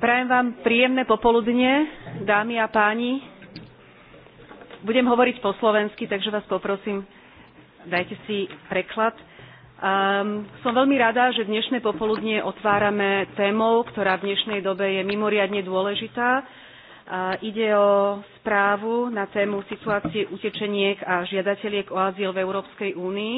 Prajem vám príjemné popoludne, dámy a páni. Budem hovoriť po slovensky, takže vás poprosím, dajte si preklad. Um, som veľmi rada, že dnešné popoludne otvárame témou, ktorá v dnešnej dobe je mimoriadne dôležitá. Uh, ide o správu na tému situácie utečeniek a žiadateliek o azyl v Európskej únii.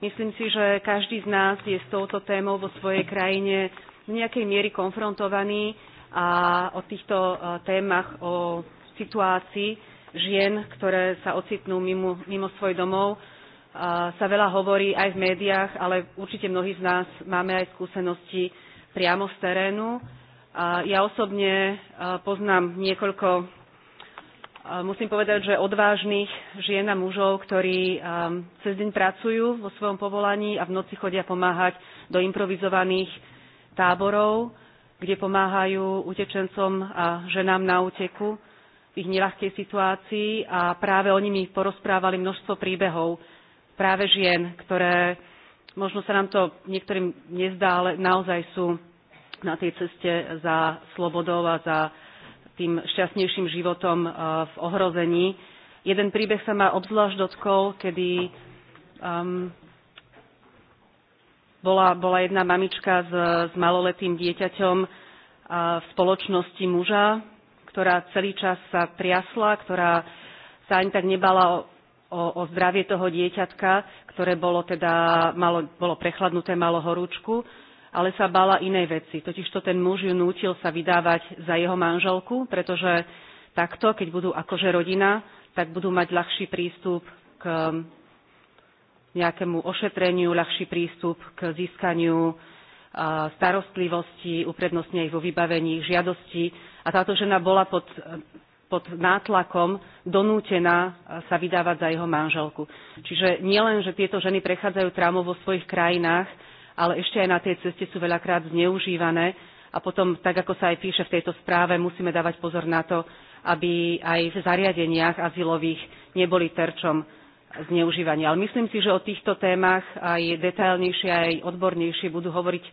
Myslím si, že každý z nás je s touto témou vo svojej krajine v nejakej miery konfrontovaný a o týchto e, témach, o situácii žien, ktoré sa ocitnú mimo, mimo svoj domov, e, sa veľa hovorí aj v médiách, ale určite mnohí z nás máme aj skúsenosti priamo z terénu. E, ja osobne poznám niekoľko, musím povedať, že odvážnych žien a mužov, ktorí cez deň pracujú vo svojom povolaní a v noci chodia pomáhať do improvizovaných táborov kde pomáhajú utečencom a ženám na úteku v ich nelahkej situácii a práve oni mi porozprávali množstvo príbehov práve žien, ktoré možno sa nám to niektorým nezdá, ale naozaj sú na tej ceste za slobodou a za tým šťastnejším životom e, v ohrození. Jeden príbeh sa ma obzvlášť dotkol, kedy um, bola, bola jedna mamička s, s maloletým dieťaťom v spoločnosti muža, ktorá celý čas sa triasla, ktorá sa ani tak nebala o, o zdravie toho dieťatka, ktoré bolo teda, malo, bolo prechladnuté, malo horúčku, ale sa bala inej veci. Totižto ten muž ju nútil sa vydávať za jeho manželku, pretože takto, keď budú akože rodina, tak budú mať ľahší prístup k nejakému ošetreniu ľahší prístup k získaniu starostlivosti, uprednostne ich vo vybavení žiadosti. A táto žena bola pod, pod nátlakom donútená sa vydávať za jeho manželku. Čiže nielen, že tieto ženy prechádzajú traumou vo svojich krajinách, ale ešte aj na tej ceste sú veľakrát zneužívané. A potom, tak ako sa aj píše v tejto správe, musíme dávať pozor na to, aby aj v zariadeniach azylových neboli terčom zneužívania. Ale myslím si, že o týchto témach aj detailnejšie, aj odbornejšie budú hovoriť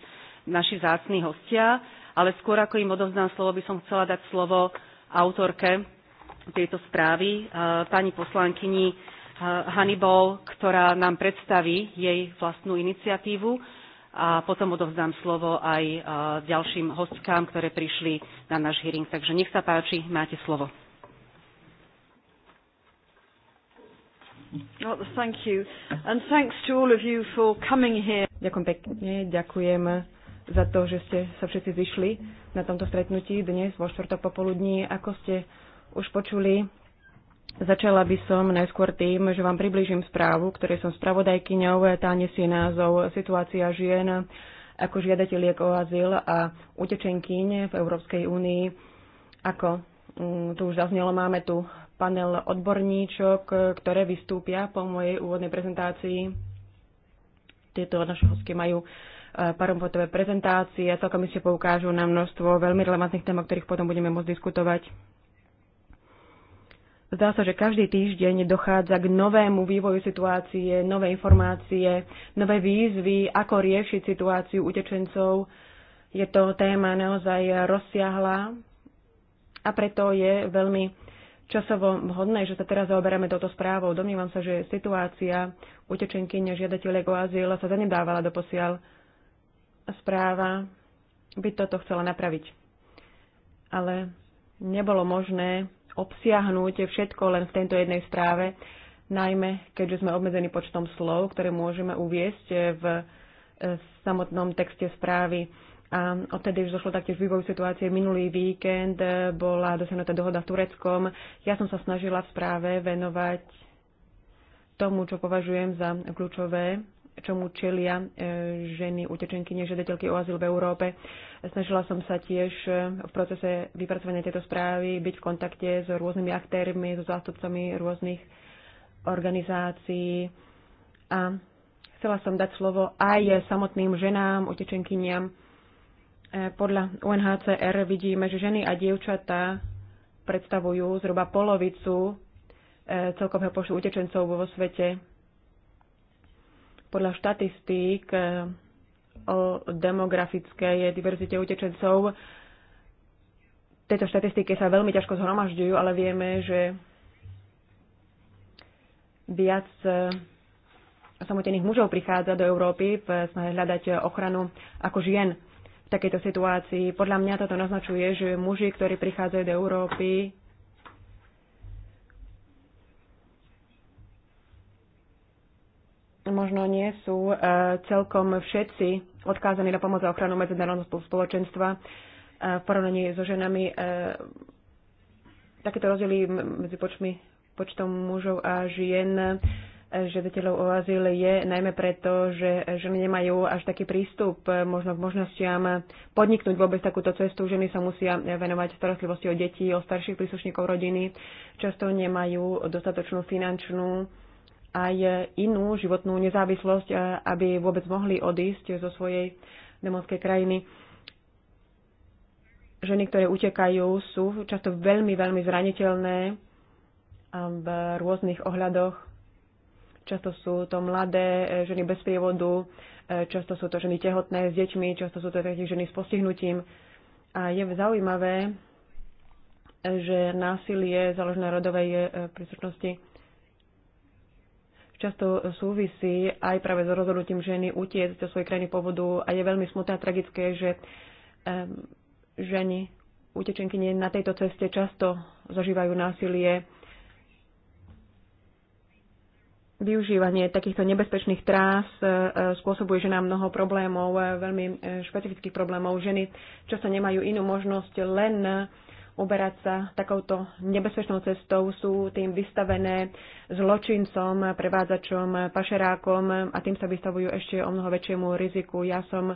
naši zácni hostia, ale skôr ako im odovzdám slovo, by som chcela dať slovo autorke tejto správy, eh, pani poslankyni Hannibal, eh, ktorá nám predstaví jej vlastnú iniciatívu a potom odovzdám slovo aj eh, ďalším hostkám, ktoré prišli na náš hearing. Takže nech sa páči, máte slovo. No, ďakujem pekne, ďakujem za to, že ste sa všetci zišli na tomto stretnutí dnes vo štvrtok popoludní. Ako ste už počuli, začala by som najskôr tým, že vám približím správu, ktoré som spravodajkyňou. Tá nesie názov Situácia žien ako žiadateľiek o azyl a utečenkyň v Európskej únii. Ako mm, tu už zaznelo, máme tu panel odborníčok, ktoré vystúpia po mojej úvodnej prezentácii. Tieto naše hostky majú e, parompotové prezentácie a celkom ešte poukážu na množstvo veľmi relevantných tém, o ktorých potom budeme môcť diskutovať. Zdá sa, že každý týždeň dochádza k novému vývoju situácie, nové informácie, nové výzvy, ako riešiť situáciu utečencov. Je to téma naozaj rozsiahla a preto je veľmi časovo vhodné, že sa teraz zaoberáme touto správou. Domnívam sa, že situácia utečenky žiadateľek o azyl sa zanedávala do posiaľ. Správa by toto chcela napraviť. Ale nebolo možné obsiahnuť všetko len v tejto jednej správe, najmä keďže sme obmedzení počtom slov, ktoré môžeme uviesť v eh, samotnom texte správy. A odtedy už došlo taktiež vývoju situácie. Minulý víkend bola dosiahnutá dohoda s Tureckom. Ja som sa snažila v správe venovať tomu, čo považujem za kľúčové, čomu čelia e, ženy, utečenky, nežiadateľky o azyl v Európe. Snažila som sa tiež e, v procese vypracovania tejto správy byť v kontakte s rôznymi aktérmi, so zástupcami rôznych organizácií. A chcela som dať slovo aj samotným ženám, utečenkyniam, E, podľa UNHCR vidíme, že ženy a dievčatá predstavujú zhruba polovicu e, celkového počtu utečencov vo svete. Podľa štatistík e, o demografickej diverzite utečencov tieto štatistiky sa veľmi ťažko zhromažďujú, ale vieme, že viac samotených mužov prichádza do Európy v snahe hľadať ochranu ako žien v takejto situácii. Podľa mňa toto naznačuje, že muži, ktorí prichádzajú do Európy, možno nie sú e, celkom všetci odkázaní na pomoc a ochranu medzinárodného spoločenstva e, v porovnaní so ženami. E, takéto rozdiely medzi počmi, počtom mužov a žien žiadateľov o azyl je najmä preto, že ženy nemajú až taký prístup možno k možnostiam podniknúť vôbec takúto cestu. Ženy sa musia venovať starostlivosti o deti, o starších príslušníkov rodiny. Často nemajú dostatočnú finančnú aj inú životnú nezávislosť, aby vôbec mohli odísť zo svojej domovskej krajiny. Ženy, ktoré utekajú, sú často veľmi, veľmi zraniteľné v rôznych ohľadoch Často sú to mladé e, ženy bez prievodu, e, často sú to ženy tehotné s deťmi, často sú to taktiež ženy s postihnutím. A je zaujímavé, e, že násilie založené rodovej príslušnosti často súvisí aj práve s rozhodnutím ženy utiec do svojej krajiny povodu a je veľmi smutné a tragické, že ženy utečenky na tejto ceste často zažívajú násilie využívanie takýchto nebezpečných trás e, e, spôsobuje ženám mnoho problémov, e, veľmi špecifických problémov. Ženy často nemajú inú možnosť len uberať sa takouto nebezpečnou cestou, sú tým vystavené zločincom, prevádzačom, pašerákom a tým sa vystavujú ešte o mnoho väčšiemu riziku. Ja som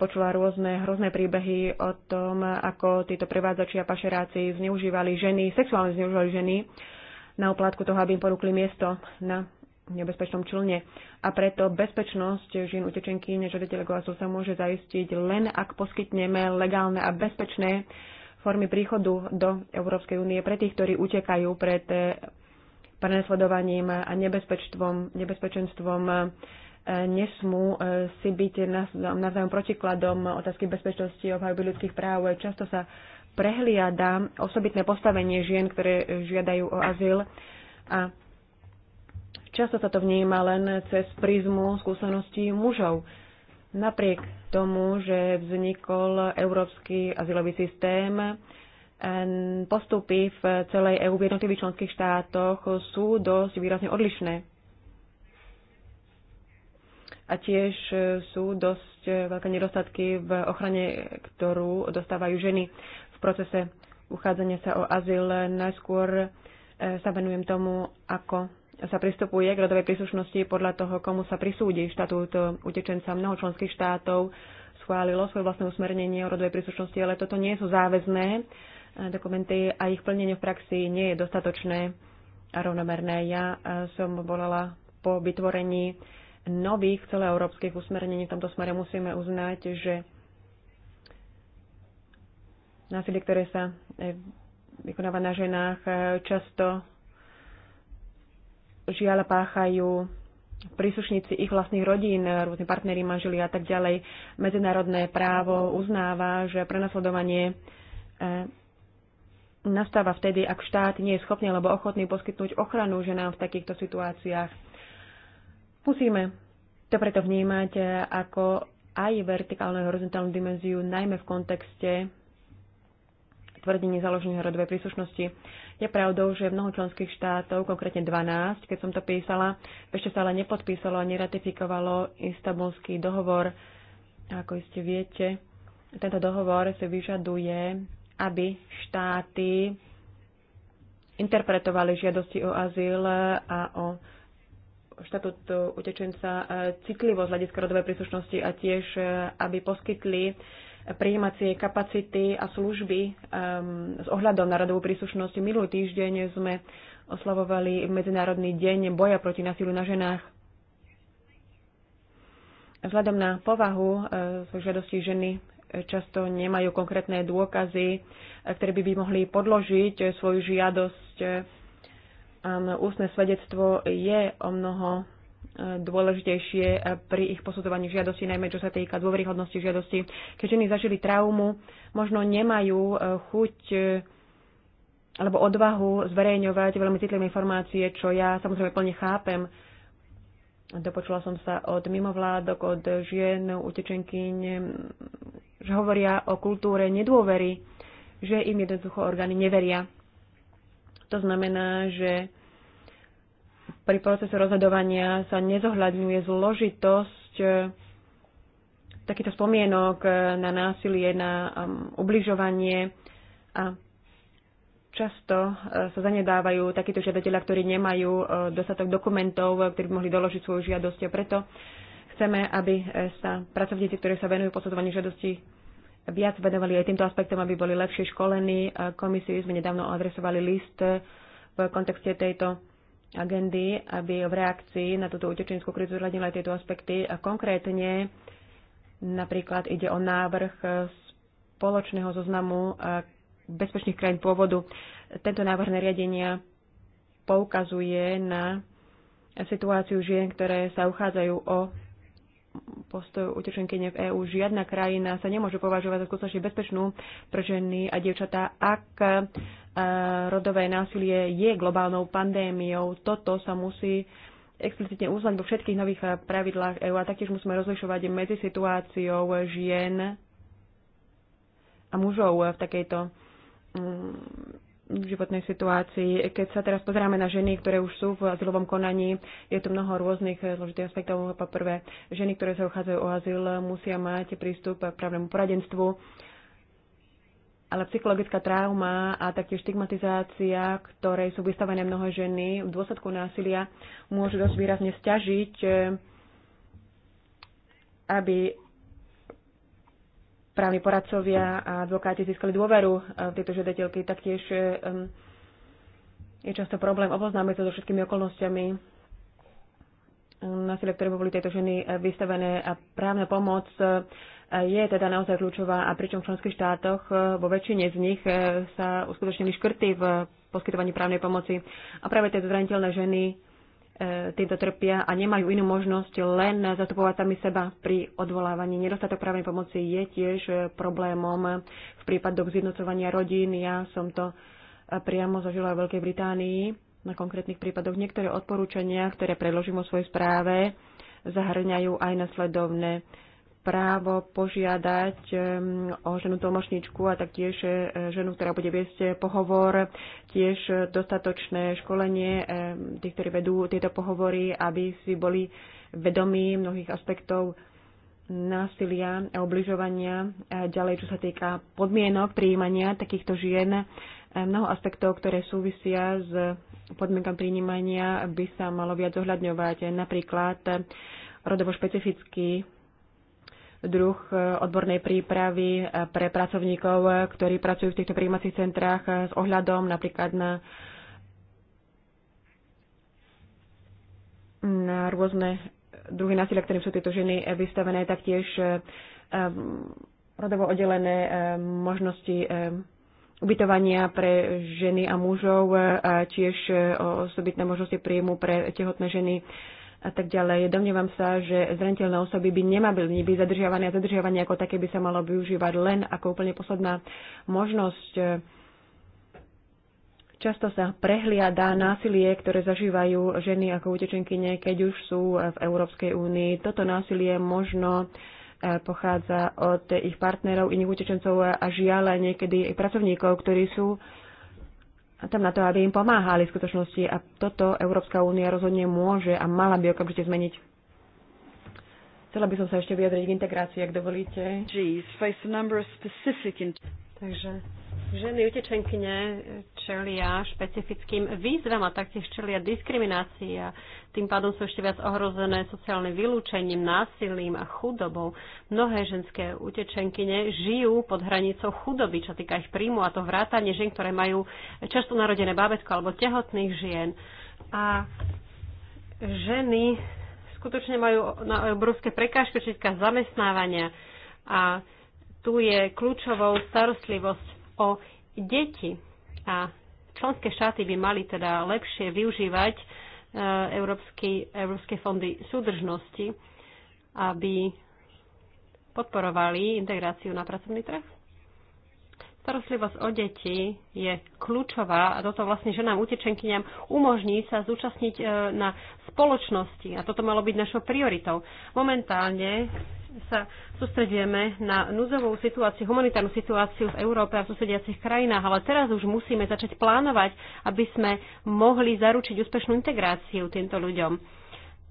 počula rôzne hrozné príbehy o tom, ako títo prevádzači a pašeráci zneužívali ženy, sexuálne zneužívali ženy na oplátku toho, aby im porúkli miesto na nebezpečnom člne. A preto bezpečnosť žien utečenky nežiadateľov o sa môže zaistiť len, ak poskytneme legálne a bezpečné formy príchodu do Európskej únie pre tých, ktorí utekajú pred prenasledovaním a nebezpečstvom, nebezpečenstvom e, nesmú e, si byť navzájom protikladom otázky bezpečnosti a obhajoby ľudských práv. E, často sa prehliada osobitné postavenie žien, ktoré žiadajú o azyl a Často sa to vníma len cez prízmu skúseností mužov. Napriek tomu, že vznikol európsky azylový systém, postupy v celej EÚ v jednotlivých členských štátoch sú dosť výrazne odlišné. A tiež sú dosť veľké nedostatky v ochrane, ktorú dostávajú ženy v procese uchádzania sa o azyl. Najskôr eh, sa venujem tomu, ako sa pristupuje k rodovej príslušnosti podľa toho, komu sa prisúdi štatút eh, utečenca. Mnoho členských štátov schválilo svoje vlastné usmernenie o rodovej príslušnosti, ale toto nie sú záväzné eh, dokumenty a ich plnenie v praxi nie je dostatočné a rovnomerné. Ja eh, som volala po vytvorení nových celoeurópskych usmernení v tomto smere musíme uznať, že násilie, ktoré sa vykonáva na ženách, často žiaľ páchajú príslušníci ich vlastných rodín, rôzne partnery, manželi a tak ďalej. Medzinárodné právo uznáva, že prenasledovanie e, nastáva vtedy, ak štát nie je schopný alebo ochotný poskytnúť ochranu ženám v takýchto situáciách. Musíme to preto vnímať e, ako aj vertikálnu a horizontálnu dimenziu, najmä v kontexte tvrdení založených rodovej príslušnosti. Je pravdou, že mnoho členských štátov, konkrétne 12, keď som to písala, ešte sa ale nepodpísalo a neratifikovalo istambulský dohovor. A ako iste viete, tento dohovor si vyžaduje, aby štáty interpretovali žiadosti o azyl a o štatút utečenca eh, citlivo z hľadiska rodovej príslušnosti a tiež, eh, aby poskytli prijímacie kapacity a služby ehm, s ohľadom na radovú príslušnosť. Minulý týždeň sme oslavovali Medzinárodný deň boja proti nasilu na ženách. Vzhľadom na povahu e, eh, žiadostí ženy eh, často nemajú konkrétne dôkazy, eh, ktoré by, by mohli podložiť svoju žiadosť. Ehm, ústne svedectvo je o mnoho dôležitejšie pri ich posudzovaní žiadosti, najmä čo sa týka dôveryhodnosti žiadosti. Keď ženy zažili traumu, možno nemajú e, chuť e, alebo odvahu zverejňovať veľmi citlivé informácie, čo ja samozrejme plne chápem. Dopočula som sa od mimovládok, od žien, utečenkyň, že hovoria o kultúre nedôvery, že im jednoducho orgány neveria. To znamená, že pri procese rozhodovania sa nezohľadňuje zložitosť e, takýchto spomienok e, na násilie, na um, ubližovanie a často e, sa zanedávajú takíto žiadatelia, ktorí nemajú dostatok dokumentov, ktorí by mohli doložiť svoju žiadosť a preto chceme, aby sa pracovníci, ktorí sa venujú posudzovaniu žiadosti, viac venovali aj týmto aspektom, aby boli lepšie školení. Komisii sme nedávno adresovali list v kontexte tejto agendy, aby v reakcii na túto utečenskú krizu zhľadnila aj tieto aspekty. A konkrétne napríklad ide o návrh spoločného zoznamu bezpečných krajín pôvodu. Tento návrh nariadenia poukazuje na situáciu žien, ktoré sa uchádzajú o postoj utečenkyne v EÚ. Žiadna krajina sa nemôže považovať za skutočne bezpečnú pre ženy a dievčatá, ak rodové násilie je globálnou pandémiou. Toto sa musí explicitne uznať vo všetkých nových pravidlách EÚ a taktiež musíme rozlišovať medzi situáciou žien a mužov v takejto mm, životnej situácii. Keď sa teraz pozeráme na ženy, ktoré už sú v azylovom konaní, je tu mnoho rôznych zložitých aspektov. Po prvé, ženy, ktoré sa uchádzajú o azyl, musia mať prístup k právnemu poradenstvu ale psychologická trauma a taktiež stigmatizácia, ktorej sú vystavené mnohé ženy v dôsledku násilia, môžu dosť výrazne stiažiť, e, aby právni poradcovia a advokáti získali dôveru e, v tieto žiadateľky. Taktiež e, je často problém oboznámiť sa so všetkými okolnostiami násilia, ktoré boli tejto ženy vystavené a právna pomoc je teda naozaj kľúčová a pričom v členských štátoch e, vo väčšine z nich e, sa uskutočnili škrty v poskytovaní právnej pomoci. A práve tie zraniteľné ženy e, týmto trpia a nemajú inú možnosť len zastupovať sami seba pri odvolávaní. Nedostatok právnej pomoci je tiež problémom v prípadoch zjednocovania rodín. Ja som to priamo zažila v Veľkej Británii na konkrétnych prípadoch. Niektoré odporúčania, ktoré predložím o svojej správe, zahrňajú aj nasledovné právo požiadať o ženu tlmočničku a taktiež e, ženu, ktorá bude viesť pohovor, tiež dostatočné školenie tých, ktorí vedú tieto pohovory, aby si boli vedomí mnohých aspektov násilia a obližovania. Ďalej, čo sa týka podmienok prijímania takýchto žien, e, mnoho aspektov, ktoré súvisia s podmienkami prijímania, by sa malo viac zohľadňovať. Napríklad rodovo špecifický druh e, odbornej prípravy e, pre pracovníkov, e, ktorí pracujú v týchto príjmacích centrách s ohľadom napríklad na, na rôzne druhy násilia, ktorým sú tieto ženy vystavené, taktiež um, rodovo oddelené um, možnosti um, ubytovania pre ženy a mužov, a tiež osobitné možnosti príjmu pre tehotné ženy. Um, a tak ďalej. Domnievam sa, že zraniteľné osoby by nemali byť zadržiavané a zadržiavanie ako také by sa malo využívať len ako úplne posledná možnosť. Často sa prehliada násilie, ktoré zažívajú ženy ako utečenkyne, keď už sú v Európskej únii. Toto násilie možno e, pochádza od ich partnerov, iných utečencov a žiaľ niekedy pracovníkov, ktorí sú tam na to, aby im pomáhali v skutočnosti. A toto Európska únia rozhodne môže a mala by okamžite zmeniť. Chcela by som sa ešte vyjadriť k integrácii, ak dovolíte. Takže Ženy utečenkyne čelia špecifickým výzvam a taktiež čelia diskriminácii a tým pádom sú ešte viac ohrozené sociálnym vylúčením, násilím a chudobou. Mnohé ženské utečenkyne žijú pod hranicou chudoby, čo týka ich príjmu a to vrátanie žien, ktoré majú často narodené bábetko alebo tehotných žien. A ženy skutočne majú na obrovské prekážky, čo týka zamestnávania a tu je kľúčovou starostlivosť o deti. A členské štáty by mali teda lepšie využívať e, európsky, európske fondy súdržnosti, aby podporovali integráciu na pracovný trh? Starostlivosť o deti je kľúčová a toto vlastne ženám utečenkyňam umožní sa zúčastniť e, na spoločnosti a toto malo byť našou prioritou. Momentálne sa sústredujeme na núzovú situáciu, humanitárnu situáciu v Európe a v susediacich krajinách, ale teraz už musíme začať plánovať, aby sme mohli zaručiť úspešnú integráciu týmto ľuďom.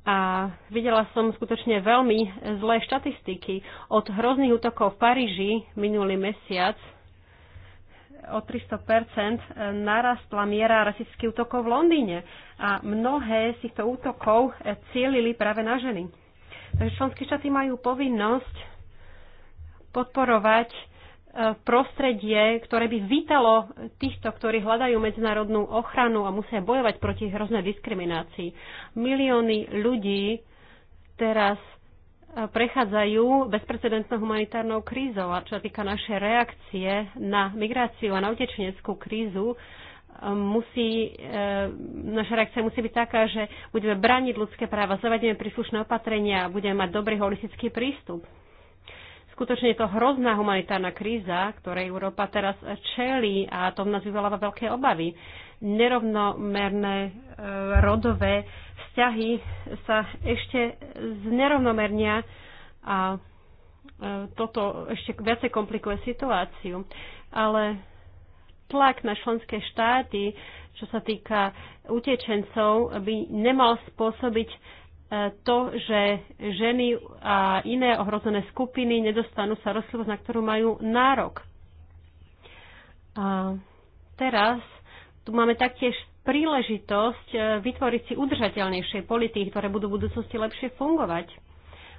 A videla som skutočne veľmi zlé štatistiky. Od hrozných útokov v Paríži minulý mesiac o 300 narastla miera rasistických útokov v Londýne. A mnohé z týchto útokov cielili práve na ženy. Takže členské štáty majú povinnosť podporovať e, prostredie, ktoré by vítalo týchto, ktorí hľadajú medzinárodnú ochranu a musia bojovať proti hroznej diskriminácii. Milióny ľudí teraz e, prechádzajú bezprecedentnou humanitárnou krízou a čo sa týka našej reakcie na migráciu a na utečeneckú krízu, musí, e, naša reakcia musí byť taká, že budeme braniť ľudské práva, zavedieme príslušné opatrenia a budeme mať dobrý holistický prístup. Skutočne je to hrozná humanitárna kríza, ktorej Európa teraz čelí a to v nás vyvoláva veľké obavy. Nerovnomerné e, rodové vzťahy sa ešte znerovnomernia a e, toto ešte viacej komplikuje situáciu. Ale tlak na členské štáty, čo sa týka utečencov, by nemal spôsobiť e, to, že ženy a iné ohrozené skupiny nedostanú sa starostlivosť, na ktorú majú nárok. A teraz tu máme taktiež príležitosť e, vytvoriť si udržateľnejšie politiky, ktoré budú v budúcnosti lepšie fungovať.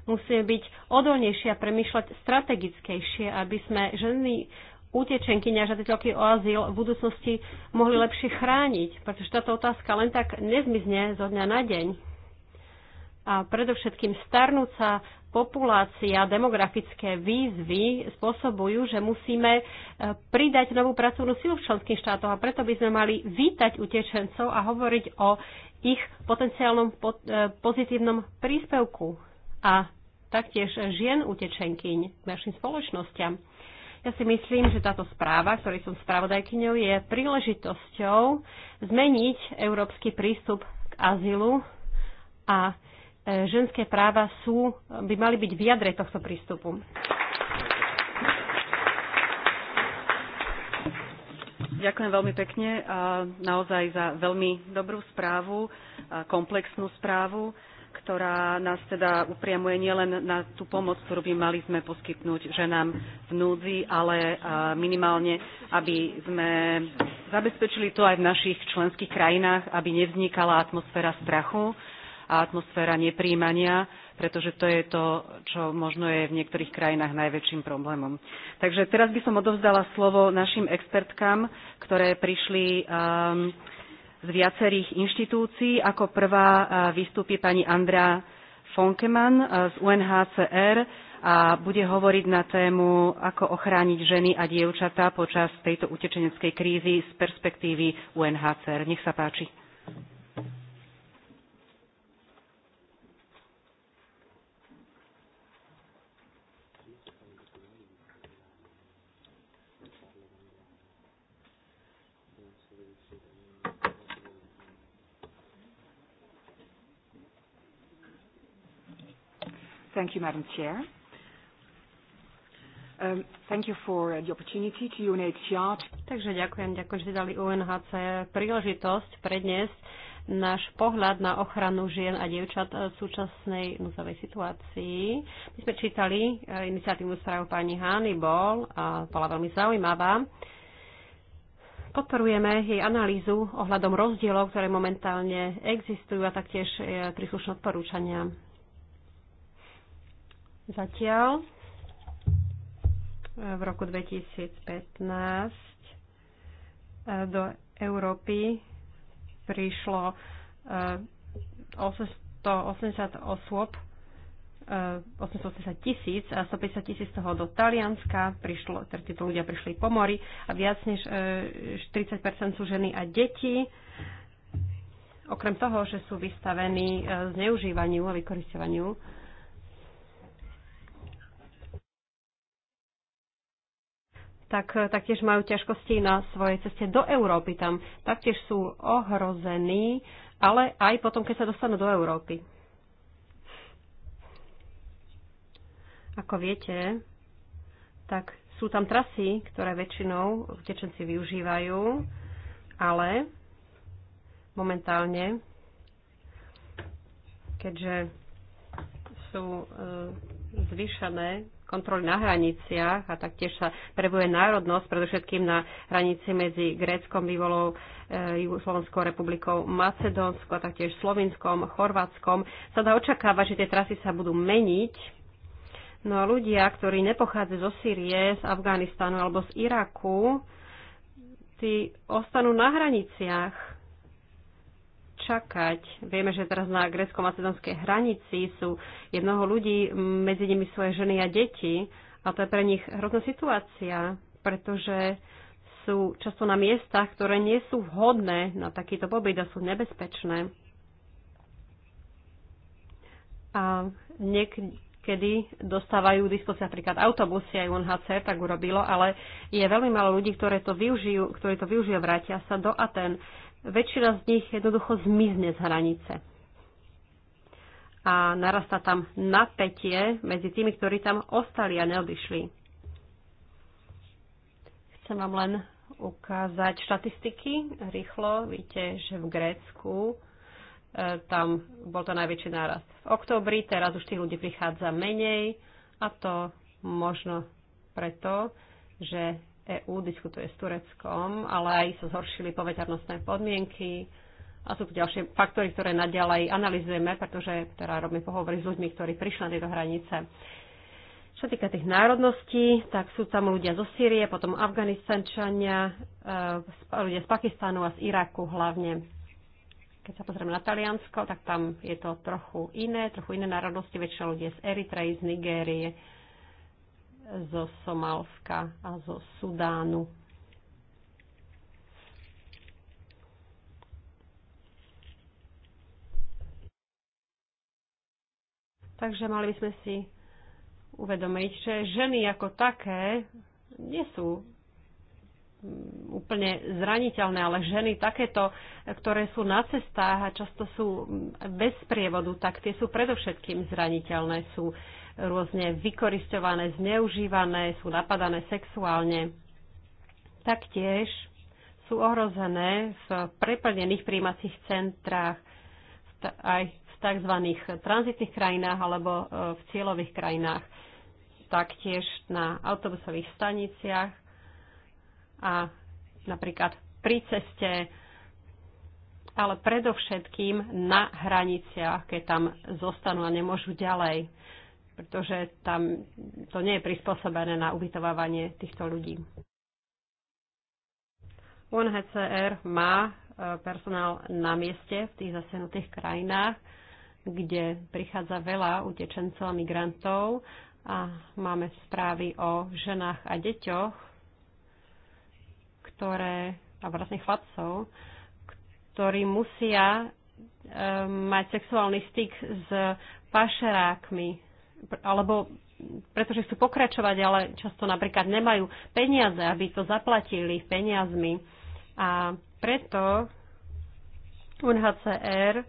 Musíme byť odolnejšie a premýšľať strategickejšie, aby sme ženy utečenky, nežadateľky o azyl v budúcnosti mohli lepšie chrániť, pretože táto otázka len tak nezmizne zo dňa na deň. A predovšetkým starnúca populácia, demografické výzvy spôsobujú, že musíme e, pridať novú pracovnú silu v členských štátoch a preto by sme mali vítať utečencov a hovoriť o ich potenciálnom e, pozitívnom príspevku a taktiež žien utečenkyň k našim spoločnosťam. Ja si myslím, že táto správa, ktorej som spravodajkyňou, je príležitosťou zmeniť európsky prístup k azylu a e, ženské práva sú, by mali byť v jadre tohto prístupu. Ďakujem veľmi pekne a naozaj za veľmi dobrú správu, komplexnú správu ktorá nás teda upriamuje nielen na tú pomoc, ktorú by mali sme poskytnúť ženám v núdzi, ale e, minimálne, aby sme zabezpečili to aj v našich členských krajinách, aby nevznikala atmosféra strachu a atmosféra nepríjmania, pretože to je to, čo možno je v niektorých krajinách najväčším problémom. Takže teraz by som odovzdala slovo našim expertkám, ktoré prišli um, z viacerých inštitúcií. Ako prvá e, vystúpi pani Andrea Fonkeman e, z UNHCR a bude hovoriť na tému, ako ochrániť ženy a dievčatá počas tejto utečeneckej krízy z perspektívy UNHCR. Nech sa páči. Thank you, Madam Chair. Um, thank you for uh, the opportunity to UNHCR. Takže ďakujem, ďakujem, že dali UNHC príležitosť predniesť náš pohľad na ochranu žien a dievčat uh, v súčasnej núzovej situácii. My sme čítali uh, iniciatívnu správu pani Hany Bol a bola veľmi zaujímavá. Podporujeme jej analýzu ohľadom rozdielov, ktoré momentálne existujú a taktiež príslušné odporúčania Zatiaľ e, v roku 2015 e, do Európy prišlo 880 e, osôb, 880 tisíc a 150 tisíc z toho do Talianska, prišlo, teda títo ľudia prišli po mori a viac než 40 sú ženy a deti. Okrem toho, že sú vystavení zneužívaniu a vykoristovaniu tak eh, taktiež majú ťažkosti na svojej ceste do Európy. Tam taktiež sú ohrození, ale aj potom, keď sa dostanú do Európy. Ako viete, tak sú tam trasy, ktoré väčšinou utečenci využívajú, ale momentálne, keďže sú e, zvýšené kontroly na hraniciach a taktiež sa prebuje národnosť, predovšetkým na hranici medzi Gréckom, bývalou e, Slovenskou republikou Macedónskou a taktiež Slovinskom, Chorvátskom, sa dá očakávať, že tie trasy sa budú meniť. No a ľudia, ktorí nepochádzajú zo Sýrie, z Afganistanu alebo z Iraku, tí ostanú na hraniciach čakať. Vieme, že teraz na grécko-macedonskej hranici sú jednoho ľudí, medzi nimi svoje ženy a deti. A to je pre nich hrozná situácia, pretože sú často na miestach, ktoré nie sú vhodné na takýto pobyt a sú nebezpečné. A niekedy dostávajú dispozícia napríklad autobusy, aj UNHCR tak urobilo, ale je veľmi málo ľudí, ktoré to využijú, ktorí to využijú a vrátia sa do Aten väčšina z nich jednoducho zmizne z hranice. A narasta tam napätie medzi tými, ktorí tam ostali a neodišli. Chcem vám len ukázať štatistiky rýchlo. Víte, že v Grécku e, tam bol to najväčší nárast. V októbri teraz už tých ľudí prichádza menej a to možno preto, že EÚ diskutuje s Tureckom, ale aj sa zhoršili poveternostné podmienky a sú tu ďalšie faktory, ktoré naďalej analizujeme, pretože teda robíme pohovory s ľuďmi, ktorí prišli na tieto hranice. Čo týka tých národností, tak sú tam ľudia zo Sýrie, potom Afganistančania, e, ľudia z Pakistánu a z Iraku hlavne. Keď sa pozrieme na Taliansko, tak tam je to trochu iné, trochu iné národnosti, väčšina ľudí z Eritreji, z Nigérie, zo Somálska a zo Sudánu. Takže mali by sme si uvedomiť, že ženy ako také nie sú mm, úplne zraniteľné, ale ženy takéto, ktoré sú na cestách a často sú mm, bez prievodu, tak tie sú predovšetkým zraniteľné, sú rôzne vykoristované, zneužívané, sú napadané sexuálne. Taktiež sú ohrozené v preplnených príjmacích centrách aj v tzv. tranzitných krajinách alebo e, v cieľových krajinách, taktiež na autobusových staniciach a napríklad pri ceste, ale predovšetkým na hraniciach, keď tam zostanú a nemôžu ďalej pretože tam to nie je prispôsobené na ubytovávanie týchto ľudí. UNHCR má e, personál na mieste v tých zasiahnutých krajinách, kde prichádza veľa utečencov a migrantov a máme správy o ženách a deťoch, ktoré, a vlastne chlapcov, ktorí musia e, mať sexuálny styk s pašerákmi alebo pretože chcú pokračovať, ale často napríklad nemajú peniaze, aby to zaplatili peniazmi. A preto UNHCR, e,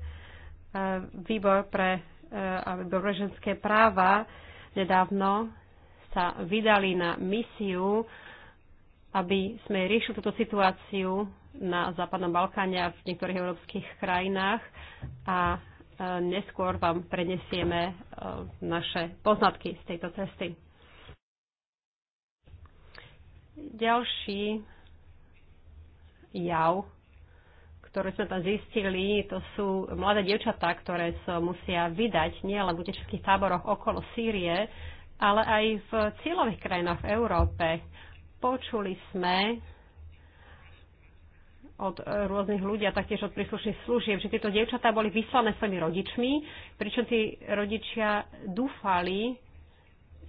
výbor pre, výbor e, ženské práva, nedávno sa vydali na misiu, aby sme riešili túto situáciu na Západnom Balkáne a v niektorých európskych krajinách a neskôr vám prenesieme e, naše poznatky z tejto cesty. Ďalší jav, ktoré sme tam zistili, to sú mladé dievčatá, ktoré sa musia vydať nielen v utečeckých táboroch okolo Sýrie, ale aj v cieľových krajinách v Európe. Počuli sme, od e, rôznych ľudí a taktiež od príslušných služieb, že tieto dievčatá boli vyslané svojimi rodičmi, pričom tí rodičia dúfali,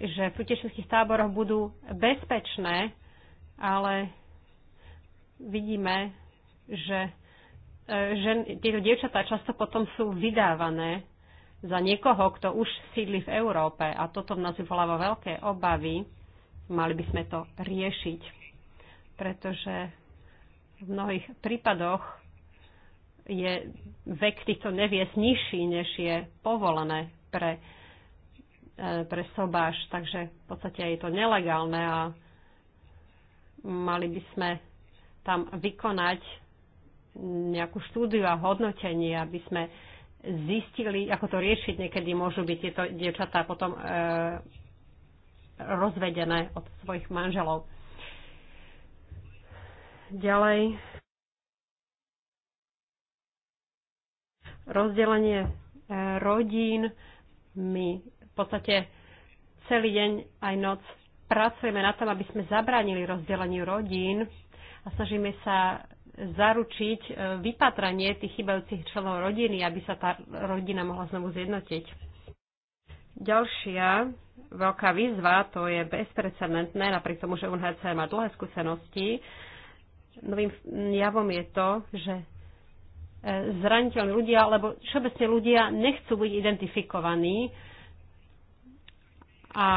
že v utečenských táboroch budú bezpečné, ale vidíme, že e, žen, tieto dievčatá často potom sú vydávané za niekoho, kto už sídli v Európe a toto v nás vyvoláva veľké obavy. Mali by sme to riešiť, pretože v mnohých prípadoch je vek týchto nevies nižší, než je povolené pre, e, pre sobáš. Takže v podstate je to nelegálne a mali by sme tam vykonať nejakú štúdiu a hodnotenie, aby sme zistili, ako to riešiť. Niekedy môžu byť tieto dievčatá potom e, rozvedené od svojich manželov. Ďalej, rozdelenie e, rodín. My v podstate celý deň aj noc pracujeme na tom, aby sme zabránili rozdeleniu rodín a snažíme sa zaručiť e, vypatranie tých chybajúcich členov rodiny, aby sa tá rodina mohla znovu zjednotiť. Ďalšia veľká výzva, to je bezprecedentné, napriek tomu, že UNHCR má dlhé skúsenosti novým javom je to, že e, zraniteľní ľudia, alebo všeobecne ľudia nechcú byť identifikovaní a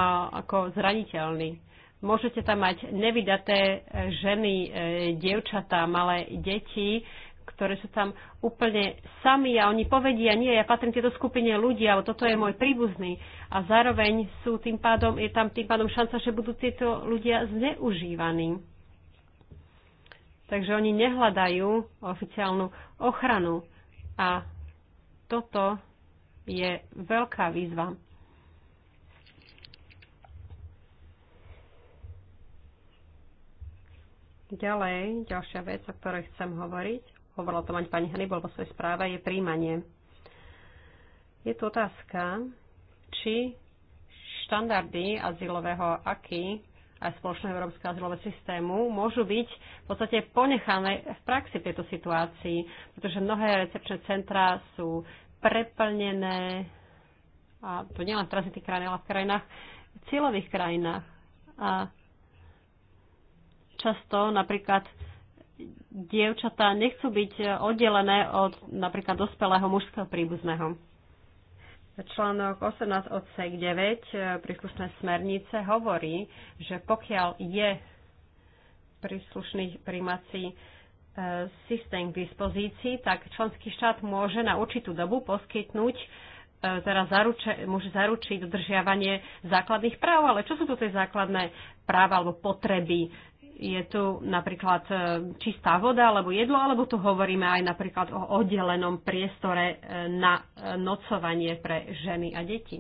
ako zraniteľní. Môžete tam mať nevydaté e, ženy, e, dievčatá, malé deti, ktoré sú tam úplne sami a oni povedia, nie, ja patrím tieto skupine ľudí, ale toto je môj príbuzný. A zároveň sú tým pádom, je tam tým pádom šanca, že budú tieto ľudia zneužívaní Takže oni nehľadajú oficiálnu ochranu. A toto je veľká výzva. Ďalej, ďalšia vec, o ktorej chcem hovoriť, hovorila to mať pani Hannibal vo svojej správe, je príjmanie. Je tu otázka, či štandardy azylového aký aj spoločného európskeho azylového systému môžu byť v podstate ponechané v praxi v tejto situácii, pretože mnohé recepčné centrá sú preplnené, a to nielen v tranzitných krajinách, ale v krajinách, v cieľových krajinách. A často napríklad dievčatá nechcú byť oddelené od napríklad dospelého mužského príbuzného. Článok 18 odsek 9 e, príslušné smernice hovorí, že pokiaľ je príslušný príjmací e, systém k dispozícii, tak členský štát môže na určitú dobu poskytnúť e, teda zaruče, môže zaručiť dodržiavanie základných práv, ale čo sú to tie základné práva alebo potreby je tu napríklad e, čistá voda alebo jedlo, alebo tu hovoríme aj napríklad o oddelenom priestore e, na e, nocovanie pre ženy a deti.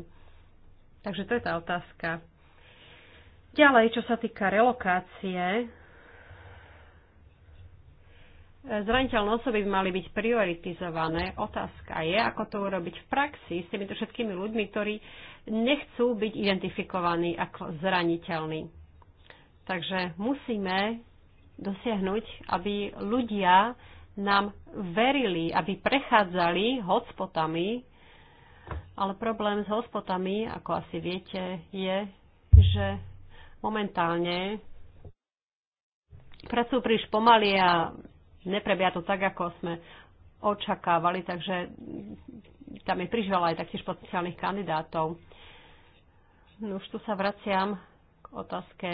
Takže to je tá otázka. Ďalej, čo sa týka relokácie, zraniteľné osoby by mali byť prioritizované. Otázka je, ako to urobiť v praxi s týmito všetkými ľuďmi, ktorí nechcú byť identifikovaní ako zraniteľní. Takže musíme dosiahnuť, aby ľudia nám verili, aby prechádzali hotspotami, ale problém s hotspotami, ako asi viete, je, že momentálne pracujú príliš pomaly a neprebia to tak, ako sme očakávali, takže tam je prižveľa aj taktiež potenciálnych kandidátov. No už tu sa vraciam k otázke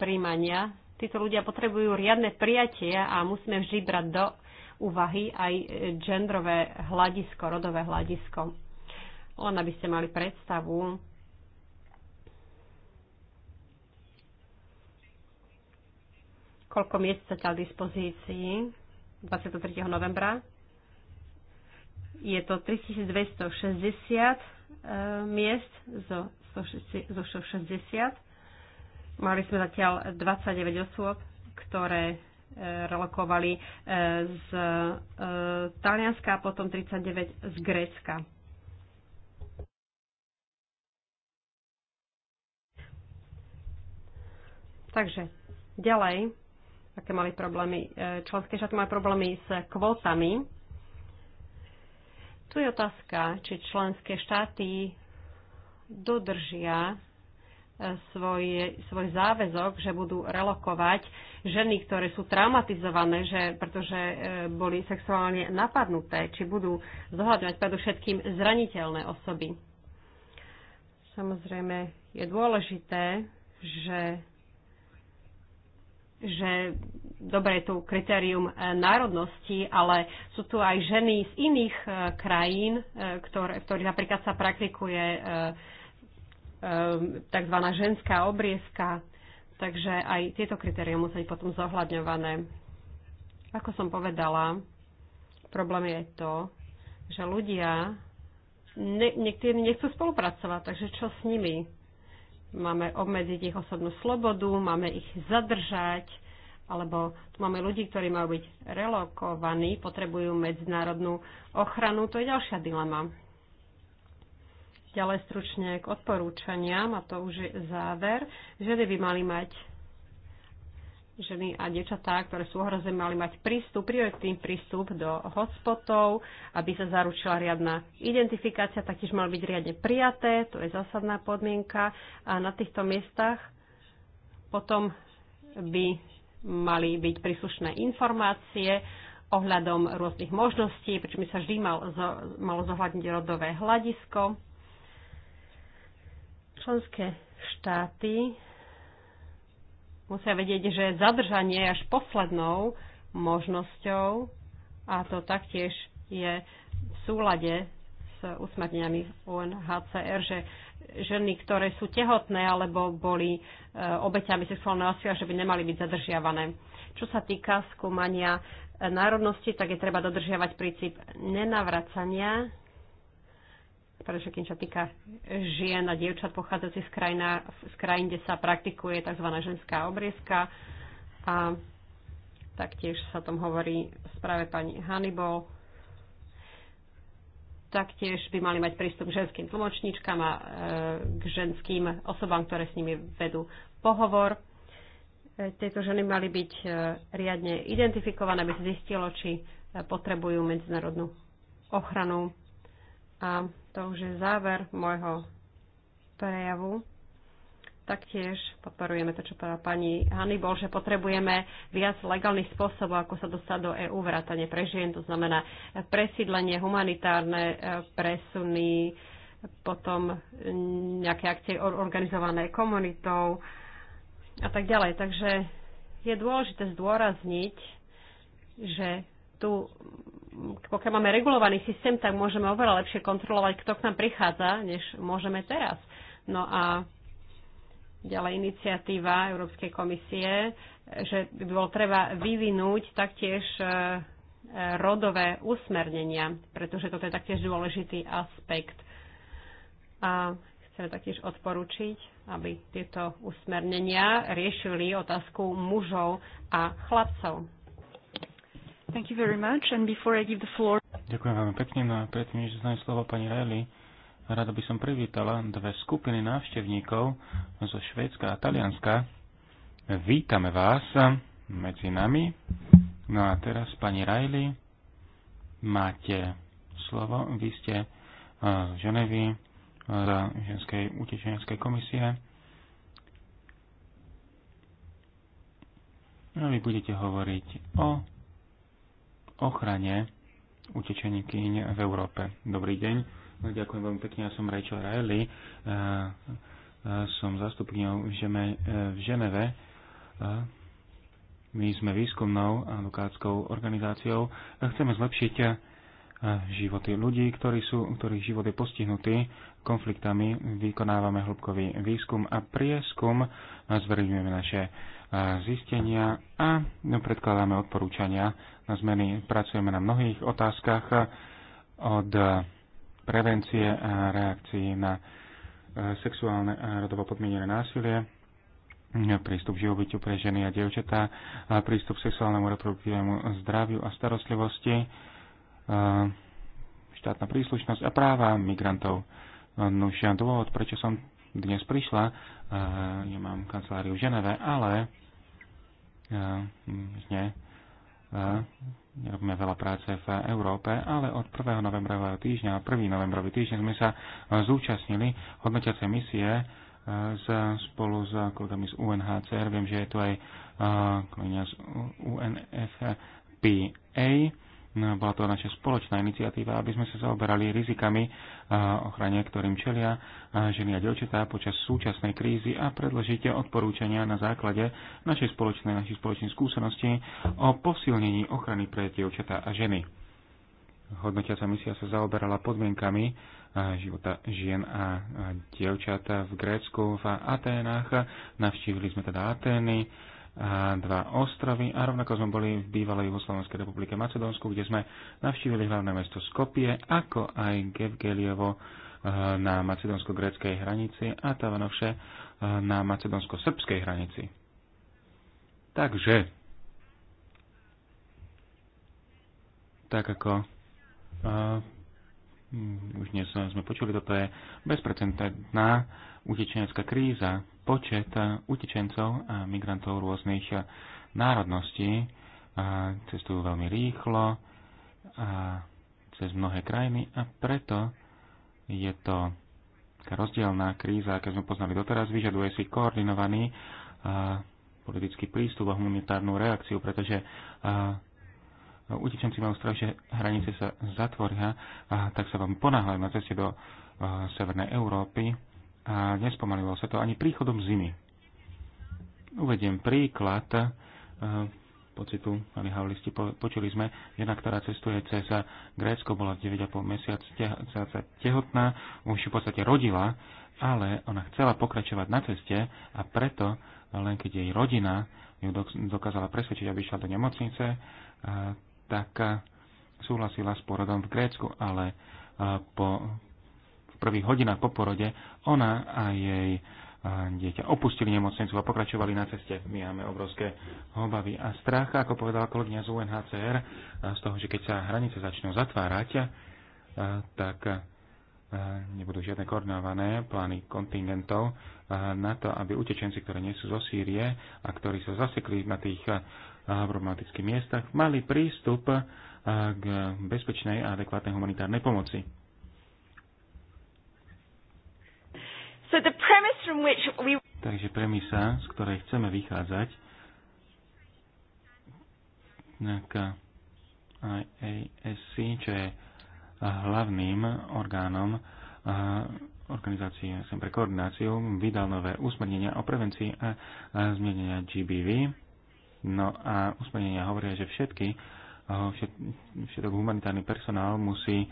príjmania. Títo ľudia potrebujú riadne prijatie a musíme vždy brať do úvahy aj e, genderové hľadisko, rodové hľadisko. Len aby ste mali predstavu. Koľko miest sa ťa dispozícii 23. novembra? Je to 3260 e, miest zo 160 Mali sme zatiaľ 29 osôb, ktoré e, relokovali e, z e, Talianska a potom 39 z Grécka. Takže ďalej, aké mali problémy, členské štáty majú problémy s kvótami. Tu je otázka, či členské štáty dodržia svoj, svoj záväzok, že budú relokovať ženy, ktoré sú traumatizované, že, pretože e, boli sexuálne napadnuté, či budú zohľadňovať predovšetkým zraniteľné osoby. Samozrejme je dôležité, že, že dobre je tu kritérium e, národnosti, ale sú tu aj ženy z iných e, krajín, ktoré, v ktorých napríklad sa praktikuje Ehm, tzv. ženská obriezka. Takže aj tieto kritéria musia byť potom zohľadňované. Ako som povedala, problém je to, že ľudia ne, niektorí nechcú spolupracovať, takže čo s nimi? Máme obmedziť ich osobnú slobodu, máme ich zadržať, alebo tu máme ľudí, ktorí majú byť relokovaní, potrebujú medzinárodnú ochranu. To je ďalšia dilema. Ďalej stručne k odporúčaniam, a to už je záver. Ženy by mali mať ženy a dečatá, ktoré sú ohrozené, mali mať prístup, prioritný prístup do hotspotov, aby sa zaručila riadna identifikácia, taktiež mali byť riadne prijaté, to je zásadná podmienka. A na týchto miestach potom by mali byť príslušné informácie ohľadom rôznych možností, pričom by sa vždy mal, malo zohľadniť rodové hľadisko. Členské štáty musia vedieť, že zadržanie je až poslednou možnosťou a to taktiež je v súlade s usmerneniami UNHCR, že ženy, ktoré sú tehotné alebo boli e, obeťami sexuálneho násilia, že by nemali byť zadržiavané. Čo sa týka skúmania národnosti, tak je treba dodržiavať princíp nenavracania, predovšetkým čo týka žien a dievčat pochádzajúcich z, z krajín, kde sa praktikuje tzv. ženská obriezka. A taktiež sa tom hovorí v správe pani Hannibal. Taktiež by mali mať prístup k ženským tlmočníčkam a e, k ženským osobám, ktoré s nimi vedú pohovor. E, tieto ženy mali byť e, riadne identifikované, aby sa zistilo, či potrebujú medzinárodnú ochranu. A to už je záver môjho prejavu. Taktiež podporujeme to, čo povedala pani Hannibal, že potrebujeme viac legálnych spôsobov, ako sa dostať do EÚ, vrátanie pre žien, to znamená presídlenie, humanitárne e, presuny, potom nejaké akcie organizované komunitou a tak ďalej. Takže je dôležité zdôrazniť, že tu pokiaľ máme regulovaný systém, tak môžeme oveľa lepšie kontrolovať, kto k nám prichádza, než môžeme teraz. No a ďalej iniciatíva Európskej komisie, že by bolo treba vyvinúť taktiež e, e, rodové usmernenia, pretože toto je taktiež dôležitý aspekt. A chceme taktiež odporučiť, aby tieto usmernenia riešili otázku mužov a chlapcov. Thank you very much. And before I give the floor... Ďakujem veľmi pekne. No a predtým, než znam slovo pani Rally, rada by som privítala dve skupiny návštevníkov zo Švédska a Talianska. Vítame vás medzi nami. No a teraz, pani Rajli máte slovo. Vy ste eh, z Ženevy, z ženskej utečeneckej komisie. No a vy budete hovoriť o ochrane utečenikyň v Európe. Dobrý deň, ďakujem veľmi pekne, ja som Rachel Riley, e, e, som zastupňou e, v Ženeve. My sme výskumnou a advokátskou organizáciou. Chceme zlepšiť životy ľudí, ktorí sú, ktorých život je postihnutý konfliktami. Vykonávame hĺbkový výskum a prieskum a zverejňujeme naše zistenia a no, predkladáme odporúčania na zmeny. Pracujeme na mnohých otázkach od prevencie a reakcií na e, sexuálne a rodovo podmienené násilie, prístup k živobytiu pre ženy a dievčatá, prístup k sexuálnemu reproduktívnemu zdraviu a starostlivosti, štátna príslušnosť a práva migrantov. Nuž no, dôvod, prečo som dnes prišla. Eh, ja mám kanceláriu v Ženeve, ale uh, eh, nerobíme eh, veľa práce v Európe, ale od 1. novembrového týždňa a 1. novembrový týždeň sme sa zúčastnili hodnotiace misie z, spolu s kolegami z UNHCR. Viem, že je tu aj uh, z UNFPA No bola to naša spoločná iniciatíva, aby sme sa zaoberali rizikami ochrane, ktorým čelia ženy a dievčatá počas súčasnej krízy a predložite odporúčania na základe našej spoločnej, našej spoločnej skúsenosti o posilnení ochrany pre dievčatá a ženy. Hodnotiaca misia sa zaoberala podmienkami života žien a dievčat v Grécku, v Aténach. Navštívili sme teda Atény, dva ostrovy a rovnako sme boli v bývalej Jugoslovanskej republike Macedónsku, kde sme navštívili hlavné mesto Skopie, ako aj Gevgelievo e, na macedónsko-gréckej hranici a Tavanovše e, na macedónsko-srbskej hranici. Takže, tak ako uh, už dnes sme počuli, toto je bezprecedentná utečenecká kríza, počet eh, utečencov a migrantov rôznych eh, národností. Eh, cestujú veľmi rýchlo a cez mnohé krajiny a preto je to rozdielná kríza, aké sme poznali doteraz, vyžaduje si koordinovaný a, politický prístup a humanitárnu reakciu, pretože a, utečenci majú strach, že hranice sa zatvoria, a tak sa vám ponáhľajú na ceste do a, Severnej Európy a nespomalilo sa to ani príchodom zimy. Uvediem príklad eh, pocitu, pani Havlisti, po, počuli sme, jedna, ktorá cestuje cez Grécko, bola 9,5 mesiac tehotná, už v podstate rodila, ale ona chcela pokračovať na ceste a preto, len keď jej rodina ju dokázala presvedčiť, aby išla do nemocnice, eh, tak eh, súhlasila s porodom v Grécku, ale po prvých hodinách po porode ona a jej dieťa opustili nemocnicu a pokračovali na ceste. My máme obrovské obavy a strach, ako povedala kolegyňa z UNHCR, z toho, že keď sa hranice začnú zatvárať, tak nebudú žiadne koordinované plány kontingentov na to, aby utečenci, ktorí nie sú zo Sýrie a ktorí sa zasekli na tých problematických miestach, mali prístup k bezpečnej a adekvátnej humanitárnej pomoci. So the premise from which we... Takže premisa, z ktorej chceme vychádzať, nejaká IASC, čo je hlavným orgánom organizácie sem pre koordináciu, vydal nové usmernenia o prevencii a zmienenia GBV. No a usmernenia hovoria, že všetky, všet, všetok humanitárny personál musí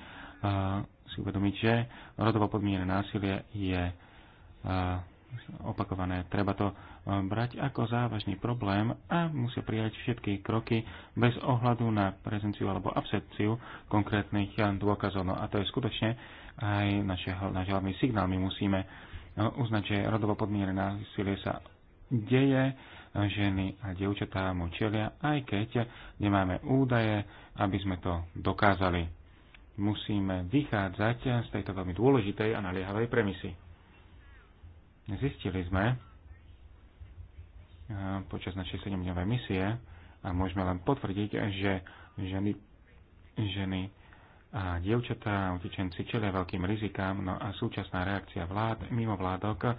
si uvedomiť, že rodovo podmienené násilie je opakované. Treba to e, brať ako závažný problém a musia prijať všetky kroky bez ohľadu na prezenciu alebo absenciu konkrétnych e, dôkazov. No a to je skutočne aj naše, naše hlavný signál. My musíme e, uznať, že rodovo podmienené násilie sa deje, ženy a dievčatá mu čelia, aj keď nemáme údaje, aby sme to dokázali. Musíme vychádzať z tejto veľmi dôležitej a naliehavej premisy. Zistili sme e, počas našej 7-dňovej misie a môžeme len potvrdiť, že ženy, ženy a dievčatá a utečenci čelia veľkým rizikám, no a súčasná reakcia vlád, mimo vládok a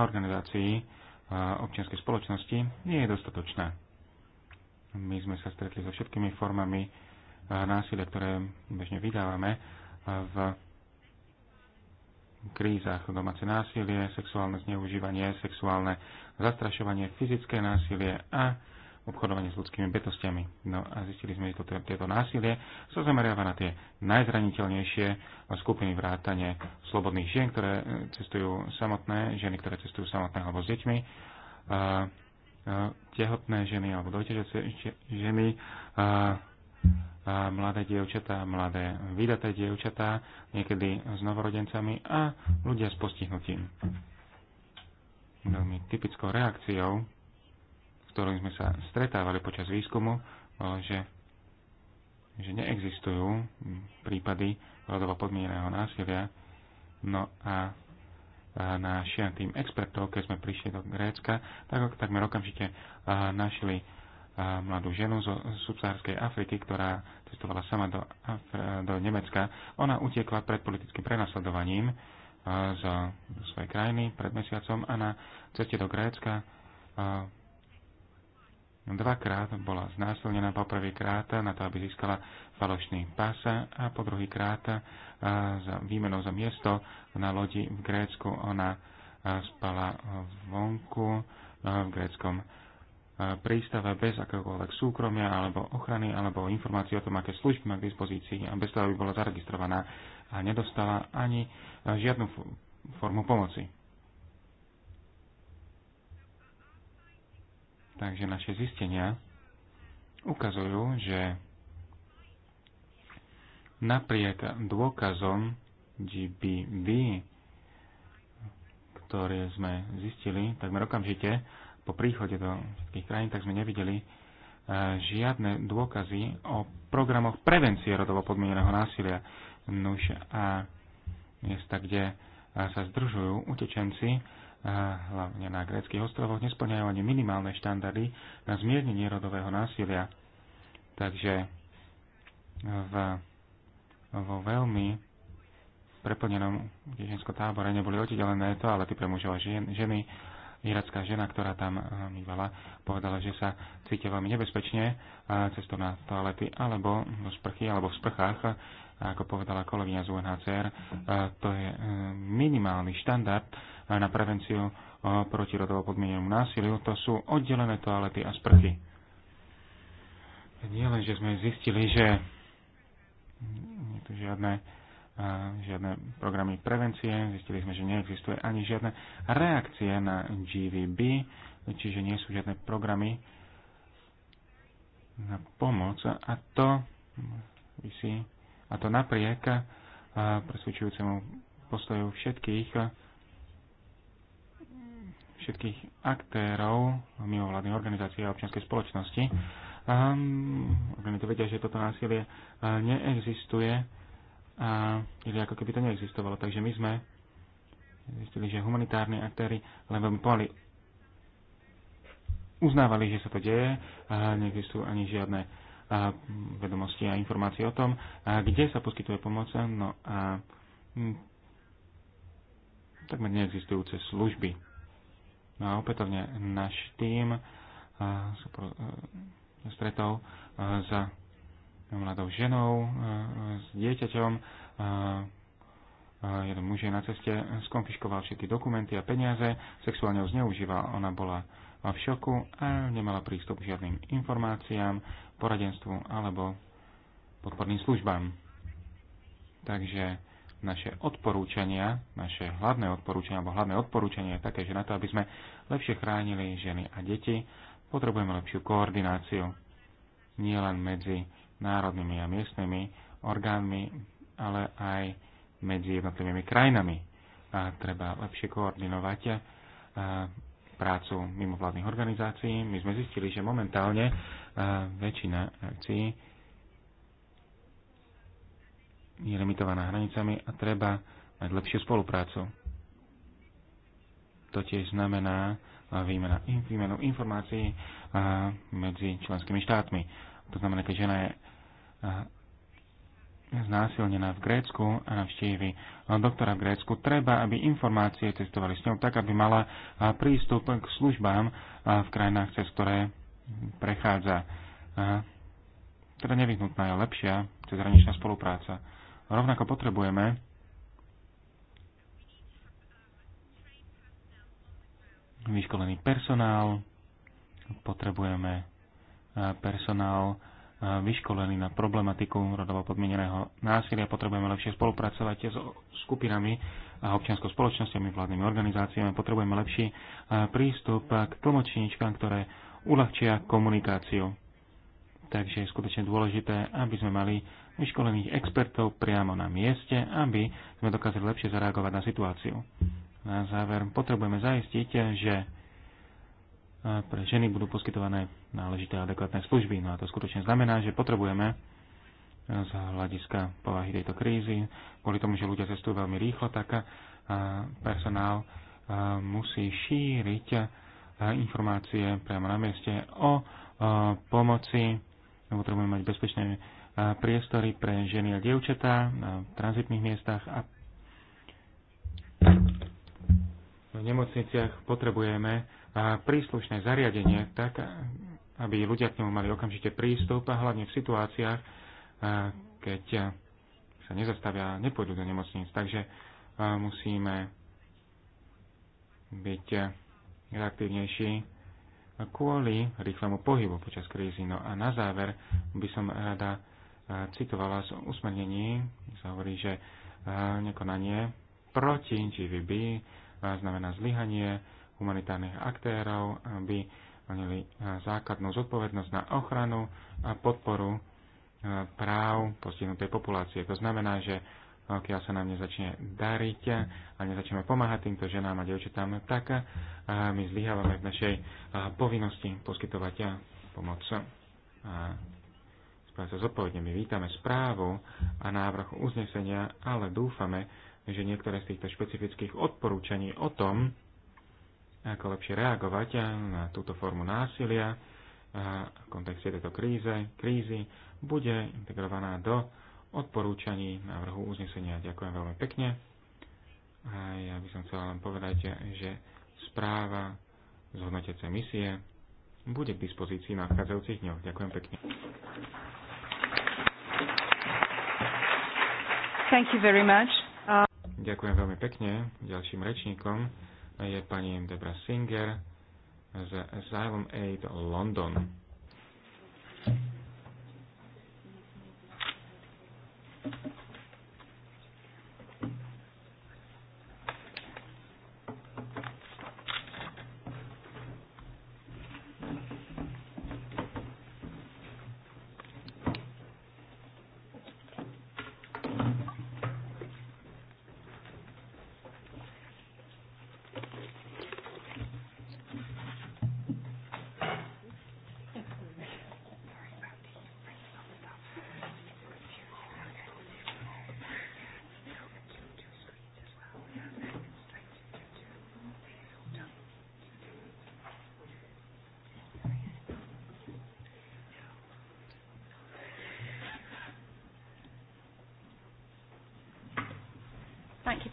organizácií e, občianskej spoločnosti nie je dostatočná. My sme sa stretli so všetkými formami e, násilia, ktoré bežne vydávame v krízach, domáce násilie, sexuálne zneužívanie, sexuálne zastrašovanie, fyzické násilie a obchodovanie s ľudskými bytostiami. No a zistili sme, že toto, tieto násilie sa zameriava na tie najzraniteľnejšie skupiny vrátane slobodných žien, ktoré e, cestujú samotné, ženy, ktoré cestujú samotné alebo s deťmi, tehotné ženy alebo dojťažace ženy, a mladé dievčatá, mladé vydaté dievčatá, niekedy s novorodencami a ľudia s postihnutím. Veľmi typickou reakciou, v ktorou sme sa stretávali počas výskumu, bolo, že, že neexistujú prípady rodovo podmieneného násilia. No a náš tým expertov, keď sme prišli do Grécka, tak takmer okamžite našli mladú ženu zo subsahárskej Afriky, ktorá cestovala sama do, Afri- do Nemecka. Ona utiekla pred politickým prenasledovaním e, z svojej krajiny pred mesiacom a na ceste do Grécka e, dvakrát bola znásilnená, po krát na to, aby získala falošný pás a po krát e, za výmenou za miesto na lodi v Grécku. Ona spala vonku v gréckom prístave bez akéhokoľvek súkromia alebo ochrany alebo informácií o tom, aké služby má k dispozícii a bez toho, aby bola zaregistrovaná a nedostala ani e, žiadnu formu pomoci. Takže naše zistenia ukazujú, že napriek dôkazom GBB, ktoré sme zistili takmer okamžite, po príchode do všetkých krajín, tak sme nevideli e, žiadne dôkazy o programoch prevencie rodovo podmieneného násilia. Nuž a miesta, kde sa zdržujú utečenci, hlavne na gréckých ostrovoch, nesplňajú ani minimálne štandardy na zmiernenie rodového násilia. Takže v, vo veľmi preplnenom utečenskom tábore neboli oddelené toalety pre mužov a žien, ženy iracká žena, ktorá tam eh, bývala, povedala, že sa cíti veľmi nebezpečne eh, cestou na toalety alebo v sprchy alebo v sprchách. A eh, ako povedala kolegyňa z UNHCR, to je minimálny štandard na prevenciu proti rodovo podmienenému násiliu. To sú oddelené toalety a sprchy. Nie len, že sme zistili, že nie je tu žiadne žiadne programy prevencie, zistili sme, že neexistuje ani žiadne reakcie na GVB, čiže nie sú žiadne programy na pomoc a to a to napriek presvedčujúcemu postoju všetkých všetkých aktérov mimovládnych organizácií a občianskej spoločnosti. Um, oni to vedia, že toto násilie neexistuje a že ako keby to neexistovalo. Takže my sme zistili, že humanitárni aktéry len veľmi pomaly uznávali, že sa to deje, a neexistujú ani žiadne vedomosti a informácie o tom, kde sa poskytuje pomoc, no a hm, takmer neexistujúce služby. No a opätovne náš tým sa stretol za mladou ženou, e, s dieťaťom. E, e, jeden muž je na ceste, skonfiškoval všetky dokumenty a peniaze, sexuálne ho zneužíval. Ona bola v šoku a nemala prístup k žiadnym informáciám, poradenstvu alebo podporným službám. Takže naše odporúčania, naše hlavné odporúčania alebo hlavné odporúčanie je také, že na to, aby sme lepšie chránili ženy a deti, potrebujeme lepšiu koordináciu nielen medzi národnými a miestnymi orgánmi, ale aj medzi jednotlivými krajinami. A treba lepšie koordinovať prácu mimovládnych organizácií. My sme zistili, že momentálne väčšina akcií je limitovaná hranicami a treba mať lepšiu spoluprácu. To tiež znamená výmena, výmenu informácií medzi členskými štátmi. To znamená, keď žena je Eh, znásilnená v Grécku a navštívi doktora v Grécku, treba, aby informácie cestovali s ňou tak, aby mala eh, prístup k službám eh, v krajinách, cez ktoré prechádza. Teda nevyhnutná je lepšia cezhraničná spolupráca. Rovnako potrebujeme vyškolený personál, potrebujeme personál vyškolení na problematiku rodovo podmieneného násilia. Potrebujeme lepšie spolupracovať s skupinami a občianskou spoločnosťami, vládnymi organizáciami. Potrebujeme lepší prístup k tlmočníčkám, ktoré uľahčia komunikáciu. Takže je skutočne dôležité, aby sme mali vyškolených expertov priamo na mieste, aby sme dokázali lepšie zareagovať na situáciu. Na záver potrebujeme zaistiť, že pre ženy budú poskytované náležité adekvátne služby. No a to skutočne znamená, že potrebujeme z hľadiska povahy tejto krízy, kvôli tomu, že ľudia cestujú veľmi rýchlo, tak personál musí šíriť informácie priamo na mieste o pomoci. Potrebujeme mať bezpečné priestory pre ženy a dievčatá na tranzitných miestach a v nemocniciach potrebujeme príslušné zariadenie, tak aby ľudia k nemu mali okamžite prístup a hlavne v situáciách, e, keď sa nezastavia nepôjdu do nemocníc. Takže e, musíme byť reaktívnejší kvôli rýchlemu pohybu počas krízy. No a na záver by som rada e, citovala z usmernení, sa hovorí, že nekonanie proti GVB znamená zlyhanie humanitárnych aktérov, aby splnili e, základnú zodpovednosť na ochranu a podporu e, práv postihnutej populácie. To znamená, že pokiaľ sa nám nezačne dariť a nezačneme pomáhať týmto ženám a devčatám, tak e, my zlyhávame v našej povinnosti poskytovať pomoc. A sa zodpovedne. My vítame správu a návrh uznesenia, ale dúfame, že niektoré z týchto špecifických odporúčaní o tom, ako lepšie reagovať na túto formu násilia v kontexte tejto kríze, krízy bude integrovaná do odporúčaní návrhu uznesenia. Ďakujem veľmi pekne. A ja by som chcel len povedať, že správa z hodnotiacej misie bude k dispozícii na odchádzajúcich dňoch. Ďakujem pekne. Thank you very much. Uh... Ďakujem veľmi pekne ďalším rečníkom je pani Debra Singer z Asylum Aid London. Thank you.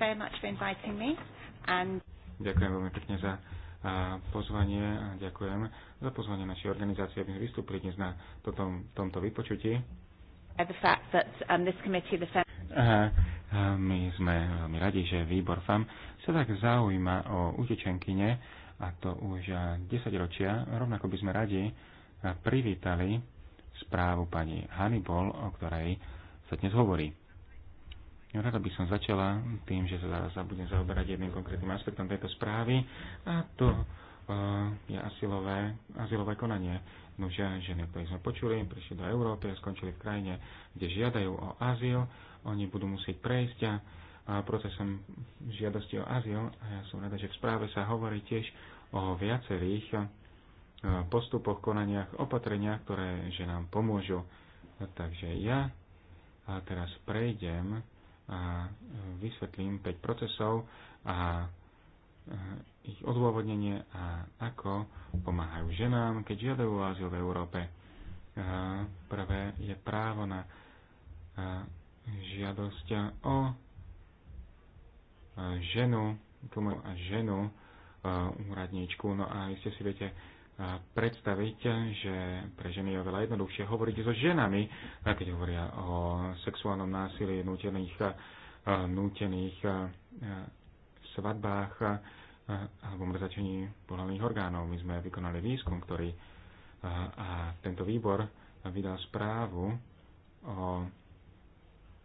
very much for inviting me. And... Ďakujem veľmi pekne za pozvanie a ďakujem za pozvanie našej organizácie, aby vystúpili dnes na toto, tomto vypočutí. Um, my sme veľmi radi, že výbor FAM sa tak zaujíma o utečenkyne a to už 10 ročia. Rovnako by sme radi privítali správu pani Hannibal, o ktorej sa dnes hovorí. Rada by som začala tým, že sa zaraz budem zaoberať jedným konkrétnym aspektom tejto správy a to uh, je asilové, asilové konanie. Nože ženy, ktoré sme počuli, prišli do Európy a skončili v krajine, kde žiadajú o azyl. Oni budú musieť prejsť a, a procesom žiadosti o azyl. A ja som rada, že v správe sa hovorí tiež o viacerých e, postupoch, konaniach, opatreniach, ktoré že nám pomôžu. Takže ja teraz prejdem a e, vysvetlím 5 procesov a e, ich odôvodnenie a ako pomáhajú ženám, keď žiadajú azyl v Európe. E, prvé je právo na žiadosť o ženu, a ženu úradníčku. No a iste si viete predstaviť, že pre ženy je oveľa jednoduchšie hovoriť so ženami, keď hovoria o sexuálnom násilí, nútených, nútených svadbách alebo mrzačení pohľadných orgánov. My sme vykonali výskum, ktorý a tento výbor vydal správu o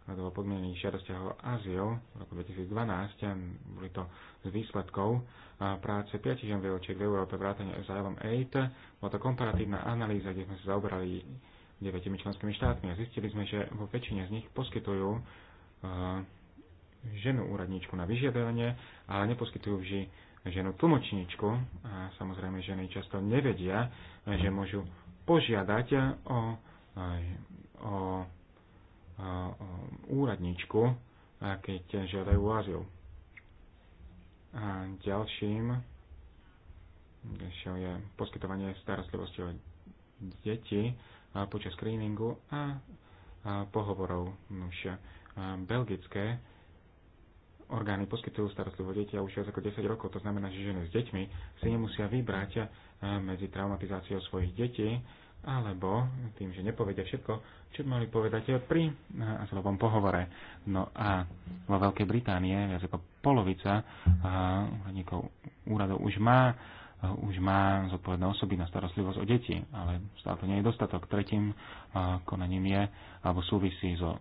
o podmienených žiadostiach o azyl v roku 2012. Boli to z výsledkov práce 5 MVOčiek v Európe vrátane Asylum 8. Bola to komparatívna analýza, kde sme sa zaoberali 9 členskými štátmi a zistili sme, že vo väčšine z nich poskytujú ženu úradníčku na vyžiadanie, ale neposkytujú vždy ženu tlmočníčku. A samozrejme, ženy často nevedia, že môžu požiadať o, o úradničku, keď žiadajú azyl. A ďalším je poskytovanie starostlivosti o deti počas screeningu a pohovorov. Už belgické orgány poskytujú starostlivosť deti už viac ako 10 rokov. To znamená, že ženy s deťmi si nemusia vybrať medzi traumatizáciou svojich detí alebo tým, že nepovedia všetko, čo by mali povedať pri eh, azylovom pohovore. No a vo Veľkej Británie viac ako polovica úradníkov eh, úradov už má eh, už má zodpovedné osoby na starostlivosť o deti, ale stále to nie je dostatok. Tretím konaním je, alebo súvisí so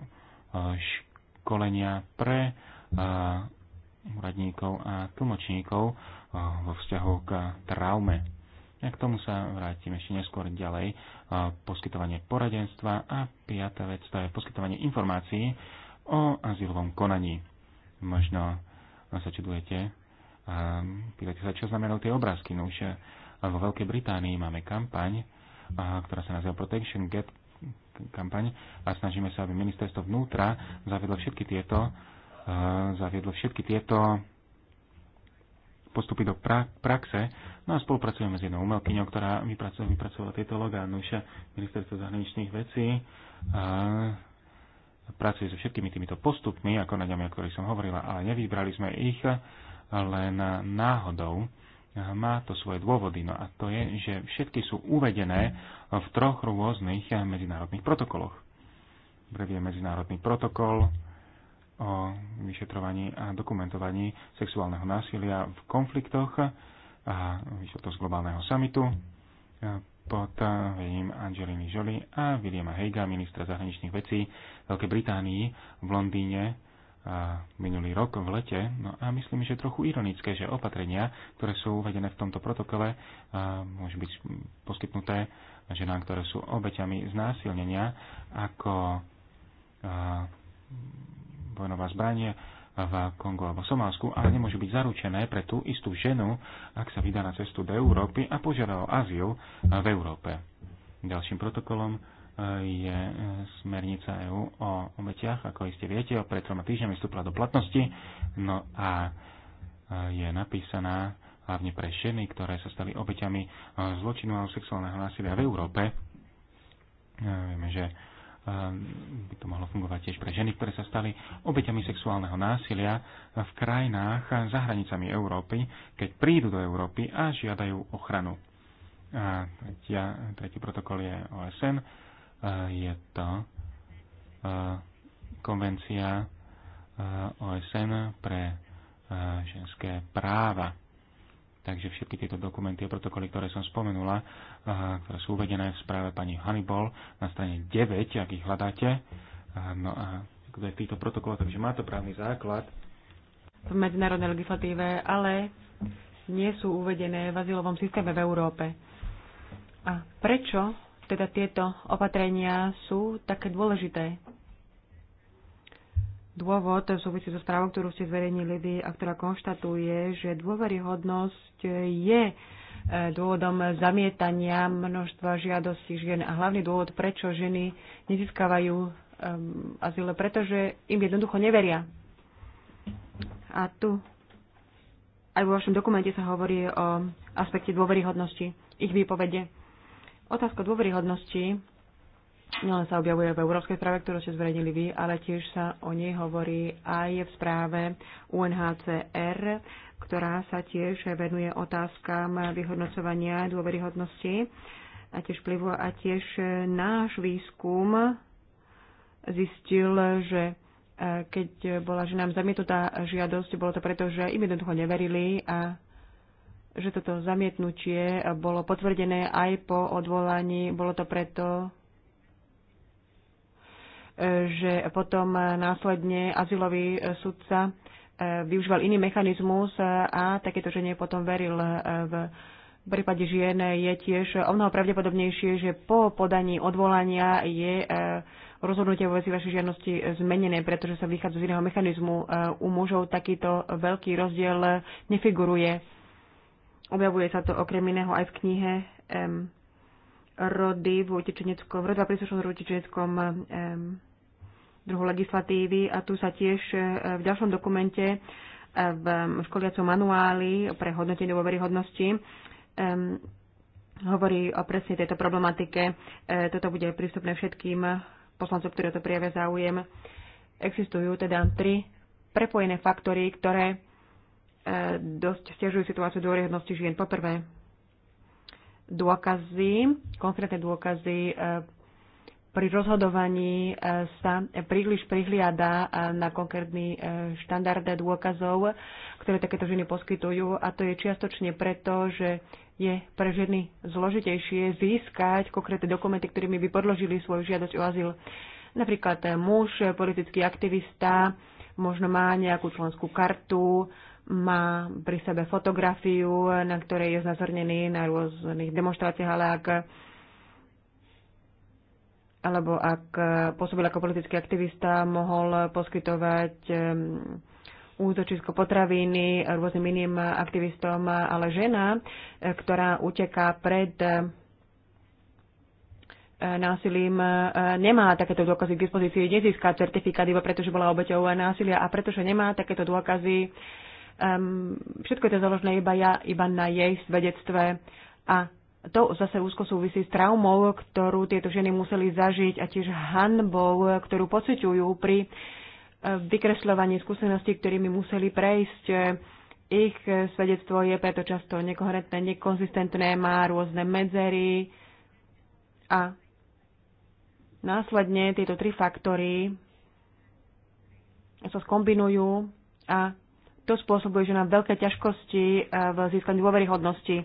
školenia pre úradníkov a tlmočníkov vo vzťahu k traume ja k tomu sa vrátim ešte neskôr ďalej. Poskytovanie poradenstva a piata vec to je poskytovanie informácií o azylovom konaní. Možno sa čudujete, pýtate sa, čo znamenajú tie obrázky. No už vo Veľkej Británii máme kampaň, ktorá sa nazýva Protection Get kampaň a snažíme sa, aby ministerstvo vnútra zaviedlo všetky tieto zaviedlo všetky tieto postupy do pra- praxe. No a spolupracujeme s jednou umelkyňou, ktorá vypracovala, vypracovala tieto logá. No už ministerstvo zahraničných vecí a pracuje so všetkými týmito postupmi na ďami, o ktorých som hovorila, ale nevybrali sme ich len náhodou. Má to svoje dôvody, no a to je, že všetky sú uvedené v troch rôznych medzinárodných protokoloch. Prvý je medzinárodný protokol, o vyšetrovaní a dokumentovaní sexuálneho násilia v konfliktoch a vyšlo to z globálneho samitu pod vedením Angeliny Jolie a Williama Heiga, ministra zahraničných vecí Veľkej Británii v Londýne minulý rok v lete. No a myslím, že trochu ironické, že opatrenia, ktoré sú uvedené v tomto protokole, môžu byť poskytnuté ženám, ktoré sú obeťami znásilnenia, ako vojnová zbranie v Kongu alebo Somálsku, ale nemôže byť zaručené pre tú istú ženu, ak sa vydá na cestu do Európy a požiada o azyl v Európe. Ďalším protokolom eh, je eh, smernica EÚ o obetiach, ako iste viete, pred troma týždňami vstúpila do platnosti, no a eh, je napísaná hlavne pre ženy, ktoré sa stali obeťami zločinu a sexuálneho násilia v Európe. Vieme, že Ehm, by to mohlo fungovať tiež pre ženy, ktoré sa stali obeťami sexuálneho násilia v krajinách za hranicami Európy, keď prídu do Európy a žiadajú ochranu. A tretia, tretí protokol je OSN. Je to e, konvencia e, OSN pre e, ženské práva. Takže všetky tieto dokumenty a protokoly, ktoré som spomenula, ktoré sú uvedené v správe pani Hannibal na strane 9, ak ich hľadáte, no a kto je v týchto protokoloch, takže má to právny základ. V medzinárodnej legislatíve, ale nie sú uvedené v azylovom systéme v Európe. A prečo teda tieto opatrenia sú také dôležité? Dôvod v súvisí so správou, ktorú ste zverejnili vy a ktorá konštatuje, že dôveryhodnosť je e, dôvodom zamietania množstva žiadostí žien a hlavný dôvod, prečo ženy nezískavajú azyl, pretože im jednoducho neveria. A tu aj vo vašom dokumente sa hovorí o aspekte dôveryhodnosti, ich výpovede. Otázka dôveryhodnosti nielen no, sa objavuje v európskej správe, ktorú ste zverejnili vy, ale tiež sa o nej hovorí aj v správe UNHCR, ktorá sa tiež venuje otázkam vyhodnocovania dôveryhodnosti a tiež vplyvu a tiež náš výskum zistil, že e, keď bola že nám zamietnutá žiadosť, bolo to preto, že im jednoducho neverili a že toto zamietnutie bolo potvrdené aj po odvolaní. Bolo to preto, že potom následne azylový sudca e, využíval iný mechanizmus a takéto ženie potom veril v e, v prípade žien je tiež o mnoho pravdepodobnejšie, že po podaní odvolania je e, rozhodnutie vo veci vašej žiadnosti zmenené, pretože sa vychádza z iného mechanizmu. U mužov takýto veľký rozdiel nefiguruje. Objavuje sa to okrem iného aj v knihe rody v utečeneckom, rodová príslušnosť v utečeneckom druhu legislatívy a tu sa tiež e, v ďalšom dokumente e, v školiacom manuáli pre hodnotenie dôveryhodnosti um, hovorí o presne tejto problematike. E, toto bude prístupné všetkým poslancom, ktorí o to prijavia záujem. Existujú teda tri prepojené faktory, ktoré e, dosť stiažujú situáciu dôveryhodnosti žien. Poprvé, dôkazy, konkrétne dôkazy e, pri rozhodovaní e, sa príliš prihliada e, na konkrétny štandard dôkazov, ktoré takéto ženy poskytujú a to je čiastočne preto, že je pre ženy zložitejšie získať konkrétne dokumenty, ktorými by podložili svoju žiadosť o azyl. Napríklad muž, politický aktivista, možno má nejakú členskú kartu, má pri sebe fotografiu, na ktorej je znázornený na rôznych demonstráciách, ale ak alebo ak eh, pôsobil ako politický aktivista, mohol poskytovať eh, útočisko potraviny rôznym iným aktivistom, ale žena, eh, ktorá uteká pred násilím nemá takéto dôkazy k dispozícii, nezíska certifikát iba preto, že bola obeťou násilia a pretože nemá takéto dôkazy, Um, všetko je to založené iba, ja, iba na jej svedectve a to zase úzko súvisí s traumou, ktorú tieto ženy museli zažiť a tiež hanbou, ktorú pociťujú pri e, vykresľovaní skúseností, ktorými museli prejsť. Ich svedectvo je preto často nekoherentné, nekonzistentné, má rôzne medzery a následne tieto tri faktory sa skombinujú a to spôsobuje, že nám veľké ťažkosti eh, v získaní dôveryhodnosti eh,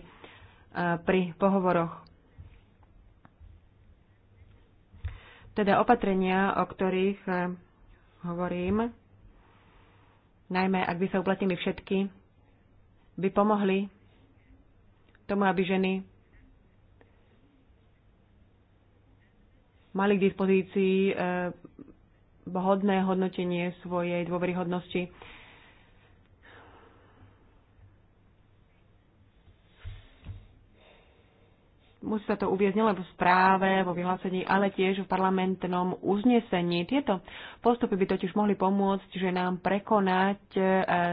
pri pohovoroch. Teda opatrenia, o ktorých eh, hovorím, najmä ak by sa uplatnili všetky, by pomohli tomu, aby ženy mali k dispozícii vhodné hodnotenie svojej dôveryhodnosti. musí sa to uviezť nielen v správe, vo vyhlásení, ale tiež v parlamentnom uznesení. Tieto postupy by totiž mohli pomôcť, že nám prekonať e,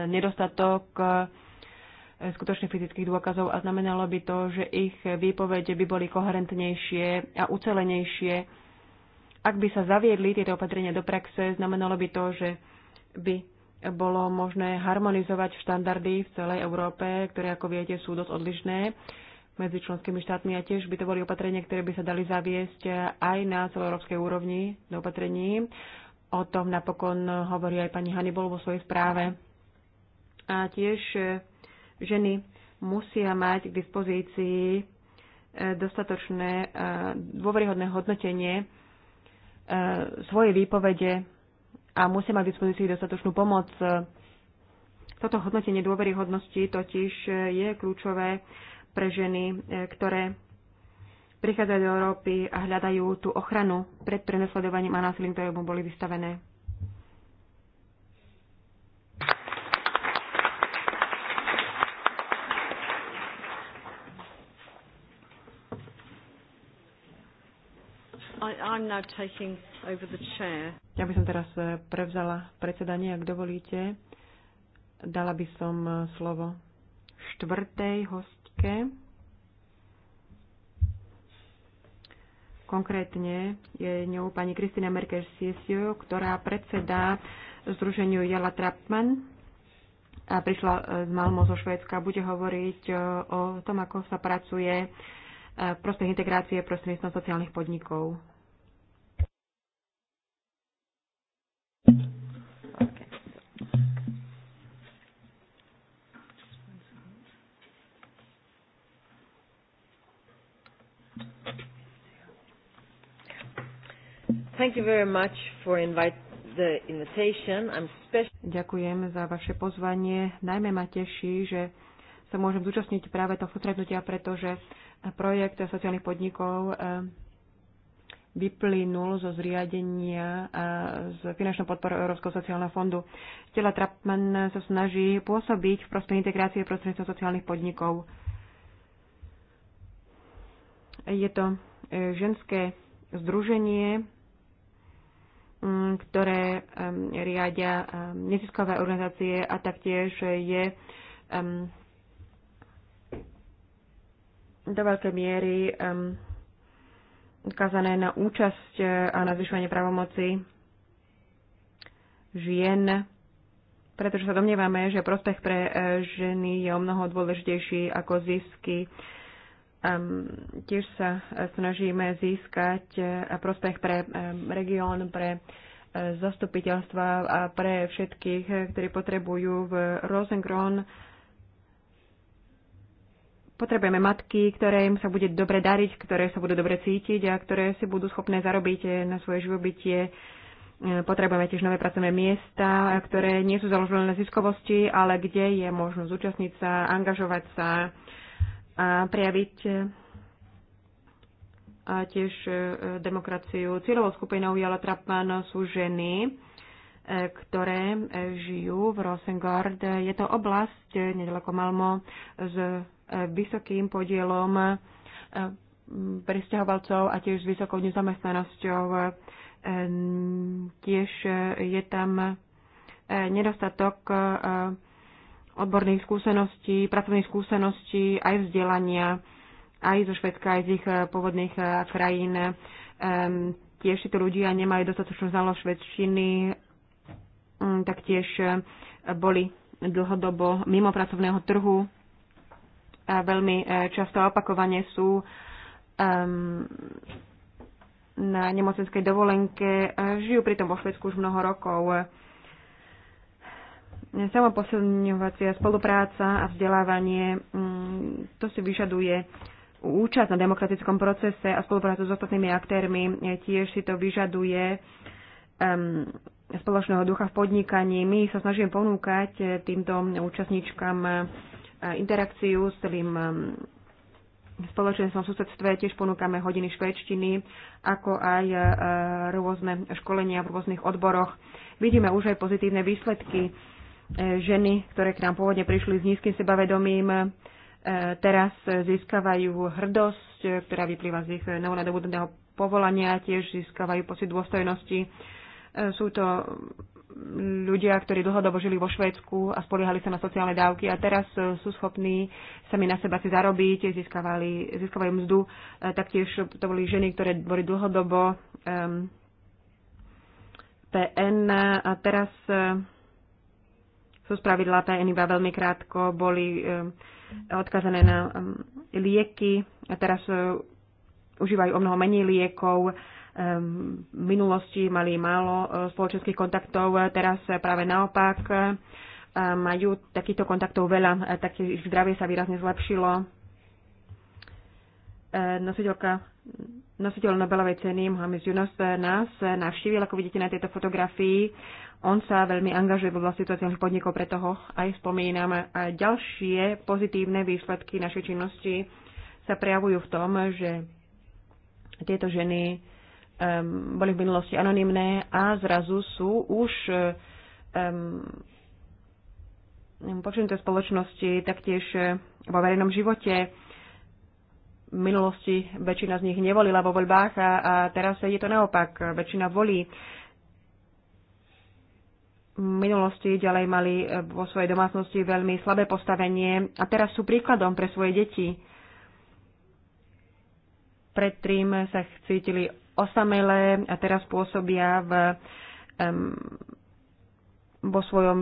nedostatok e, skutočne fyzických dôkazov a znamenalo by to, že ich výpovede by boli koherentnejšie a ucelenejšie. Ak by sa zaviedli tieto opatrenia do praxe, znamenalo by to, že by bolo možné harmonizovať štandardy v celej Európe, ktoré, ako viete, sú dosť odlišné medzi členskými štátmi a tiež by to boli opatrenia, ktoré by sa dali zaviesť aj na celoeurópskej úrovni do opatrení. O tom napokon hovorí aj pani Hannibal vo svojej správe. A tiež e, ženy musia mať k dispozícii e, dostatočné e, dôveryhodné hodnotenie svojej výpovede a musia mať k dispozícii dostatočnú pomoc. Toto hodnotenie dôveryhodnosti totiž je kľúčové pre ženy, e, ktoré prichádzajú do Európy a hľadajú tú ochranu pred prenasledovaním a násilím, mu boli vystavené. Ja by som teraz e, prevzala predsedanie, ak dovolíte. Dala by som e, slovo štvrtej host, otázke. Konkrétne je ňou pani Kristina merkeš siesio ktorá predsedá Združeniu Jala Trapman a prišla e, z Malmo zo Švédska. Bude hovoriť e, o tom, ako sa pracuje e, v prospech integrácie prostredníctvom sociálnych podnikov. Ďakujem za vaše pozvanie. Najmä ma teší, že sa môžem zúčastniť práve tohto stretnutia, pretože projekt sociálnych podnikov eh, vyplynul zo zriadenia a eh, z finančnou podporou Európskeho sociálneho fondu. Tela Trapman sa snaží pôsobiť v prospech integrácie prostredníctvom sociálnych podnikov. Je to eh, ženské združenie, Mm, ktoré riadia neziskové organizácie a taktiež je do veľkej miery ukázané na účasť e, a na zvyšovanie právomoci žien, pretože sa domnievame, že prospech pre e, ženy je o mnoho dôležitejší ako zisky Um, tiež sa e, snažíme získať e, prospech pre um, región, pre zastupiteľstva a pre všetkých, ktorí potrebujú v Rosengron. Potrebujeme matky, ktoré im sa bude dobre dariť, ktoré sa budú dobre cítiť a ktoré si budú schopné zarobiť na svoje živobytie. Potrebujeme tiež nové pracovné miesta, ktoré nie sú založené na ziskovosti, ale kde je možnosť zúčastniť sa, angažovať sa, a prejaviť e, a tiež e, demokraciu. Cieľovou skupinou Jala Trapman sú ženy, e, ktoré žijú v Rosengard. Je to oblasť nedaleko Malmo s vysokým podielom presťahovalcov a tiež s vysokou nezamestnanosťou. Tiež je tam nedostatok odborných skúseností, pracovných skúseností, aj vzdelania, aj zo Švedska, aj z ich eh, pôvodných eh, krajín. Um, tiež títo ľudia nemajú dostatočnú znalosť švedčiny, um, mm, taktiež eh, boli dlhodobo mimo pracovného trhu. A veľmi často opakovane sú um, na nemocenskej dovolenke, žijú pritom vo Švedsku už mnoho rokov samoposilňovacia spolupráca a vzdelávanie, mm, to si vyžaduje účasť na demokratickom procese a spoluprácu s ostatnými aktérmi. Tiež si to vyžaduje spoločného ducha v podnikaní. My sa snažíme ponúkať týmto účastníčkam eh, interakciu s celým spoločenstvom v susedstve. Tiež ponúkame hodiny švedčtiny, ako aj eh, rôzne školenia v rôznych odboroch. Vidíme už aj pozitívne výsledky E, ženy, ktoré k nám pôvodne prišli s nízkym sebavedomím, e, teraz získavajú hrdosť, e, ktorá vyplýva z ich novonadobudného povolania, tiež získavajú pocit dôstojnosti. Sú to ľudia, ktorí dlhodobo žili vo Švédsku a spoliehali sa na sociálne dávky a teraz sú schopní sami na seba si zarobiť, získavali, získavajú mzdu. Taktiež to boli ženy, ktoré boli dlhodobo um, PN a teraz um, sú spravidla tajení iba veľmi krátko, boli eh, odkazané na eh, lieky a teraz eh, užívajú o mnoho menej liekov. V minulosti mali málo spoločenských kontaktov, teraz práve naopak majú takýchto kontaktov veľa, tak ich zdravie sa výrazne zlepšilo. Nositeľka nositeľ Nobelovej ceny Mohamed Junos nás navštívil, ako vidíte na tejto fotografii. On sa veľmi angažuje v oblasti sociálnych podnikov, preto ho aj spomínam. A ďalšie pozitívne výsledky našej činnosti sa prejavujú v tom, že tieto ženy um, boli v minulosti anonimné a zrazu sú už um, počuté spoločnosti taktiež vo verejnom živote v minulosti väčšina z nich nevolila vo voľbách a, a teraz je to naopak. Väčšina volí. V minulosti ďalej mali e, vo svojej domácnosti veľmi slabé postavenie a teraz sú príkladom pre svoje deti. Predtým sa cítili osamelé a teraz pôsobia v, um, vo svojom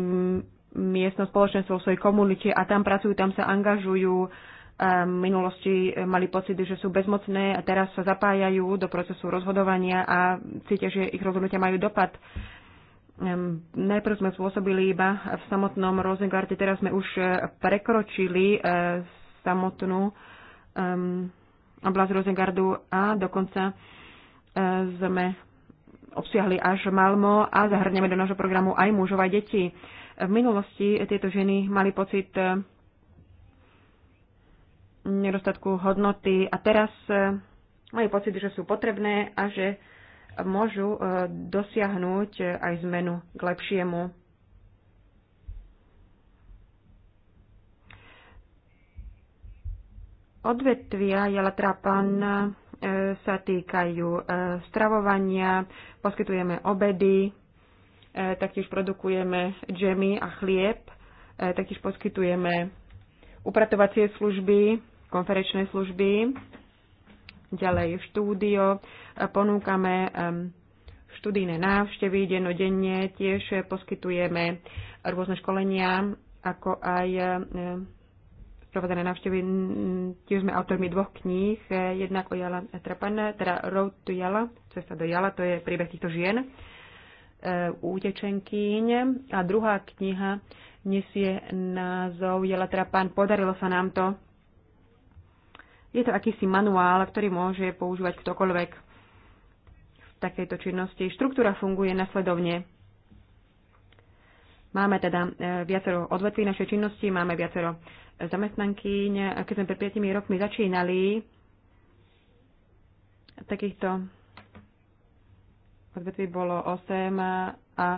miestnom spoločenstve, v svojej komunite a tam pracujú, tam sa angažujú v minulosti e, mali pocit, že sú bezmocné a teraz sa zapájajú do procesu rozhodovania a cítia, že ich rozhodnutia majú dopad. Najprv sme spôsobili iba v samotnom Rosengarte, teraz sme už e, prekročili e, samotnú oblasť Rosengardu a dokonca sme obsiahli až Malmo a zahrneme do nášho programu aj mužov a deti. V minulosti tieto ženy mali pocit, nedostatku hodnoty a teraz e, majú pocit, že sú potrebné a že môžu e, dosiahnuť e, aj zmenu k lepšiemu. Odvetvia Jala Trapan sa týkajú stravovania, poskytujeme obedy, taktiež produkujeme džemy a chlieb, taktiež poskytujeme upratovacie služby, konferenčné služby. Ďalej štúdio. Ponúkame študijné návštevy dennodenne. Tiež poskytujeme rôzne školenia, ako aj provedené návštevy. Tiež sme autormi dvoch kníh. Jednak o Jala Trapan, teda Road to Jala, Cesta do Jala, to je príbeh týchto žien útečenkyň. Eh, A druhá kniha nesie názov Jela Trapan. Podarilo sa nám to. Je to akýsi manuál, ktorý môže používať ktokoľvek v takejto činnosti. Štruktúra funguje nasledovne. Máme teda e, viacero odvetví našej činnosti, máme viacero e, zamestnankyň. Keď sme pred 5 rokmi začínali, takýchto odvetví bolo 8 a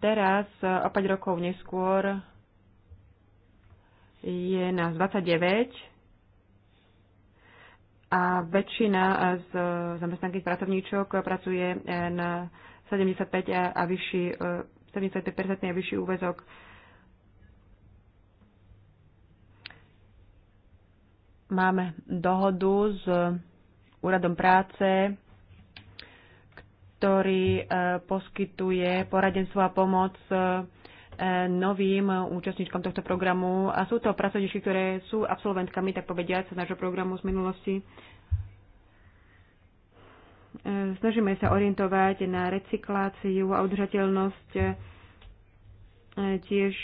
teraz, e, o 5 rokov neskôr, je nás 29 a väčšina z zamestnankých pracovníčok pracuje eh, na 75 a vyšší, 75% eh, a vyšší úvezok. Máme dohodu s úradom práce, ktorý eh, poskytuje poradenstvo a pomoc E, novým účastníčkom tohto programu a sú to pracovníčky, ktoré sú absolventkami, tak povediať, z nášho programu z minulosti. E, snažíme sa orientovať na recykláciu a udržateľnosť. E, tiež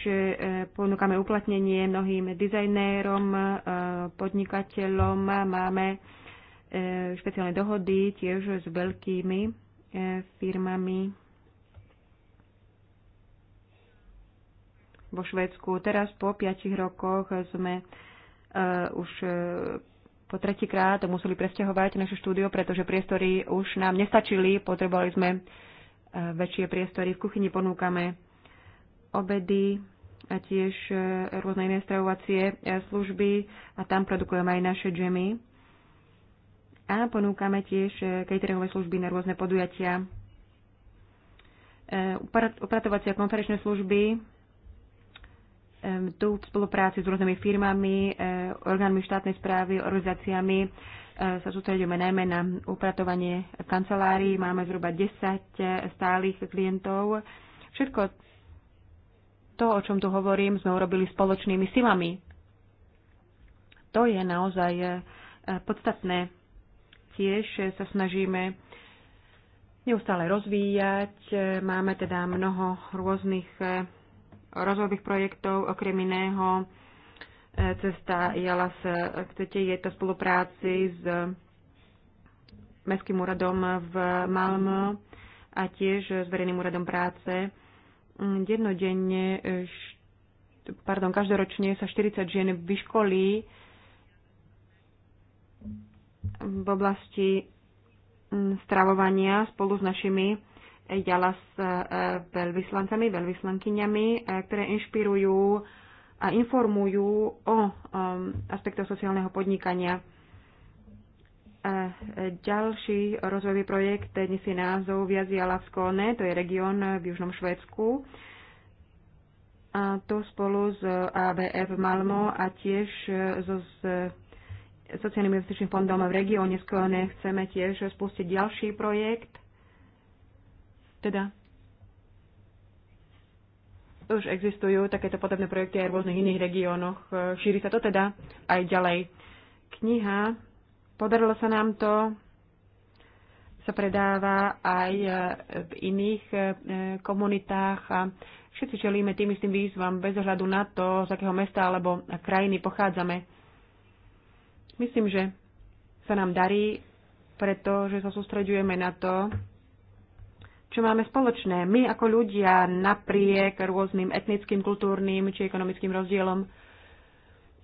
ponúkame uplatnenie mnohým dizajnérom, podnikateľom. Máme špeciálne dohody tiež s veľkými firmami vo Švédsku. Teraz po piatich rokoch sme uh, už uh, po tretíkrát museli presťahovať naše štúdio, pretože priestory už nám nestačili, potrebovali sme uh, väčšie priestory. V kuchyni ponúkame obedy a tiež uh, rôzne iné stravovacie služby a tam produkujeme aj naše džemy. A ponúkame tiež cateringové služby na rôzne podujatia upratovacie konferenčné služby tu v spolupráci s rôznymi firmami, e, orgánmi štátnej správy, organizáciami e, sa sústredíme najmä na upratovanie kancelárií. Máme zhruba 10 e, stálych klientov. Všetko to, o čom tu hovorím, sme urobili spoločnými silami. To je naozaj podstatné. Tiež sa snažíme neustále rozvíjať. Máme teda mnoho rôznych rozvojových projektov, okrem iného e, cesta JALAS k e, je to spolupráci s Mestským úradom v Malmö a tiež s Verejným úradom práce. Jednodenne, mm, e, pardon, každoročne sa 40 žien vyškolí v oblasti mm, stravovania spolu s našimi jala s e, veľvyslancami, veľvyslankyňami, e, ktoré inšpirujú a informujú o e, aspektoch sociálneho podnikania. Ďalší rozvojový projekt nesie názov Viaziala v Skóne, to je región v južnom Švédsku. A to spolu s ABF Malmo a tiež so sociálnym investičným fondom v regióne Skone chceme tiež spustiť ďalší projekt teda už existujú takéto podobné projekty aj v rôznych iných regiónoch. E, šíri sa to teda aj ďalej. Kniha, podarilo sa nám to, sa predáva aj e, v iných e, komunitách a všetci čelíme tým istým výzvam bez ohľadu na to, z akého mesta alebo krajiny pochádzame. Myslím, že sa nám darí, pretože sa sústreďujeme na to, čo máme spoločné. My ako ľudia napriek rôznym etnickým, kultúrnym či ekonomickým rozdielom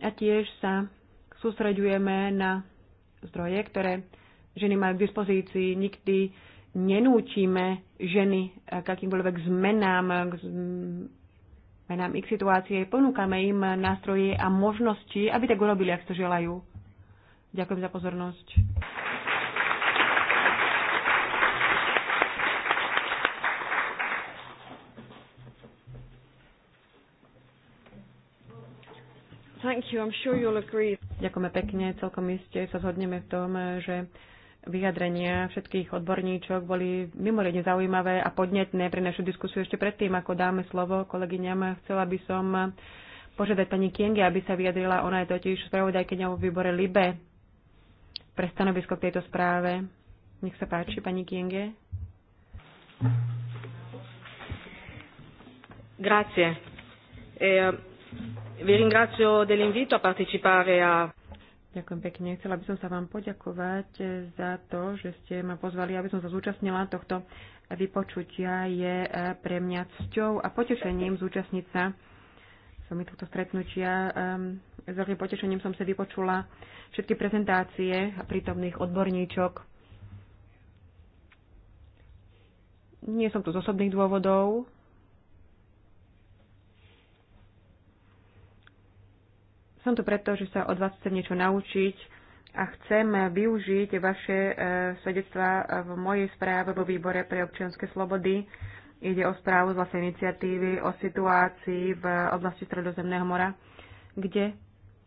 a tiež sa sústreďujeme na zdroje, ktoré ženy majú k dispozícii. Nikdy nenúčime ženy k akýmkoľvek zmenám, k zmenám ich situácie. Ponúkame im nástroje a možnosti, aby tak urobili, ak to želajú. Ďakujem za pozornosť. Thank you. I'm sure you'll agree. Ďakujeme pekne. Celkom iste sa zhodneme v tom, že vyjadrenia všetkých odborníčok boli mimoriadne zaujímavé a podnetné pre našu diskusiu. Ešte predtým, ako dáme slovo kolegyňam, chcela by som požiadať pani Kienge, aby sa vyjadrila. Ona je totiž spravodajkyňa v výbore LIBE pre stanovisko k tejto správe. Nech sa páči, pani Kienge. Grazie. Eh, Vi ringrazio dell'invito a partecipare a Ďakujem pekne. Chcela by som sa vám poďakovať eh, za to, že ste ma pozvali, aby som sa zúčastnila tohto vypočutia. Je eh, pre mňa cťou a potešením zúčastniť sa som mi tohto stretnutia. Ehm, s veľkým potešením som sa vypočula všetky prezentácie prítomných odborníčok. Nie som tu z osobných dôvodov, Som tu preto, že sa od vás chcem niečo naučiť a chcem využiť vaše e, svedectvá v mojej správe vo výbore pre občianske slobody. Ide o správu z vlastnej iniciatívy o situácii v oblasti Stredozemného mora, kde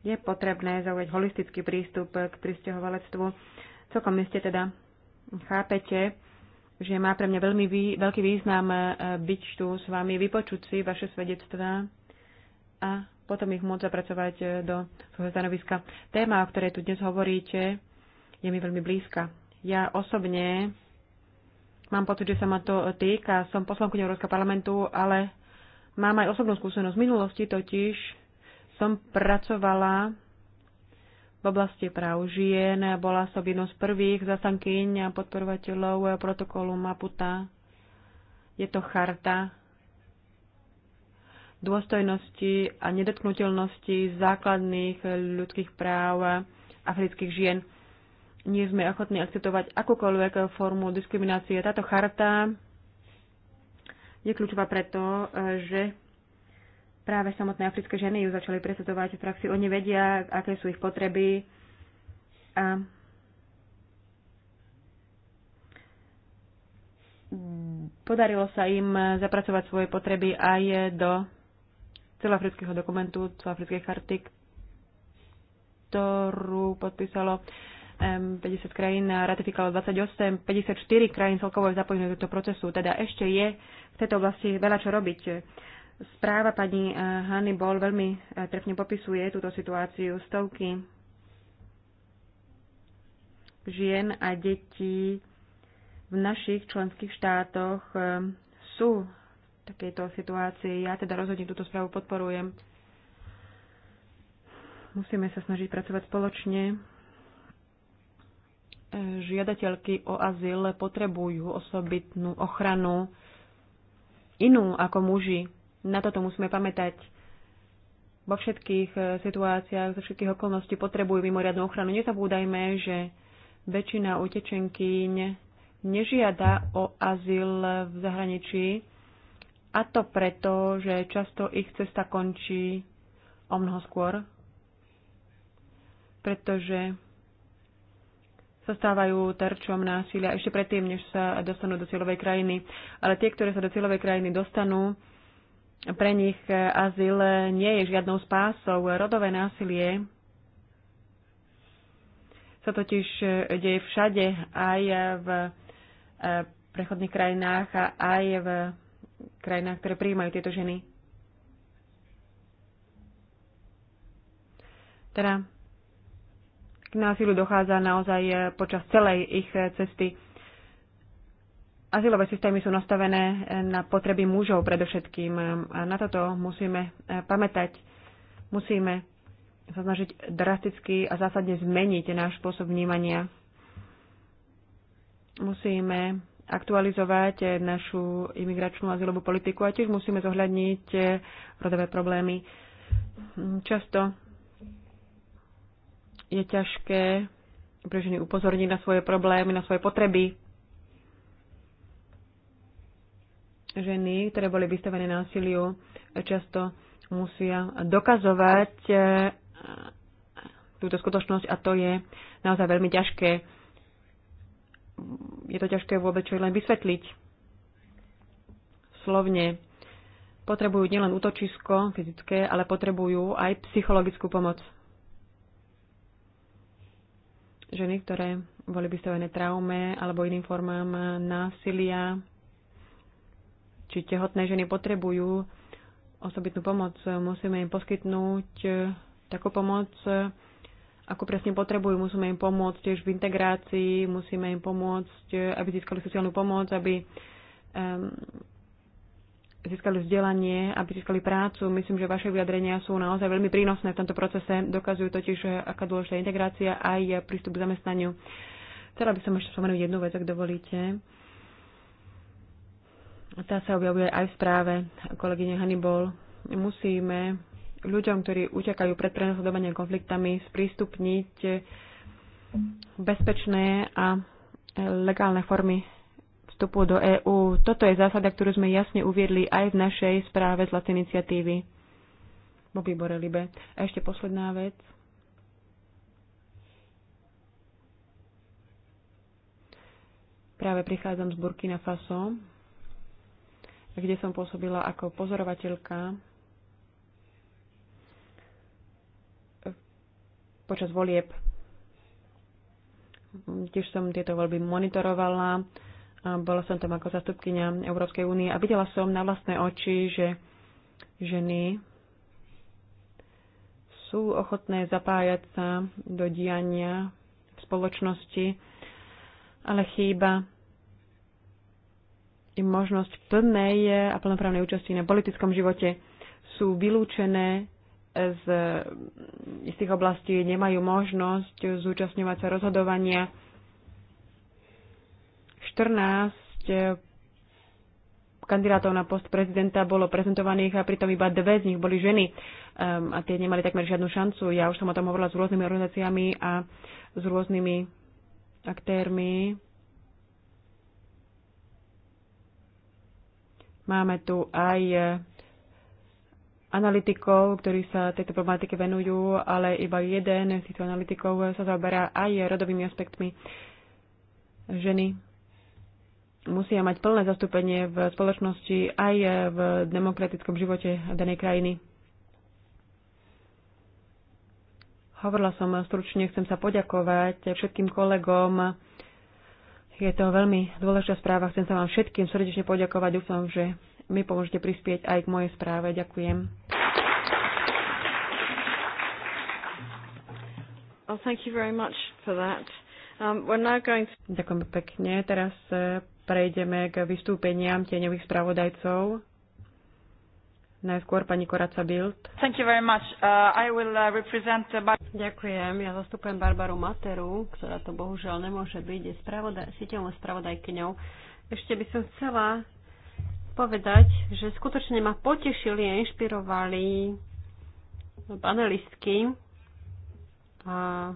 je potrebné zaujať holistický prístup k pristahovalectvu. Celkom ste teda chápete, že má pre mňa veľmi vý, veľký význam e, byť tu s vami, vypočuť si vaše svedectvá a potom ich môcť zapracovať e, do svojho stanoviska. Téma, o ktorej tu dnes hovoríte, je mi veľmi blízka. Ja osobne mám pocit, že sa ma to týka. Som poslankyňou Európskeho parlamentu, ale mám aj osobnú skúsenosť. V minulosti totiž som pracovala v oblasti práv žien. Bola som jednou z prvých zastankyň a podporovateľov protokolu Maputa. Je to charta dôstojnosti a nedotknutelnosti základných ľudských práv afrických žien. Nie sme ochotní akceptovať akúkoľvek formu diskriminácie. Táto charta je kľúčová preto, že práve samotné africké ženy ju začali presadzovať v praxi. Oni vedia, aké sú ich potreby a podarilo sa im zapracovať svoje potreby aj do celoafrického dokumentu, celoafrickej charty, ktorú podpísalo 50 krajín a ratifikovalo 28, 54 krajín celkovo je zapojené do tohto procesu. Teda ešte je v tejto oblasti veľa čo robiť. Správa pani eh, Hany Bol veľmi eh, trefne popisuje túto situáciu. Stovky žien a detí v našich členských štátoch eh, sú takejto situácii. Ja teda rozhodne túto správu podporujem. Musíme sa snažiť pracovať spoločne. E, žiadateľky o azyl potrebujú osobitnú ochranu inú ako muži. Na toto musíme pamätať. Vo všetkých e, situáciách, zo všetkých okolností potrebujú mimoriadnú ochranu. Nezabúdajme, že väčšina utečenkyň nežiada o azyl v zahraničí, a to preto, že často ich cesta končí o mnoho skôr, pretože sa stávajú terčom násilia ešte predtým, než sa dostanú do cieľovej krajiny. Ale tie, ktoré sa do cieľovej krajiny dostanú, pre nich eh, azyl eh, nie je žiadnou spásou. Rodové násilie sa totiž eh, deje všade, aj v prechodných krajinách a aj v krajinách, ktoré prijímajú tieto ženy. Teda k násilu dochádza naozaj e, počas celej ich e, cesty. Azylové systémy sú nastavené e, na potreby mužov predovšetkým. A na toto musíme pamätať. Musíme sa snažiť drasticky a zásadne zmeniť náš spôsob vnímania. Musíme aktualizovať eh, našu imigračnú azylovú politiku a tiež musíme zohľadniť eh, rodové problémy. Mm, často je ťažké pre ženy upozorniť na svoje problémy, na svoje potreby. Ženy, ktoré boli vystavené násiliu, eh, často musia dokazovať túto skutočnosť a to je naozaj veľmi ťažké je to ťažké vôbec čo len vysvetliť. Slovne potrebujú nielen útočisko fyzické, ale potrebujú aj psychologickú pomoc. Ženy, ktoré boli vystavené traume alebo iným formám násilia, či tehotné ženy potrebujú osobitnú pomoc. Musíme im poskytnúť takú pomoc, ako presne potrebujú. Musíme im pomôcť tiež v integrácii, musíme im pomôcť, eh, aby získali sociálnu pomoc, aby um, získali vzdelanie, aby získali prácu. Myslím, že vaše vyjadrenia sú naozaj veľmi prínosné v tomto procese. Dokazujú totiž, aká dôležitá integrácia aj prístup k zamestnaniu. Chcela by som ešte spomenúť jednu vec, ak dovolíte. Tá sa objavuje aj v správe kolegyne Hannibal. Musíme ľuďom, ktorí utekajú pred prenosledovaním konfliktami, sprístupniť bezpečné a legálne formy vstupu do EÚ. Toto je zásada, ktorú sme jasne uviedli aj v našej správe z Latin iniciatívy vo výbore Libe. A ešte posledná vec. Práve prichádzam z Burkina Faso, kde som pôsobila ako pozorovateľka počas volieb. Tiež som tieto voľby monitorovala. A bola som tam ako zastupkynia Európskej únie a videla som na vlastné oči, že ženy sú ochotné zapájať sa do diania v spoločnosti, ale chýba im možnosť plnej a plnoprávnej účasti na politickom živote. Sú vylúčené z istých oblastí nemajú možnosť zúčastňovať sa rozhodovania. 14 eh, kandidátov na post prezidenta bolo prezentovaných a pritom iba dve z nich boli ženy um, a tie nemali takmer žiadnu šancu. Ja už som o tom hovorila s rôznymi organizáciami a s rôznymi aktérmi. Máme tu aj eh, analytikov, ktorí sa tejto problematike venujú, ale iba jeden z týchto analytikov sa zaoberá aj rodovými aspektmi. Ženy musia mať plné zastúpenie v spoločnosti aj v demokratickom živote danej krajiny. Hovorila som stručne, chcem sa poďakovať všetkým kolegom. Je to veľmi dôležitá správa, chcem sa vám všetkým srdečne poďakovať. Dúfam, že mi pomôžete prispieť aj k mojej správe. Ďakujem. Oh, thank you very much for that. Um, we're now going to... Ďakujem pekne. Teraz eh, prejdeme k vystúpeniam tieňových spravodajcov. Najskôr pani Koraca Bild. Thank you very much. Uh, I will uh, represent the... Uh, Ďakujem. Ja zastupujem Barbaru Materu, ktorá to bohužiaľ nemôže byť, je spravodaj, sieťovou spravodajkyňou. Ešte by som chcela povedať, že skutočne ma potešili a inšpirovali panelistky a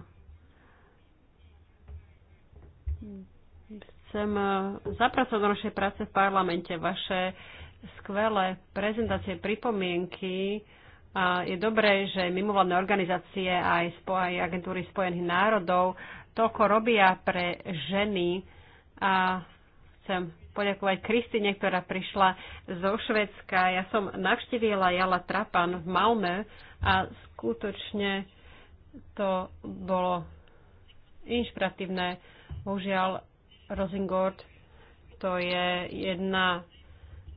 chcem zapracovať do našej práce v parlamente vaše skvelé prezentácie, pripomienky a je dobré, že mimovládne organizácie aj, spo, aj agentúry Spojených národov toľko robia pre ženy a chcem poďakovať Kristine, ktorá prišla zo Švedska. Ja som navštívila Jala Trapan v Malme a skutočne to bolo inšpiratívne. Bohužiaľ, Rosingord to je jedna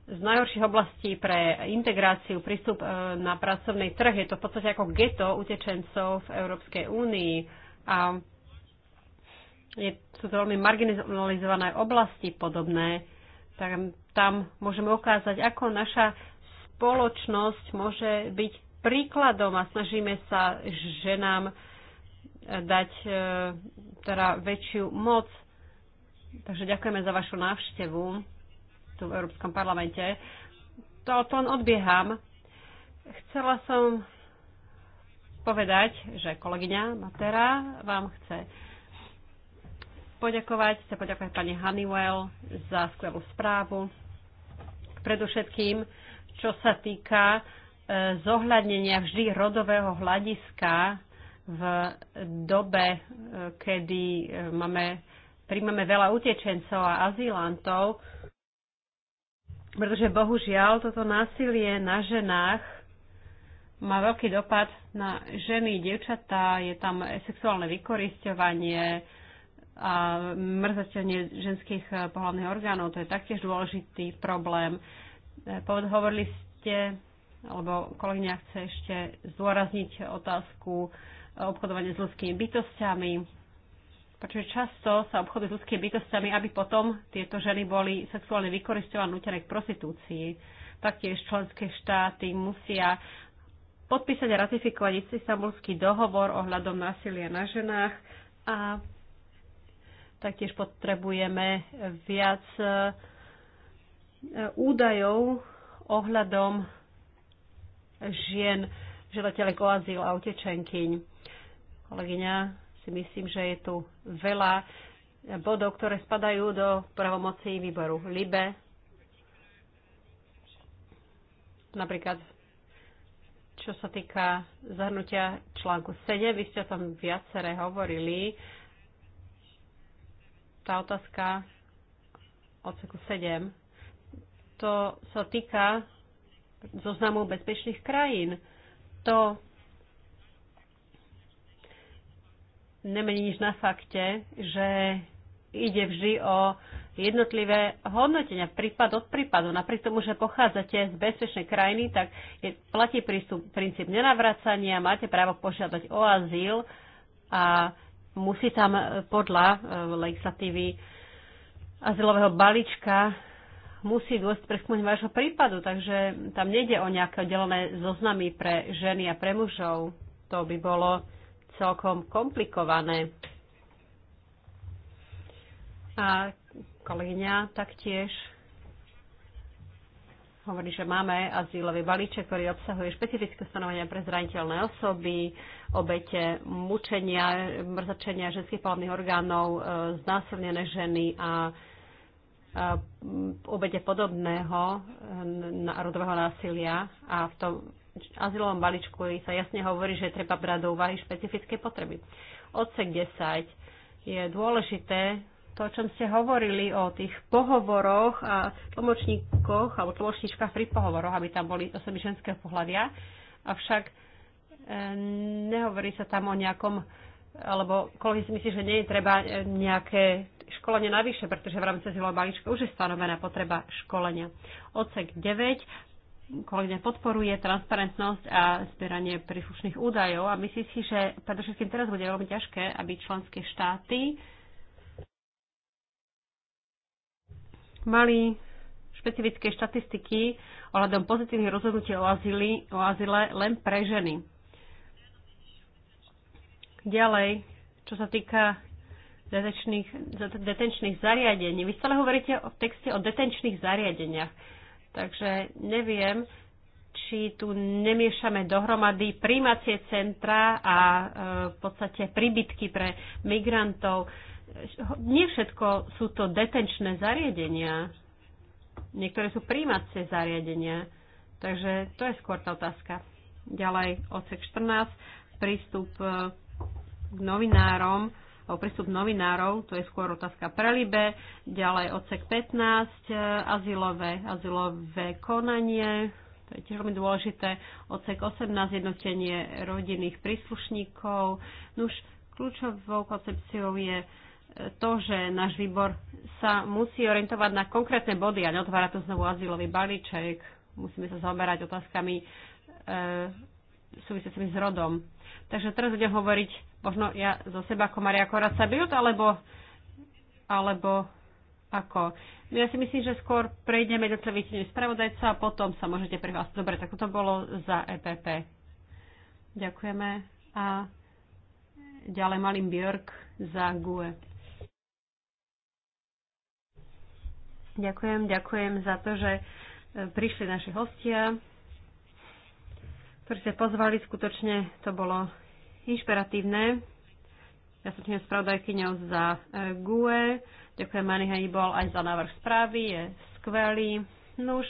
z najhorších oblastí pre integráciu, prístup e, na pracovný trh. Je to v podstate ako geto utečencov v Európskej únii. A je, sú to veľmi marginalizované oblasti podobné, tak tam môžeme ukázať, ako naša spoločnosť môže byť príkladom a snažíme sa ženám e, dať e, teda väčšiu moc. Takže ďakujeme za vašu návštevu tu v Európskom parlamente. To, o tom odbieham. Chcela som povedať, že kolegyňa Matera vám chce poďakovať. Chcem poďakovať pani Honeywell za skvelú správu. Predovšetkým, čo sa týka e, zohľadnenia vždy rodového hľadiska v dobe, e, kedy e, máme, príjmame veľa utečencov a azylantov, pretože bohužiaľ toto násilie na ženách má veľký dopad na ženy, dievčatá, je tam sexuálne vykorisťovanie, a mrzačenie ženských eh, pohľadných orgánov, to je taktiež dôležitý problém. Eh, hovorili ste, alebo kolegyňa chce ešte zdôrazniť otázku eh, obchodovania s ľudskými bytostiami, pretože často sa obchoduje s ľudskými bytostiami, aby potom tieto ženy boli sexuálne vykoristované nutené k prostitúcii. Taktiež členské štáty musia podpísať a ratifikovať istambulský dohovor ohľadom násilia na ženách a Taktiež potrebujeme viac e, údajov ohľadom žien, želateľek o azyl a utečenkyň. Kolegyňa, si myslím, že je tu veľa bodov, ktoré spadajú do pravomocí výboru LIBE. Napríklad, čo sa týka zahrnutia článku 7, vy ste o tom viacere hovorili, tá otázka odseku 7, to sa týka zoznamu bezpečných krajín. To nemení nič na fakte, že ide vždy o jednotlivé hodnotenia, prípad od prípadu. Napriek tomu, že pochádzate z bezpečnej krajiny, tak je, platí prístup, princíp nenavracania, máte právo požiadať o azyl a musí tam e, podľa e, legislatívy azylového balíčka musí dôjsť preskúmať vášho prípadu, takže tam nejde o nejaké oddelené zoznamy pre ženy a pre mužov. To by bolo celkom komplikované. A kolegyňa taktiež hovorí, že máme azylový balíček, ktorý obsahuje špecifické stanovenia pre zraniteľné osoby, obete mučenia, mrzačenia ženských polovných orgánov, e, znásilnené ženy a obete podobného e, národového násilia a v tom azylovom balíčku sa jasne hovorí, že treba brať do úvahy špecifické potreby. Odsek 10 je dôležité to, o čom ste hovorili, o tých pohovoroch a tlmočníkoch alebo tlmočníčkach pri pohovoroch, aby tam boli osoby ženského pohľavia. Avšak e, nehovorí sa tam o nejakom, alebo kolegy si myslí, že nie je treba e, nejaké školenie navyše, pretože v rámci zilového balíčka už je stanovená potreba školenia. Odsek 9 kolegyňa podporuje transparentnosť a zbieranie príslušných údajov a myslí si, že predovšetkým teraz bude veľmi ťažké, aby členské štáty mali špecifické štatistiky ohľadom pozitívnych rozhodnutí o, azíli, o azile len pre ženy. Ďalej, čo sa týka detenčných, detenčných zariadení. Vy stále hovoríte v texte o detenčných zariadeniach. Takže neviem, či tu nemiešame dohromady príjmacie centra a e, v podstate príbytky pre migrantov. E, nie všetko sú to detenčné zariadenia. Niektoré sú príjmacie zariadenia. Takže to je skôr tá otázka. Ďalej, odsek 14, prístup e, k novinárom, alebo prístup novinárov, to je skôr otázka pre Libe. Ďalej, odsek 15, e, azylové, azylové konanie, to je tiež veľmi dôležité. Odsek 18, jednotenie rodinných príslušníkov. Nuž, kľúčovou koncepciou je to, že náš výbor sa musí orientovať na konkrétne body a neotvára to znovu azylový balíček. Musíme sa zaoberať otázkami e, súvisiacimi s rodom. Takže teraz budem hovoriť možno ja zo seba ako Maria Koraca Bild, alebo, alebo ako. No ja si myslím, že skôr prejdeme do celých spravodajca a potom sa môžete prihlásiť. Dobre, tak to bolo za EPP. Ďakujeme. A ďalej Malým Björk za GUE. Ďakujem, ďakujem za to, že e, prišli naši hostia, ktorí ste pozvali. Skutočne to bolo inšpiratívne. Ja som tým spravodajkyňou za e, GUE. Ďakujem Mani Hannibal aj za návrh správy. Je skvelý. Nuž,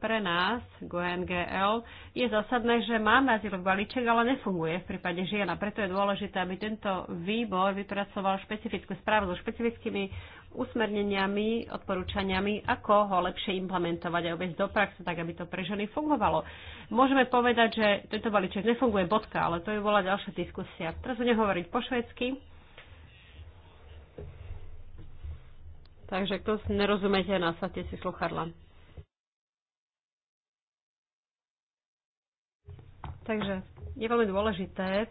pre nás, GuNGL, je zásadné, že máme azylový balíček, ale nefunguje v prípade žien a preto je dôležité, aby tento výbor vypracoval špecifickú správu so špecifickými usmerneniami, odporúčaniami, ako ho lepšie implementovať a uvieť do praxe, tak aby to pre ženy fungovalo. Môžeme povedať, že tento balíček nefunguje bodka, ale to je bola ďalšia diskusia. Teraz budem hovoriť po švedsky. Takže kto nerozumiete, nasadte si sluchadla. Takže je veľmi dôležité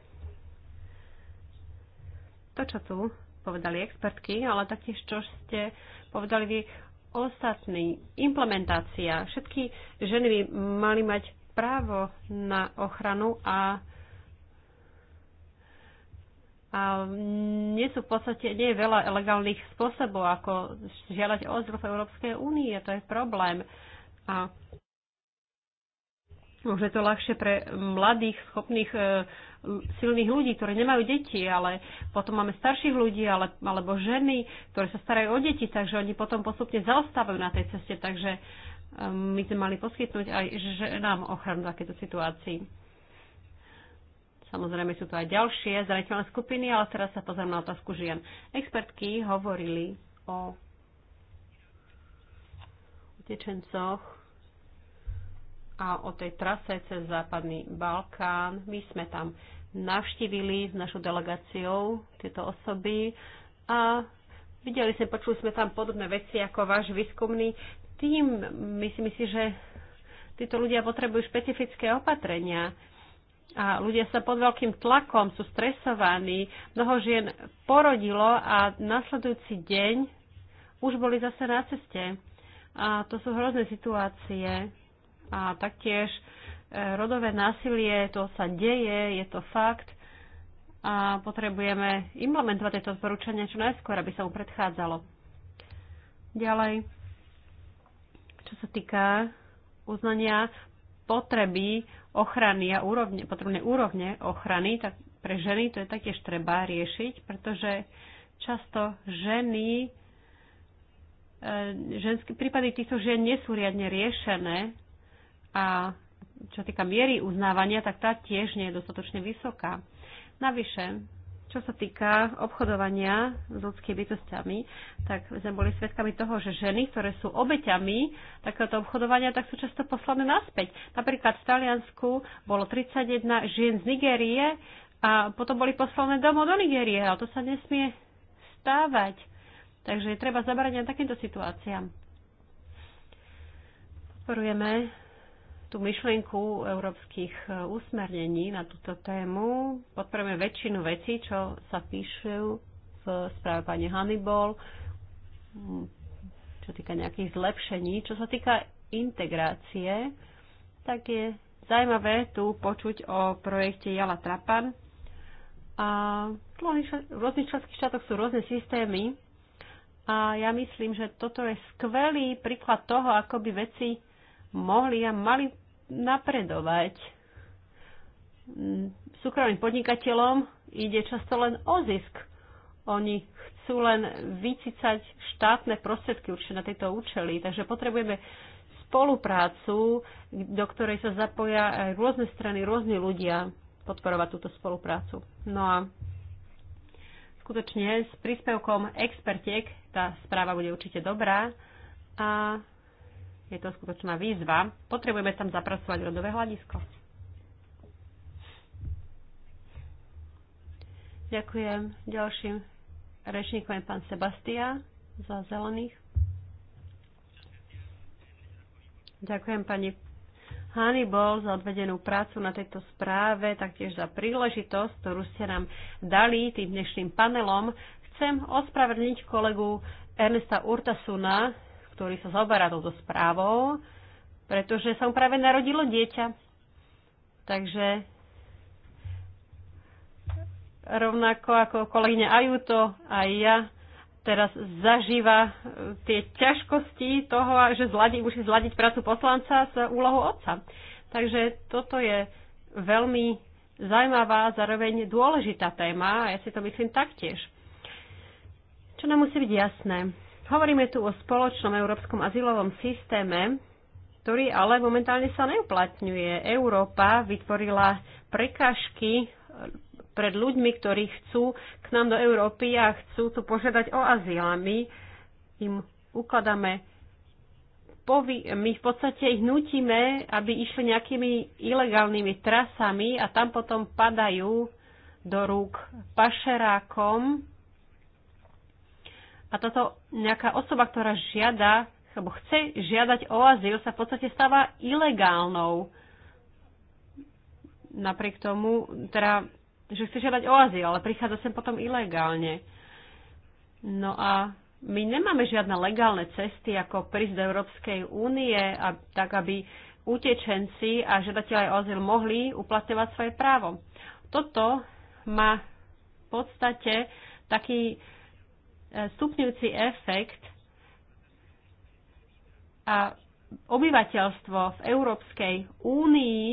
to, čo tu povedali expertky, ale taktiež čo ste povedali vy ostatní. Implementácia. Všetky ženy by mali mať právo na ochranu a a nie sú v podstate, nie je veľa legálnych spôsobov, ako žiadať o v Európskej únie, to je problém. A možno je to ľahšie pre mladých, schopných e, silných ľudí, ktorí nemajú deti, ale potom máme starších ľudí ale, alebo ženy, ktoré sa starajú o deti, takže oni potom postupne zaostávajú na tej ceste, takže um, my sme mali poskytnúť aj ženám ochranu takéto situácii. Samozrejme sú tu aj ďalšie zraniteľné skupiny, ale teraz sa pozriem na otázku žien. Expertky hovorili o utečencoch, a o tej trase cez Západný Balkán. My sme tam navštívili s našou delegáciou tieto osoby a videli sme, počuli sme tam podobné veci ako váš výskumný tým. myslím si že títo ľudia potrebujú špecifické opatrenia. A ľudia sa pod veľkým tlakom, sú stresovaní. Mnoho žien porodilo a nasledujúci deň už boli zase na ceste. A to sú hrozné situácie a taktiež e, rodové násilie, to sa deje, je to fakt a potrebujeme implementovať tieto odporúčania čo najskôr, aby sa mu predchádzalo. Ďalej, čo sa týka uznania potreby ochrany a úrovne, potrebné úrovne ochrany, tak pre ženy to je taktiež treba riešiť, pretože často ženy, e, ženské, prípady týchto žien nie sú riadne riešené a čo týka miery uznávania, tak tá tiež nie je dostatočne vysoká. Navyše, čo sa týka obchodovania s ľudskými bytostiami, tak sme boli svedkami toho, že ženy, ktoré sú obeťami takéhoto obchodovania, tak sú často poslané naspäť. Napríklad v Taliansku bolo 31 žien z Nigérie a potom boli poslané domov do Nigérie, ale to sa nesmie stávať. Takže treba zabrať aj takýmto situáciám. Podporujeme tú myšlienku európskych úsmernení e, na túto tému. Podporujeme väčšinu vecí, čo sa píšu v správe pani Hannibal, čo týka nejakých zlepšení. Čo sa týka integrácie, tak je zaujímavé tu počuť o projekte Jala Trapan. A v rôznych členských štátoch sú rôzne systémy a ja myslím, že toto je skvelý príklad toho, ako by veci mohli a mali napredovať. Súkromným podnikateľom ide často len o zisk. Oni chcú len vycicať štátne prostriedky určite na tieto účely, takže potrebujeme spoluprácu, do ktorej sa zapoja aj rôzne strany, rôzni ľudia podporovať túto spoluprácu. No a skutočne s príspevkom expertiek, tá správa bude určite dobrá a je to skutočná výzva. Potrebujeme tam zapracovať rodové hľadisko. Ďakujem. Ďalším rečníkom je pán Sebastia za zelených. Ďakujem pani Hannibal za odvedenú prácu na tejto správe, taktiež za príležitosť, ktorú ste nám dali tým dnešným panelom. Chcem ospravedlniť kolegu Ernesta Urtasuna, ktorý sa zaoberá touto správou, pretože sa mu práve narodilo dieťa. Takže rovnako ako kolegyňa Ajuto, aj ja teraz zažíva e, tie ťažkosti toho, že zladi, musí zladiť prácu poslanca s úlohou otca. Takže toto je veľmi zaujímavá, zároveň dôležitá téma a ja si to myslím taktiež. Čo nám musí byť jasné? Hovoríme tu o spoločnom európskom azylovom systéme, ktorý ale momentálne sa neuplatňuje. Európa vytvorila prekažky eh, pred ľuďmi, ktorí chcú k nám do Európy a chcú tu požiadať o azyl. A my im ukladáme my v podstate ich nutíme, aby išli nejakými ilegálnymi trasami a tam potom padajú do rúk pašerákom a táto nejaká osoba, ktorá žiada, alebo chce žiadať o azyl, sa v podstate stáva ilegálnou. Napriek tomu, teda, že chce žiadať o azyl, ale prichádza sem potom ilegálne. No a my nemáme žiadne legálne cesty, ako prísť do Európskej únie, a, tak aby utečenci a žiadatelia o azyl mohli uplatňovať svoje právo. Toto má v podstate taký stupňujúci efekt a obyvateľstvo v Európskej únii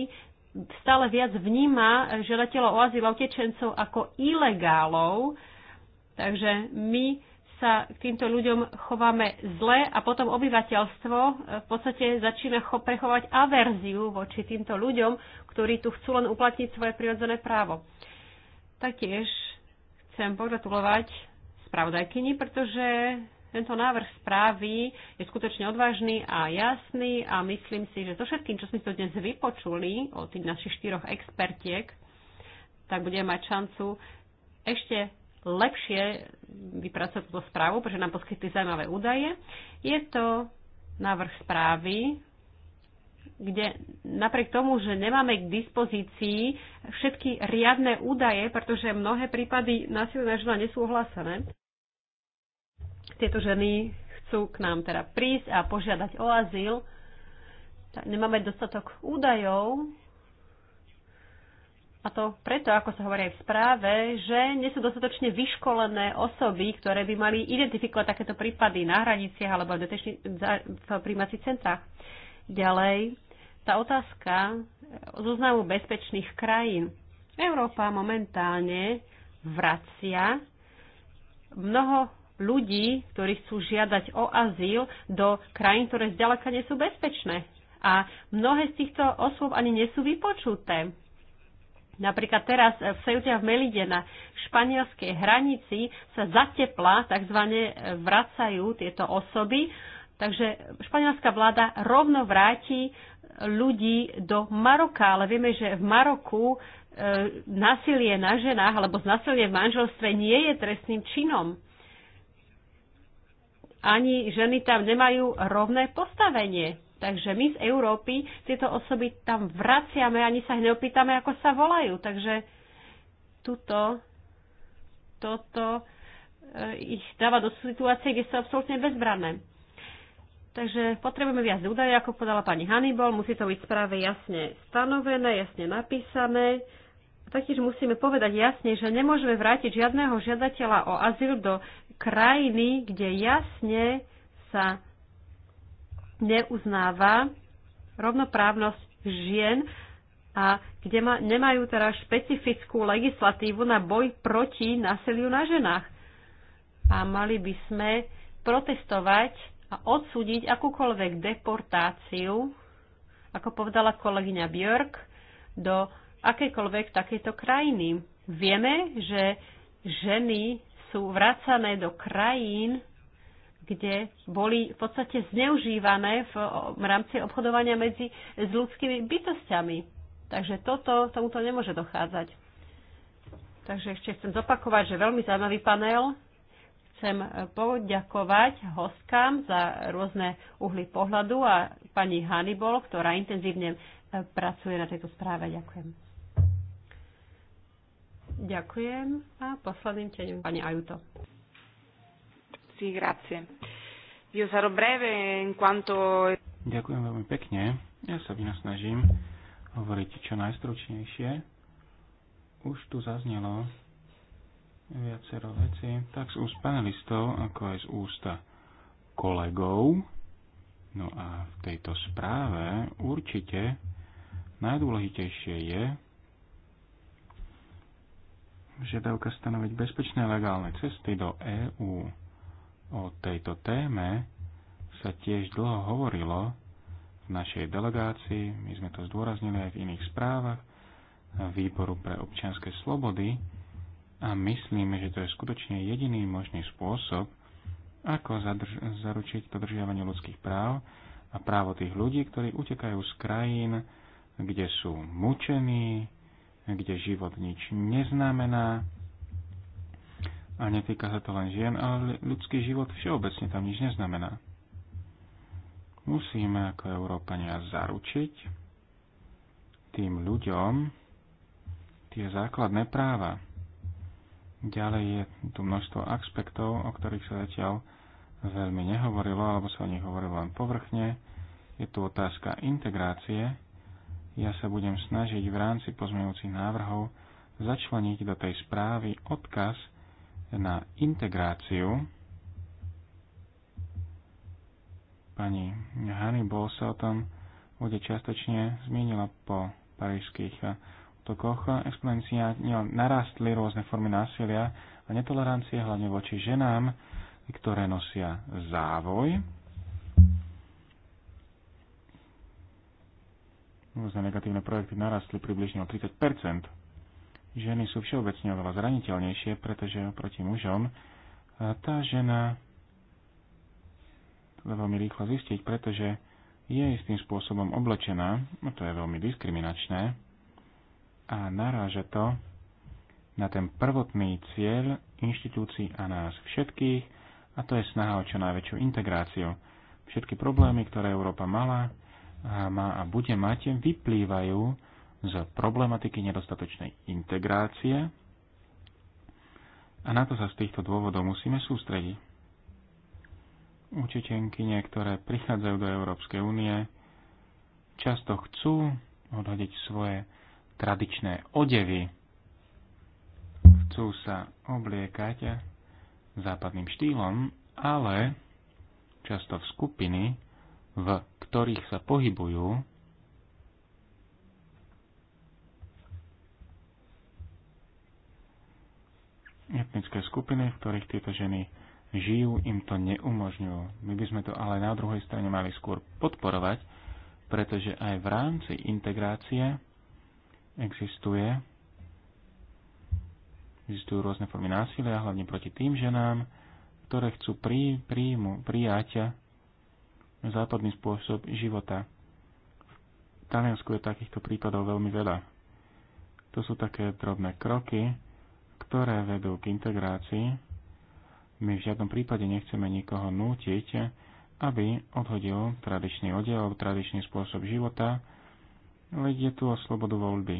stále viac vníma žiadateľov o azyl utečencov ako ilegálov, takže my sa k týmto ľuďom chováme zle a potom obyvateľstvo v podstate začína prechovať averziu voči týmto ľuďom, ktorí tu chcú len uplatniť svoje prirodzené právo. Taktiež chcem pogratulovať spravodajkyni, pretože tento návrh správy je skutočne odvážny a jasný a myslím si, že so všetkým, čo sme to dnes vypočuli o tých našich štyroch expertiek, tak budeme mať šancu ešte lepšie vypracovať túto správu, pretože nám poskytli zaujímavé údaje. Je to návrh správy, kde napriek tomu, že nemáme k dispozícii všetky riadne údaje, pretože mnohé prípady násilného žena nesú ohlásené, tieto ženy chcú k nám teda prísť a požiadať o azyl, tak nemáme dostatok údajov, a to preto, ako sa hovorí aj v správe, že nie sú dostatočne vyškolené osoby, ktoré by mali identifikovať takéto prípady na hraniciach alebo v, v príjmacích centrách. Ďalej, tá otázka zoznamu bezpečných krajín. Európa momentálne vracia mnoho ľudí, ktorí chcú žiadať o azyl do krajín, ktoré zďaleka nie sú bezpečné. A mnohé z týchto osôb ani nie sú vypočuté. Napríklad teraz v Seute v Melide na španielskej hranici sa zatepla, takzvané vracajú tieto osoby, takže španielská vláda rovno vráti ľudí do Maroka, ale vieme, že v Maroku e, násilie na ženách alebo násilie v manželstve nie je trestným činom. Ani ženy tam nemajú rovné postavenie. Takže my z Európy tieto osoby tam vraciame, ani sa neopýtame, ako sa volajú. Takže tuto, toto e, ich dáva do situácie, kde sú absolútne bezbranné. Takže potrebujeme viac údajov, ako podala pani Hannibal, musí to byť správe jasne stanovené, jasne napísané. Taktiež musíme povedať jasne, že nemôžeme vrátiť žiadneho žiadateľa o azyl do krajiny, kde jasne sa neuznáva rovnoprávnosť žien a kde ma, nemajú teraz špecifickú legislatívu na boj proti násiliu na ženách. A mali by sme protestovať a odsúdiť akúkoľvek deportáciu, ako povedala kolegyňa Björk, do akejkoľvek takejto krajiny. Vieme, že ženy sú vracané do krajín, kde boli v podstate zneužívané v, rámci obchodovania medzi s ľudskými bytostiami. Takže toto, tomuto nemôže dochádzať. Takže ešte chcem zopakovať, že veľmi zaujímavý panel chcem e, poďakovať hostkám za rôzne uhly pohľadu a pani Hannibal, ktorá intenzívne e, pracuje na tejto správe. Ďakujem. Ďakujem a posledným teňom pani Ajuto. Sí, grazie. Io sarò breve in quanto... Ďakujem veľmi pekne. Ja sa snažím hovoriť čo najstručnejšie. Už tu zaznelo viacero veci, tak z úst panelistov, ako aj z ústa kolegov. No a v tejto správe určite najdôležitejšie je žiadavka stanoviť bezpečné legálne cesty do EÚ. O tejto téme sa tiež dlho hovorilo v našej delegácii, my sme to zdôraznili aj v iných správach výboru pre občianske slobody, a myslíme, že to je skutočne jediný možný spôsob, ako zaručiť dodržiavanie ľudských práv a právo tých ľudí, ktorí utekajú z krajín, kde sú mučení, kde život nič neznamená. A netýka sa to len žien, ale ľudský život všeobecne tam nič neznamená. Musíme ako Európania zaručiť tým ľuďom tie základné práva Ďalej je tu množstvo aspektov, o ktorých sa zatiaľ veľmi nehovorilo, alebo sa o nich hovorilo len povrchne. Je tu otázka integrácie. Ja sa budem snažiť v rámci pozmeňujúcich návrhov začleniť do tej správy odkaz na integráciu. Pani Bol sa o tom bude čiastočne zmienila po parížských útokoch exponenciálne narastli rôzne formy násilia a netolerancie, hlavne voči ženám, ktoré nosia závoj. Rôzne negatívne projekty narastli približne o 30 Ženy sú všeobecne oveľa zraniteľnejšie, pretože oproti mužom tá žena to veľmi rýchlo zistiť, pretože je istým spôsobom oblečená, no to je veľmi diskriminačné, a naráža to na ten prvotný cieľ inštitúcií a nás všetkých, a to je snaha o čo najväčšiu integráciu. Všetky problémy, ktoré Európa mala, a má a bude mať, vyplývajú z problematiky nedostatočnej integrácie a na to sa z týchto dôvodov musíme sústrediť. Učiteľky, ktoré prichádzajú do Európskej únie, často chcú odhodiť svoje tradičné odevy, chcú sa obliekať západným štýlom, ale často v skupiny, v ktorých sa pohybujú, etnické skupiny, v ktorých tieto ženy žijú, im to neumožňujú. My by sme to ale na druhej strane mali skôr podporovať, pretože aj v rámci integrácie existuje. Existujú rôzne formy násilia, hlavne proti tým ženám, ktoré chcú prí, príjmu, prijať západný spôsob života. V Taliansku je takýchto prípadov veľmi veľa. To sú také drobné kroky, ktoré vedú k integrácii. My v žiadnom prípade nechceme nikoho nútiť, aby odhodil tradičný odiel, tradičný spôsob života, ale ide tu o slobodu voľby.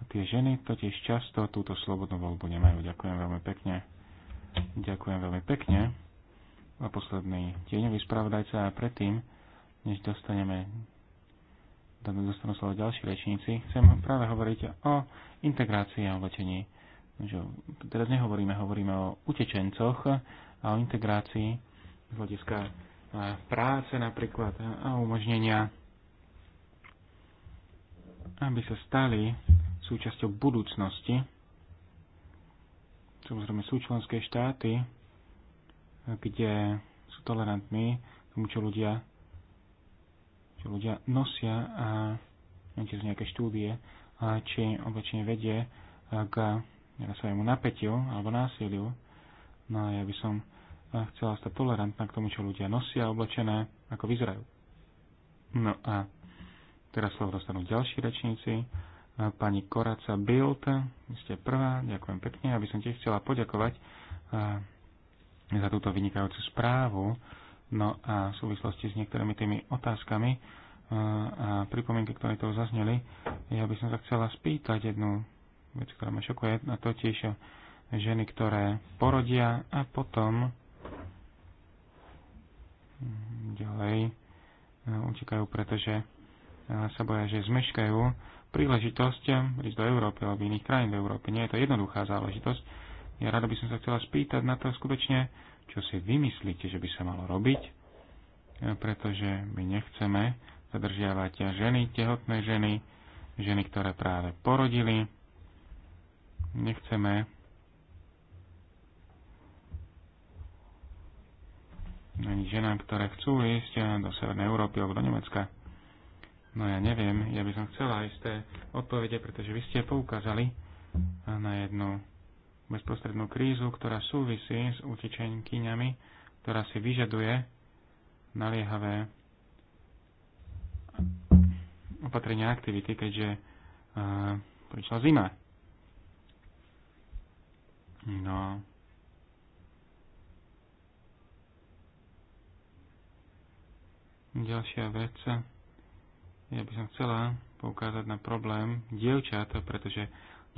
A tie ženy totiž často túto slobodnú voľbu nemajú. Ďakujem veľmi pekne. Ďakujem veľmi pekne. A posledný tieňový spravodajca a predtým, než dostaneme dostanú slovo ďalší rečníci, chcem práve hovoriť o integrácii a oblečení. Teraz nehovoríme, hovoríme o utečencoch a o integrácii z hľadiska práce napríklad a umožnenia aby sa stali súčasťou budúcnosti. Samozrejme sú členské štáty, kde sú tolerantní tomu, čo ľudia, čo ľudia nosia a máte tu nejaké štúdie, či oblečenie vedie k svojemu napätiu alebo násiliu. No a ja by som chcela stať tolerantná k tomu, čo ľudia nosia oblečené, ako vyzerajú. No a Teraz slovo dostanú ďalší rečníci. Pani Koraca Bild, ste prvá, ďakujem pekne. Aby som tiež chcela poďakovať za túto vynikajúcu správu. No a v súvislosti s niektorými tými otázkami a pripomienky, ktoré tu zazneli, ja by som sa chcela spýtať jednu vec, ktorá ma šokuje, a totiž ženy, ktoré porodia a potom ďalej e, utekajú, pretože sa boja, že zmeškajú príležitosť ísť do Európy alebo iných krajín v Európe. Nie je to jednoduchá záležitosť. Ja rada by som sa chcela spýtať na to skutočne, čo si vymyslíte, že by sa malo robiť, pretože my nechceme zadržiavať ženy, tehotné ženy, ženy, ktoré práve porodili. Nechceme ani ženám, ktoré chcú ísť do Severnej Európy alebo do Nemecka. No ja neviem, ja by som chcela isté odpovede, pretože vy ste poukázali na jednu bezprostrednú krízu, ktorá súvisí s utečenkyňami, ktorá si vyžaduje naliehavé opatrenia aktivity, keďže uh, prišla zima. No, ďalšia vec ja by som chcela poukázať na problém dievčat, pretože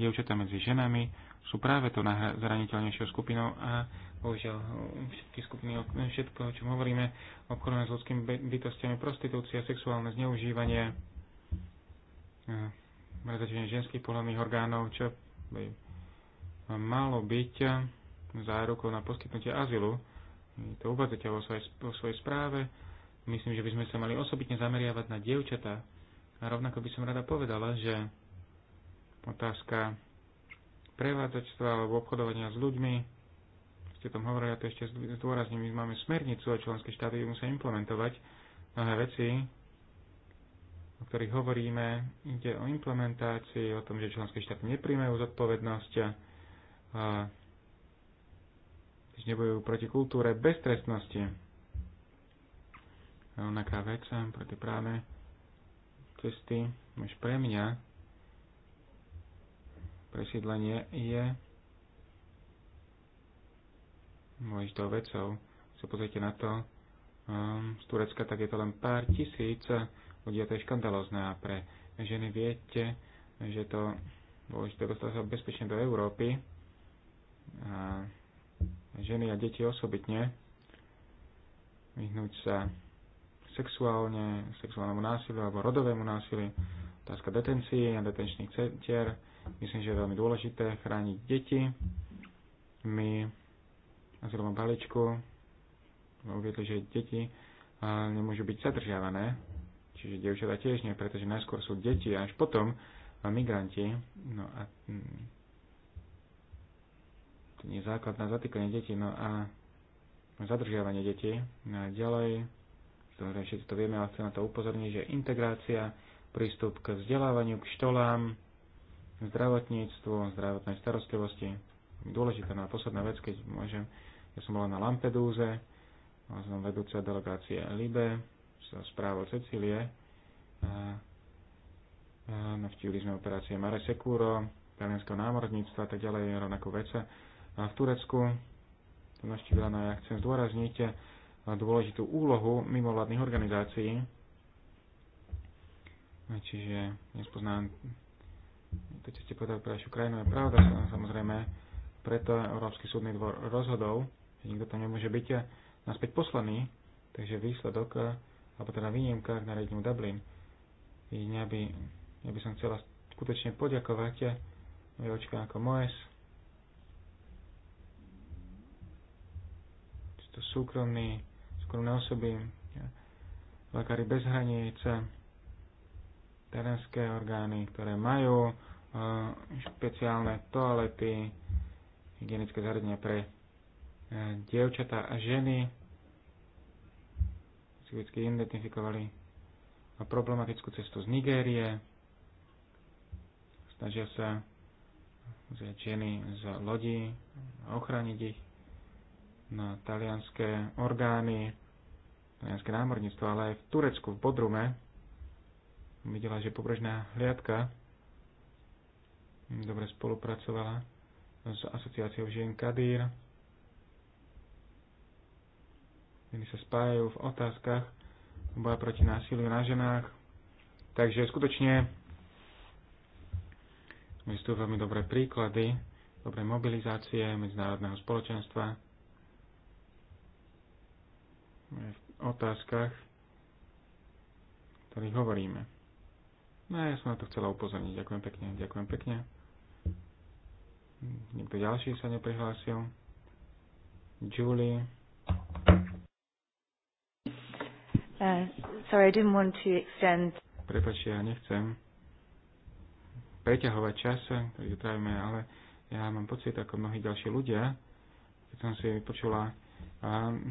dievčatá medzi ženami sú práve to najzraniteľnejšou skupinou a bohužiaľ všetky skupiny, všetko, o čom hovoríme, obchodujeme s ľudskými bytostiami, prostitúcia, sexuálne zneužívanie, mrzačenie ženských pohľadných orgánov, čo by malo byť zárukou na poskytnutie azylu. To uvádzate vo svojej, vo svojej správe Myslím, že by sme sa mali osobitne zameriavať na dievčatá. A rovnako by som rada povedala, že otázka prevádzačstva alebo obchodovania s ľuďmi, ste tom hovorili, a to ešte zdôrazním, my máme smernicu a členské štáty musia implementovať mnohé veci, o ktorých hovoríme, ide o implementácii, o tom, že členské štáty nepríjmajú zodpovednosť, a nebudú proti kultúre beztrestnosti rovnaká vec, eh, práve cesty, už pre mňa presídlenie je dôležitou vecou. Sa pozrite na to, um, z Turecka tak je to len pár tisíc ľudí a to je škandalozné a pre ženy viete, že to dôležité dostať sa bezpečne do Európy a ženy a deti osobitne vyhnúť sa sexuálne, sexuálnemu násiliu alebo rodovému násiliu, otázka detencií a detenčných centier. Myslím, že je veľmi dôležité chrániť deti. My na azylovom balíčku uviedli, že deti nemôžu byť zadržiavané, čiže dievčatá tiež nie, pretože najskôr sú deti a až potom migranti. No a mm, to nie je základ na zatýkanie detí, no a zadržiavanie detí. No a ďalej Samozrejme, všetci to vieme, ale chcem na to upozorniť, že integrácia, prístup k vzdelávaniu, k štolám, zdravotníctvu, zdravotnej starostlivosti. Dôležitá na posledná vec, keď môžem, ja som bola na Lampedúze, som vedúca delegácie Libe, sa správou Cecílie. Navštívili sme operácie Mare Securo, talianského námorníctva a tak ďalej, rovnakú vece. A v Turecku to navštívila, no ja chcem zdôrazniť, dôležitú úlohu mimovládnych organizácií. Čiže nespoznám to, čo ste povedali pre našu krajinu, je pravda, samozrejme, preto Európsky súdny dvor rozhodol, že nikto tam nemôže byť naspäť poslaný, takže výsledok, alebo teda výnimka k nariadeniu Dublin. Ja by, ja by som chcela skutočne poďakovať očka ako Moes, to súkromný súkromné osoby, lekári bez hranice, terénske orgány, ktoré majú e, špeciálne toalety, hygienické zariadenia pre e, dievčatá a ženy, psychicky identifikovali problematickú cestu z Nigérie, snažia sa vziať ženy z lodí, ochrániť ich na talianské orgány, talianské námorníctvo, ale aj v Turecku, v Bodrume, videla, že pobrežná hliadka dobre spolupracovala s asociáciou žien Kadír. Ženy sa spájajú v otázkach boja proti násiliu na ženách. Takže skutočne sú veľmi dobré príklady, dobré mobilizácie medzinárodného spoločenstva. V otázkach, ktorých hovoríme. No ja som na to chcela upozorniť. Ďakujem pekne, ďakujem pekne. Niekto ďalší sa neprihlásil. Julie. Uh, sorry, I didn't want to extend. Prepačte, ja nechcem preťahovať čas, ktorý trávime, ale ja mám pocit, ako mnohí ďalší ľudia, keď som si počula um,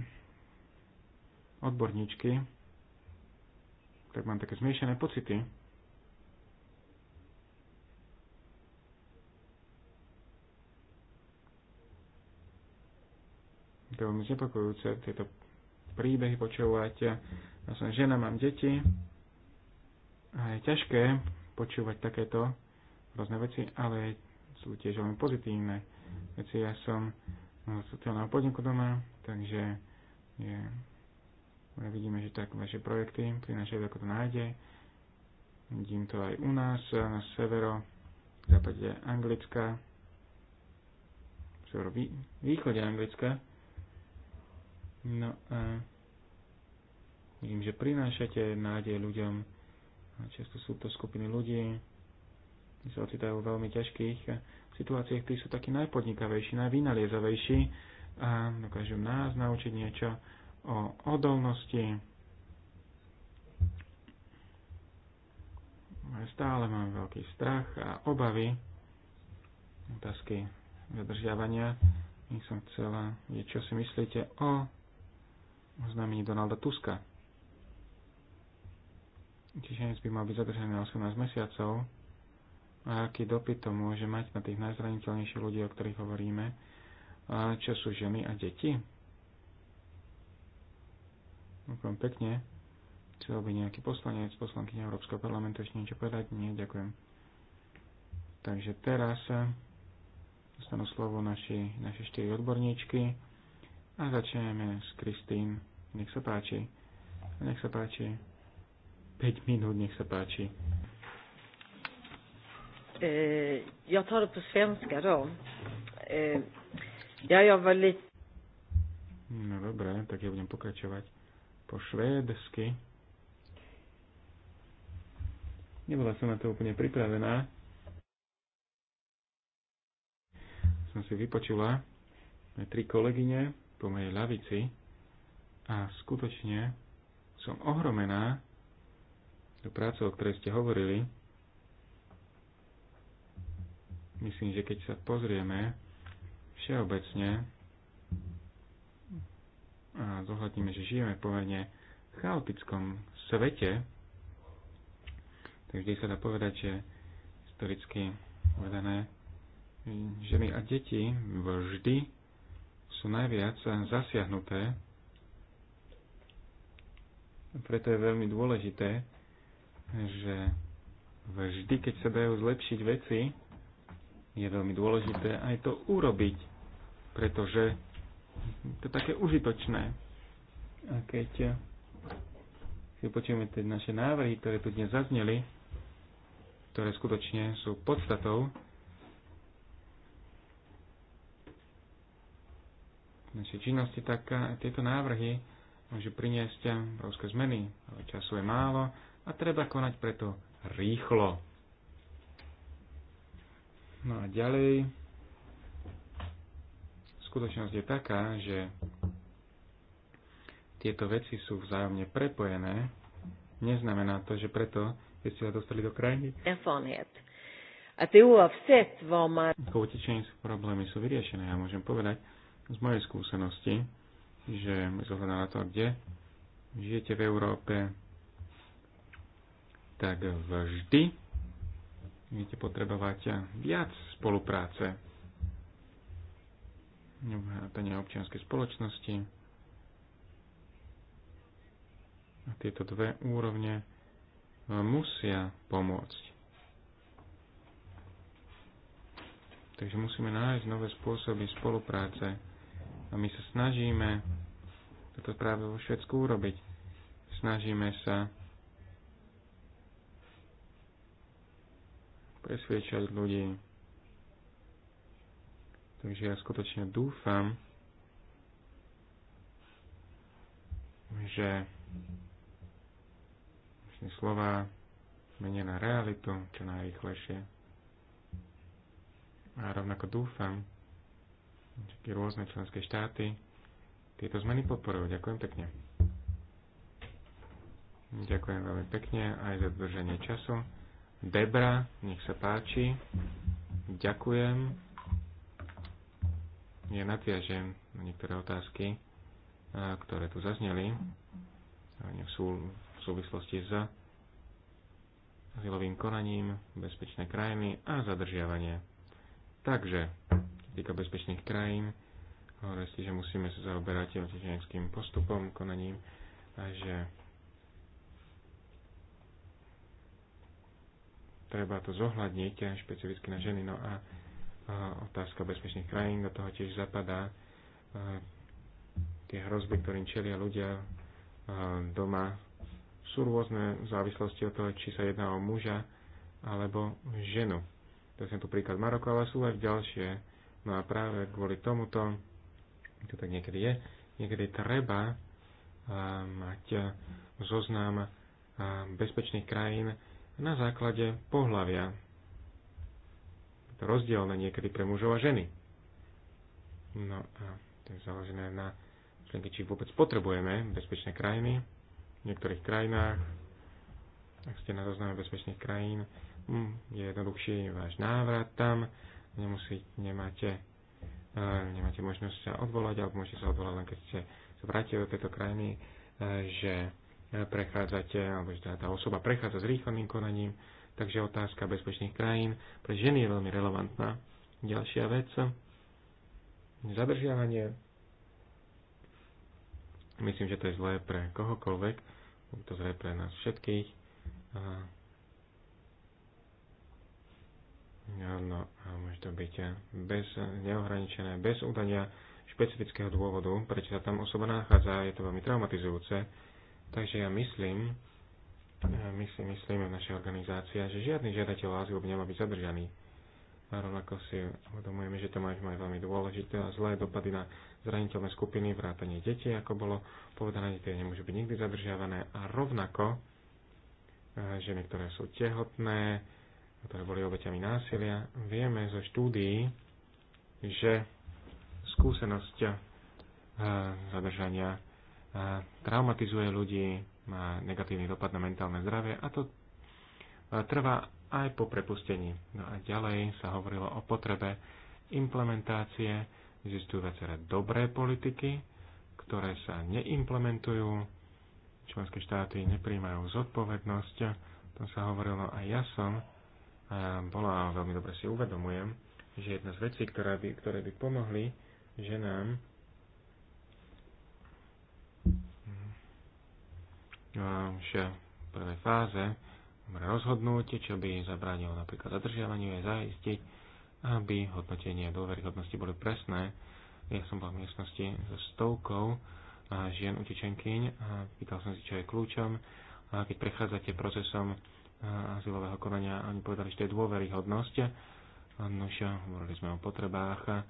odborníčky, tak mám také zmiešané pocity. To je veľmi znepokojúce, tieto príbehy počúvať. Ja som žena, mám deti a je ťažké počúvať takéto rôzne veci, ale sú tiež veľmi pozitívne veci. Ja som sociálneho podniku doma, takže je vidíme, že tak vaše projekty prinášajú ako to nájde. Vidím to aj u nás, na severo, v západe Anglická, severo východe Anglická. No a vidím, že prinášate nádej ľuďom. Často sú to skupiny ľudí, ktorí sa ocitajú v veľmi ťažkých situáciách, ktorí sú takí najpodnikavejší, najvynaliezavejší a dokážu nás naučiť niečo, o odolnosti. Stále mám veľký strach a obavy otázky zadržiavania. My som chcela vedieť, čo si myslíte o oznámení Donalda Tuska. Čečenec by mal byť zadržaný na 18 mesiacov a aký dopyt to môže mať na tých najzraniteľnejších ľudí, o ktorých hovoríme, čo sú ženy a deti Ďakujem pekne. Chcel by nejaký poslanec, poslankyňa Európskeho parlamentu ešte niečo povedať? Nie, ďakujem. Takže teraz dostanú slovo naši, naše štyri odborníčky a začneme s Kristín. Nech sa páči. Nech sa páči. 5 minút, nech sa páči. Uh, ja tar det på svenska då. Uh, ja, jag var lite... No dobré, tak ja budem pokračovať po švédsky. Nebola som na to úplne pripravená. Som si vypočula tri kolegyne po mojej lavici a skutočne som ohromená do práce, o ktorej ste hovorili. Myslím, že keď sa pozrieme všeobecne a zohľadníme, že žijeme pomerne v chaotickom svete, tak vždy sa dá povedať, že historicky povedané ženy a deti vždy sú najviac zasiahnuté. Preto je veľmi dôležité, že vždy, keď sa dajú zlepšiť veci, je veľmi dôležité aj to urobiť, pretože to také užitočné. A keď si počujeme tie naše návrhy, ktoré tu dnes zazneli, ktoré skutočne sú podstatou našej činnosti, tak tieto návrhy môžu priniesť obrovské zmeny, ale času je málo a treba konať preto rýchlo. No a ďalej skutočnosť je taká, že tieto veci sú vzájomne prepojené. Neznamená to, že preto, keď ste sa dostali do krajiny, ako utečení sú problémy, sú vyriešené. Ja môžem povedať z mojej skúsenosti, že zohľadom na to, kde žijete v Európe, tak vždy budete potrebovať viac spolupráce vrátania občianskej spoločnosti. A tieto dve úrovne e, musia pomôcť. Takže musíme nájsť nové spôsoby spolupráce a my sa snažíme toto práve vo Švedsku urobiť. Snažíme sa presviečať ľudí Takže ja skutočne dúfam, že dnešné vlastne slova menia na realitu čo najrychlejšie. A rovnako dúfam, že tie rôzne členské štáty tieto zmeny podporujú. Ďakujem pekne. Ďakujem veľmi pekne aj za dodržanie času. Debra, nech sa páči. Ďakujem ja nadviažem na niektoré otázky, e, ktoré tu zazneli v, sú, v súvislosti s azylovým konaním, bezpečné krajiny a zadržiavanie. Takže, týka bezpečných krajín, hovorili si, že musíme sa zaoberať otečenským postupom, konaním a že treba to zohľadniť špecificky na ženy. No a otázka bezpečných krajín, do toho tiež zapadá tie hrozby, ktorým čelia ľudia doma. Sú rôzne v závislosti od toho, či sa jedná o muža alebo ženu. To je tu príklad Maroko, ale sú aj ďalšie. No a práve kvôli tomuto, to tak niekedy je, niekedy treba mať zoznam bezpečných krajín na základe pohľavia to rozdielne niekedy pre mužov a ženy. No a to je založené na členky, či vôbec potrebujeme bezpečné krajiny. V niektorých krajinách, ak ste na zozname bezpečných krajín, hm, je jednoduchší váš návrat tam, nemusí, nemáte, e, nemáte možnosť sa odvolať, alebo môžete sa odvolať len keď ste sa vrátili do tejto krajiny, e, že e, prechádzate, alebo že tá osoba prechádza s rýchlým konaním, Takže otázka bezpečných krajín pre ženy je veľmi relevantná. Ďalšia vec, zadržiavanie. Myslím, že to je zlé pre kohokoľvek, je to zlé pre nás všetkých. Áno, a môže to byť bez, neohraničené, bez údania špecifického dôvodu, prečo sa tam osoba nachádza, je to veľmi traumatizujúce. Takže ja myslím, my si myslíme v našej organizácii, že žiadny žiadateľ o azyl by nemal byť zadržaný. A rovnako si uvedomujeme, že to má aj veľmi dôležité a zlé dopady na zraniteľné skupiny, vrátanie detí, ako bolo povedané, tie nemôžu byť nikdy zadržiavané a rovnako e, ženy, ktoré sú tehotné, ktoré boli obeťami násilia, vieme zo štúdií, že skúsenosť e, zadržania e, traumatizuje ľudí, má negatívny dopad na mentálne zdravie a to e, trvá aj po prepustení. No a ďalej sa hovorilo o potrebe implementácie. Existujú viaceré dobré politiky, ktoré sa neimplementujú. Členské štáty nepríjmajú zodpovednosť. To sa hovorilo aj ja som. A bola veľmi dobre si uvedomujem, že jedna z vecí, ktoré by, ktoré by pomohli ženám už v prvej fáze rozhodnúť, čo by zabránilo napríklad zadržiavaniu, aj zaistiť, aby hodnotenie dôveryhodnosti boli presné. Ja som bol v miestnosti so stovkou žien utečenkyň a pýtal som si, čo je kľúčom. A keď prechádzate procesom azylového konania, oni povedali, že to je dôveryhodnosť. No hovorili sme o potrebách,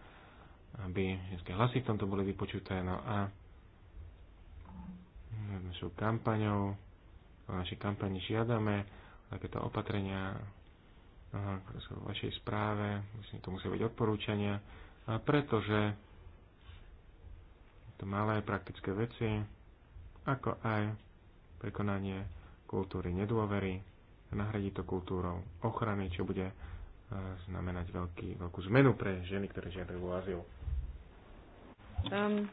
aby ženské hlasy v tomto boli vypočuté. No a našou kampaňou, na našej kampani žiadame takéto opatrenia ktoré sú v vašej správe, myslím, to musia byť odporúčania, a pretože to malé praktické veci, ako aj prekonanie kultúry nedôvery, nahradí to kultúrou ochrany, čo bude znamenať veľký, veľkú zmenu pre ženy, ktoré žiadajú azyl. Um,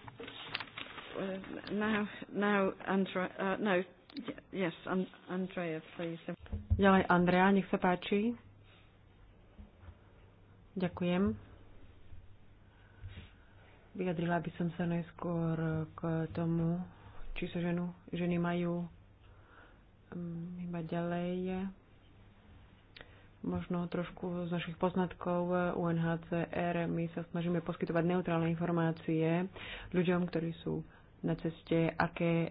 Uh, now, now uh, no, yes, Andrea, please. Ďalej Andrea, nech sa páči. Ďakujem. Vyjadrila by som sa najskôr k tomu, či sa ženu, ženy majú um, iba ďalej. Možno trošku z našich poznatkov eh, UNHCR my sa snažíme poskytovať neutrálne informácie ľuďom, ktorí sú na ceste, aké e,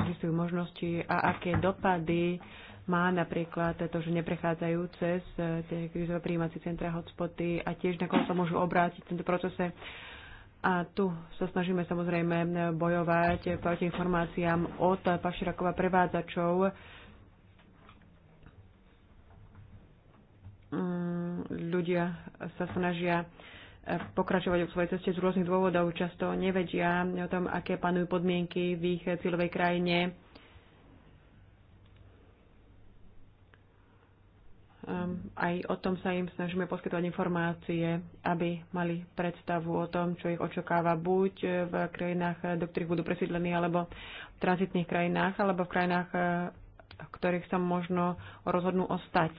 existujú možnosti a aké dopady má napríklad to, že neprechádzajú cez e, tie krizové príjímacie centra, hotspoty a tiež na koho sa môžu obrátiť v tomto procese. A tu sa snažíme samozrejme bojovať proti informáciám od paširakova prevádzačov. Mm, ľudia sa snažia pokračovať o svojej ceste z rôznych dôvodov. Často nevedia o tom, aké panujú podmienky v ich cieľovej krajine. Ehm, aj o tom sa im snažíme poskytovať informácie, aby mali predstavu o tom, čo ich očakáva buď v krajinách, do ktorých budú presídlení, alebo v tranzitných krajinách, alebo v krajinách, eh, v ktorých sa možno rozhodnú ostať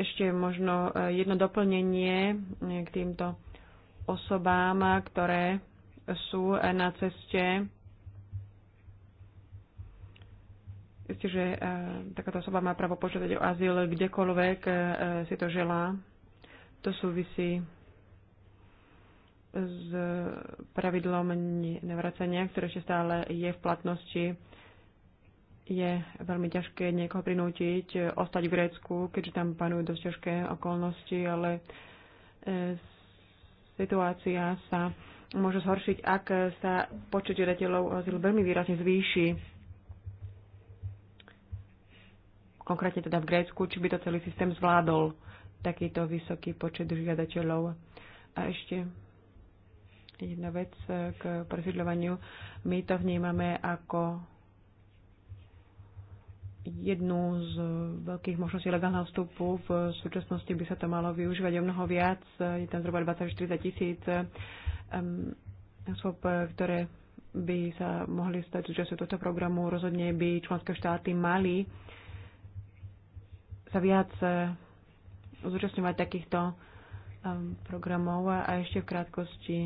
ešte možno eh, jedno doplnenie eh, k týmto osobám, ktoré sú na ceste. Viete, že e, takáto osoba má právo požiadať o azyl kdekoľvek e, si to želá. To súvisí s pravidlom nevracenia, ktoré ešte stále je v platnosti. Je veľmi ťažké niekoho prinútiť ostať v Grécku, keďže tam panujú dosť ťažké okolnosti, ale e, Situácia sa môže zhoršiť, ak sa počet žiadateľov o azyl veľmi výrazne zvýši. Konkrétne teda v Grécku, či by to celý systém zvládol takýto vysoký počet žiadateľov. A ešte jedna vec k presídľovaniu. My to vnímame ako jednu z veľkých možností legálneho vstupu. V súčasnosti by sa to malo využívať o mnoho viac. Je tam zhruba 20-40 tisíc osôb, ktoré by sa mohli stať súčasťou tohto programu. Rozhodne by členské štáty mali sa viac eh, zúčastňovať takýchto programov a ešte v krátkosti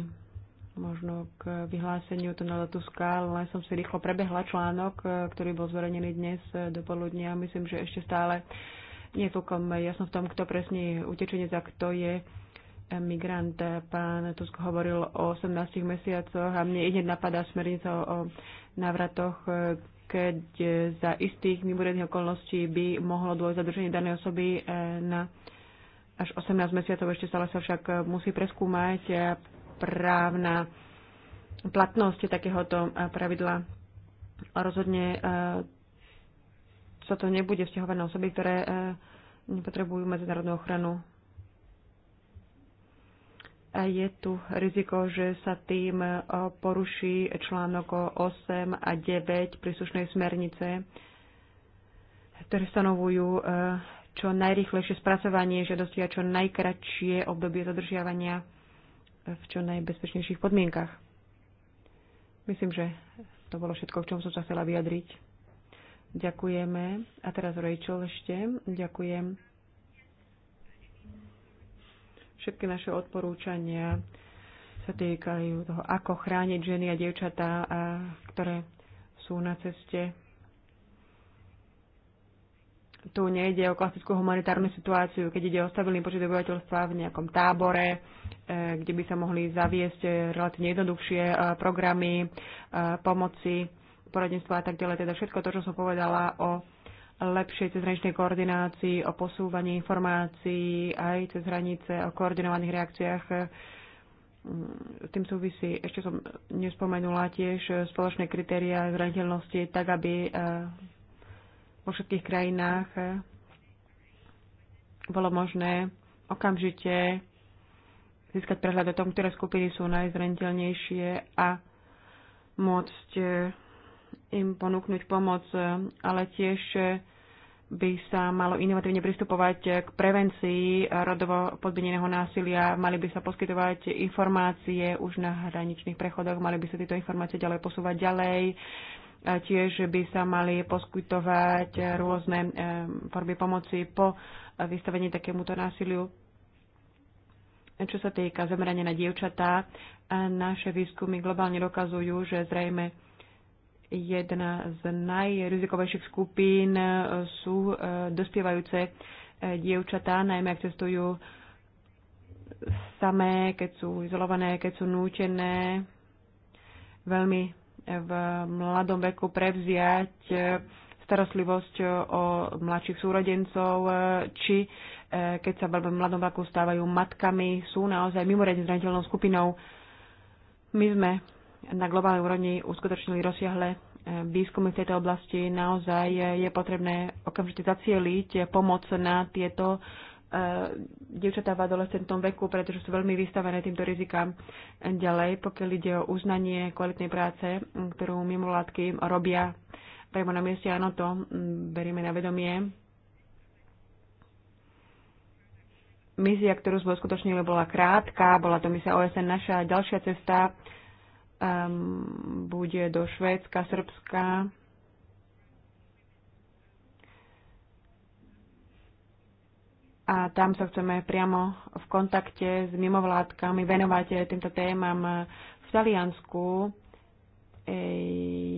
možno k vyhláseniu tunela Tuska, len som si rýchlo prebehla článok, e, ktorý bol zverejnený dnes e, do poludnia. Myslím, že ešte stále nie celkom jasno v tom, kto presne je utečenec a kto je migrant. Pán Tusk hovoril o 18 mesiacoch a mne ide napadá smernica o návratoch, e, keď za istých mimoriadných okolností by mohlo dôjsť zadrženie danej osoby na až 18 mesiacov ešte stále sa však musí preskúmať právna platnosť takéhoto eh, pravidla. Rozhodne eh, sa to nebude vzťahovať na osoby, ktoré eh, nepotrebujú medzinárodnú ochranu. A je tu riziko, že sa tým poruší článok 8 a 9 príslušnej smernice, ktoré stanovujú čo najrychlejšie spracovanie žiadosti a čo najkračšie obdobie zadržiavania v čo najbezpečnejších podmienkach. Myslím, že to bolo všetko, k čom som sa chcela vyjadriť. Ďakujeme. A teraz Rachel ešte. Ďakujem. Všetky naše odporúčania sa týkajú toho, ako chrániť ženy a dievčatá, ktoré sú na ceste tu nejde o klasickú humanitárnu situáciu, keď ide o stabilný počet obyvateľstva v nejakom tábore, e, kde by sa mohli zaviesť relatívne jednoduchšie e, programy e, pomoci, poradenstva a tak ďalej. Teda všetko to, čo som povedala o lepšej cezhraničnej koordinácii, o posúvaní informácií aj cez hranice, o koordinovaných reakciách, s tým súvisí, ešte som nespomenula tiež spoločné kritéria zraniteľnosti, tak aby vo všetkých krajinách e, bolo možné okamžite získať prehľad o tom, ktoré skupiny sú najzraniteľnejšie a môcť e, im ponúknuť pomoc, e, ale tiež by sa malo inovatívne pristupovať k prevencii rodovo podmieneného násilia, mali by sa poskytovať informácie už na hraničných prechodoch, mali by sa tieto informácie ďalej posúvať ďalej, a tiež by sa mali poskytovať rôzne formy pomoci po vystavení takémuto násiliu. Čo sa týka zamerania na dievčatá, naše výskumy globálne dokazujú, že zrejme jedna z najrizikovejších skupín sú e, dospievajúce e, dievčatá, najmä ak cestujú samé, keď sú izolované, keď sú nútené veľmi v mladom veku prevziať e, starostlivosť o mladších súrodencov, e, či e, keď sa v mladom veku stávajú matkami, sú naozaj mimoriadne zraniteľnou skupinou. My sme na globálnej úrovni uskutočnili rozsiahle výskumy v tejto oblasti. Naozaj je potrebné okamžite zacieliť pomoc na tieto Eh, dievčatá v adolescentnom veku, pretože sú veľmi vystavené týmto rizikám. Ďalej, pokiaľ ide o uznanie kvalitnej práce, mm, ktorú mimovládky robia priamo na mieste, áno, to mm, berieme na vedomie. Misia, ktorú sme uskutočnili, bola krátka, bola to misia OSN. Naša ďalšia cesta um, bude do Švédska, Srbska, a tam sa chceme priamo v kontakte s mimovládkami venovať týmto témam. V Taliansku e,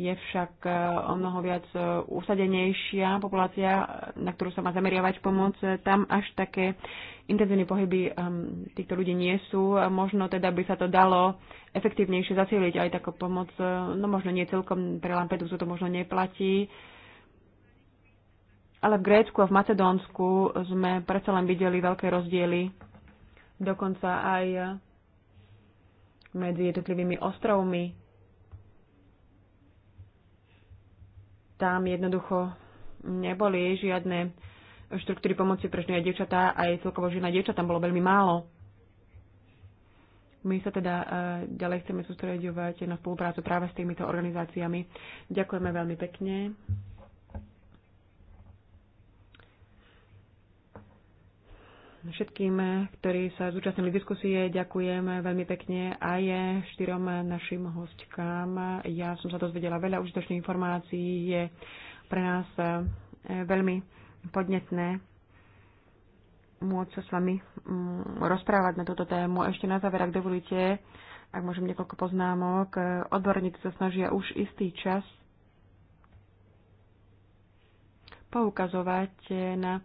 je však e, o mnoho viac e, usadenejšia populácia, na ktorú sa má zameriavať pomoc. Tam až také intenzívne pohyby týchto ľudí nie sú. Možno teda by sa to dalo efektívnejšie zasiliť aj takú pomoc. No možno nie celkom pre Lampedusu to možno neplatí ale v Grécku a v Macedónsku sme predsa len videli veľké rozdiely, dokonca aj medzi jednotlivými ostrovmi. Tam jednoducho neboli žiadne štruktúry pomoci pre ženy a dievčatá, aj celkovo žena a dievčatá tam bolo veľmi málo. My sa teda eh, ďalej chceme sústredovať na spoluprácu práve s týmito organizáciami. Ďakujeme veľmi pekne. Všetkým, ktorí sa zúčastnili diskusie, ďakujem veľmi pekne aj štyrom našim hostkám. Ja som sa dozvedela veľa užitočných informácií, je pre nás e, veľmi podnetné môcť sa s vami mm, rozprávať na túto tému. Ešte na záver, ak dovolíte, ak môžem niekoľko poznámok, odborníci sa snažia už istý čas poukazovať na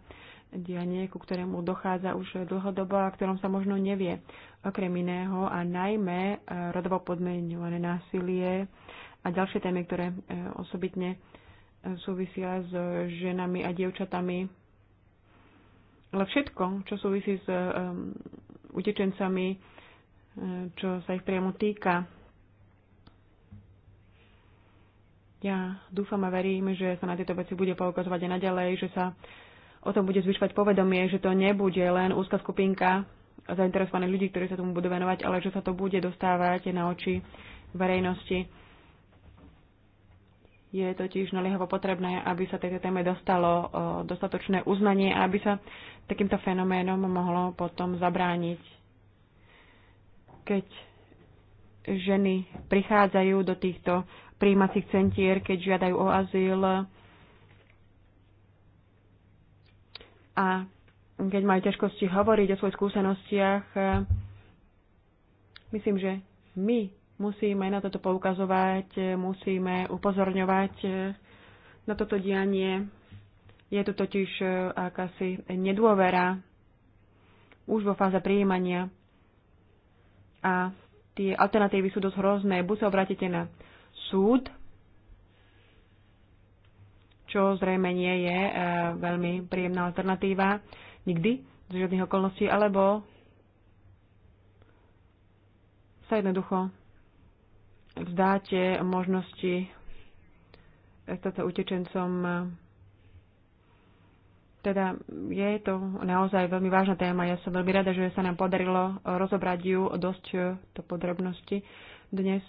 dianie, ku ktorému dochádza už dlhodobo a ktorom sa možno nevie. Okrem iného a najmä e, rodovo podmienované násilie a ďalšie témy, ktoré e, osobitne e, súvisia s ženami a dievčatami. Ale všetko, čo súvisí s utečencami, čo sa ich priamo týka. Ja dúfam a verím, že sa na tieto veci bude poukazovať aj naďalej, že sa uh, o tom bude zvyšovať povedomie, že to nebude len úzka skupinka zainteresovaných ľudí, ktorí sa tomu budú venovať, ale že sa to bude dostávať na oči verejnosti. Je totiž naliehavo potrebné, aby sa tejto téme dostalo dostatočné uznanie a aby sa takýmto fenoménom mohlo potom zabrániť. Keď ženy prichádzajú do týchto príjímacích centier, keď žiadajú o azyl, A keď majú ťažkosti hovoriť o svojich skúsenostiach, e, myslím, že my musíme na toto poukazovať, e, musíme upozorňovať e, na toto dianie. Je tu totiž akási nedôvera už vo fáze prijímania. A tie alternatívy sú dosť hrozné. Buď sa obratíte na súd, čo zrejme nie je e, veľmi príjemná alternatíva nikdy, z žiadnych okolností, alebo sa jednoducho vzdáte možnosti stať sa utečencom. Teda je to naozaj veľmi vážna téma. Ja som veľmi rada, že sa nám podarilo rozobrať ju dosť do podrobnosti dnes.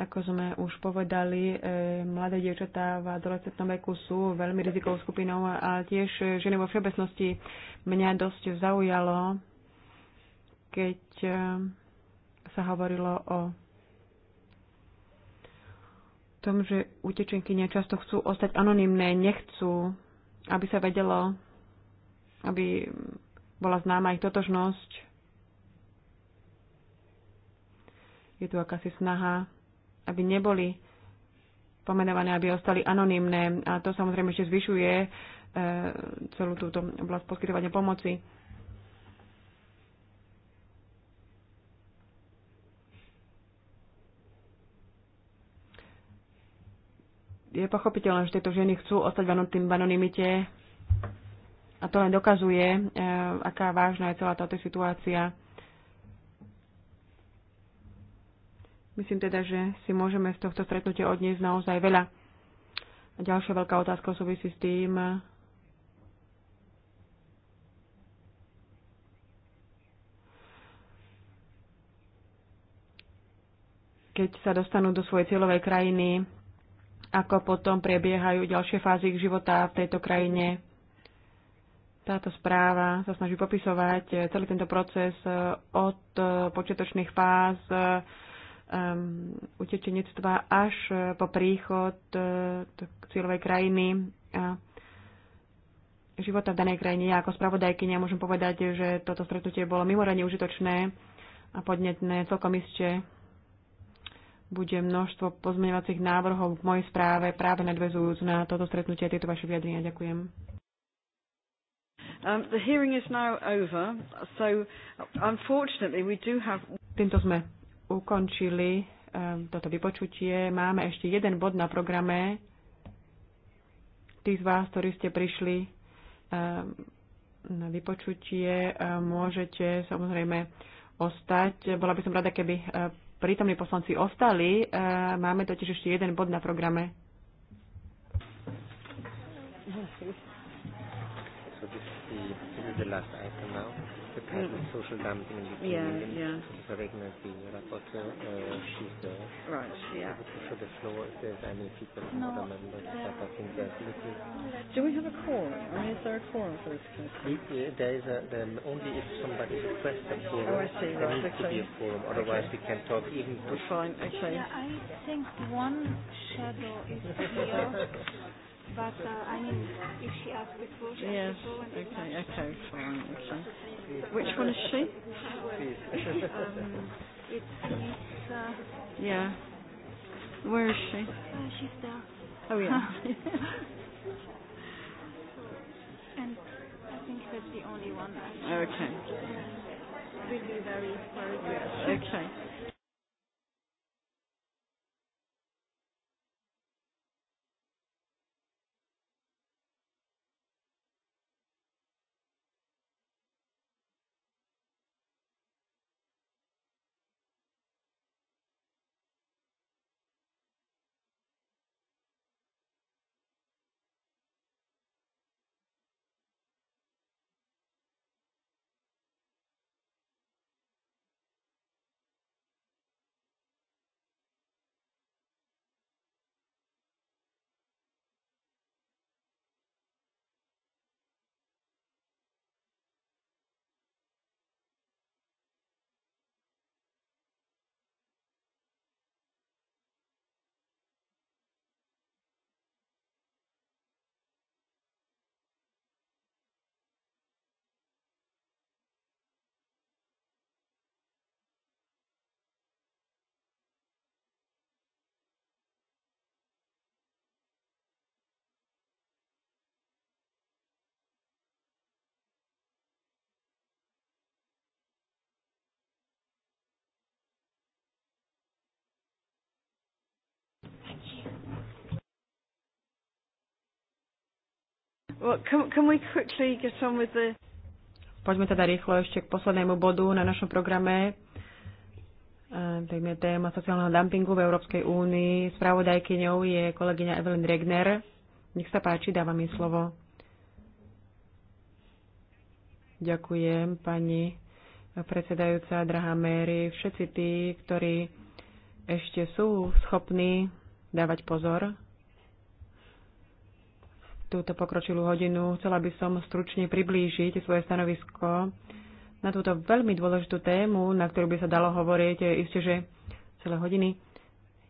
Ako sme už povedali, e, mladé dievčatá v adolescentnom veku sú veľmi rizikovou skupinou a tiež ženy vo všeobecnosti mňa dosť zaujalo, keď e, sa hovorilo o tom, že utečenky často chcú ostať anonimné, nechcú, aby sa vedelo, aby bola známa ich totožnosť. Je tu akási snaha aby neboli pomenované, aby ostali anonymné. A to samozrejme ešte zvyšuje e, celú túto oblasť poskytovania pomoci. Je pochopiteľné, že tieto ženy chcú ostať v anonimite a to len dokazuje, e, aká vážna je celá táto situácia. Myslím teda, že si môžeme z tohto stretnutia odniesť naozaj veľa. A ďalšia veľká otázka súvisí s tým, keď sa dostanú do svojej cieľovej krajiny, ako potom prebiehajú ďalšie fázy ich života v tejto krajine. Táto správa sa snaží popisovať celý tento proces eh, od eh, počiatočných fáz eh, um, ehm, utečenectva až e, po príchod uh, cieľovej krajiny a života v danej krajine. Ja ako spravodajkynia môžem povedať, že toto stretnutie bolo mimoriadne užitočné a podnetné. Celkom iste bude množstvo pozmeňovacích návrhov k mojej správe práve nadvezujúc na toto stretnutie a tieto vaše vyjadrenia. Ďakujem. Um, the hearing is now over, so unfortunately we do have... Týmto sme ukončili ehm, toto vypočutie. Máme ešte jeden bod na programe. Tí z vás, ktorí ste prišli ehm, na vypočutie, ehm, môžete samozrejme ostať. Bola by som rada, keby prítomní poslanci ostali. Máme totiž ešte jeden bod na programe. So this is the, this is the last item now. The prepared mm. social eh, dumping no. in between yeah, women. Yeah. Professor Regner is the rapporteur. Uh, she's there. Right, yeah. For the floor, if there's any people from no. other members, that I think there's little. Do we have a quorum? I mean, is there a quorum for this case? Yeah, there is a, then only if somebody requests a quorum. Oh, I see. There needs okay. to be a quorum, otherwise okay. we can talk even Fine, okay. Yeah, I think one shadow is here. But uh, I mean, if she asks before, she yes. asks before. Yes. Okay. Okay. Fine. Okay. Which one is she? um, it's Miss. Uh, yeah. Where is she? Uh, she's there. Oh yeah. and I think that's the only one. that Okay. Really very sorry. Okay. Poďme teda rýchlo ešte k poslednému bodu na našom programe. Tejme téma sociálneho dumpingu v Európskej únii. Spravodajkyňou je kolegyňa Evelyn Regner. Nech sa páči, dávam jej slovo. Ďakujem, pani predsedajúca, drahá Mary, všetci tí, ktorí ešte sú schopní dávať pozor túto pokročilú hodinu. Chcela by som stručne priblížiť svoje stanovisko na túto veľmi dôležitú tému, na ktorú by sa dalo hovoriť eh, isté, že celé hodiny.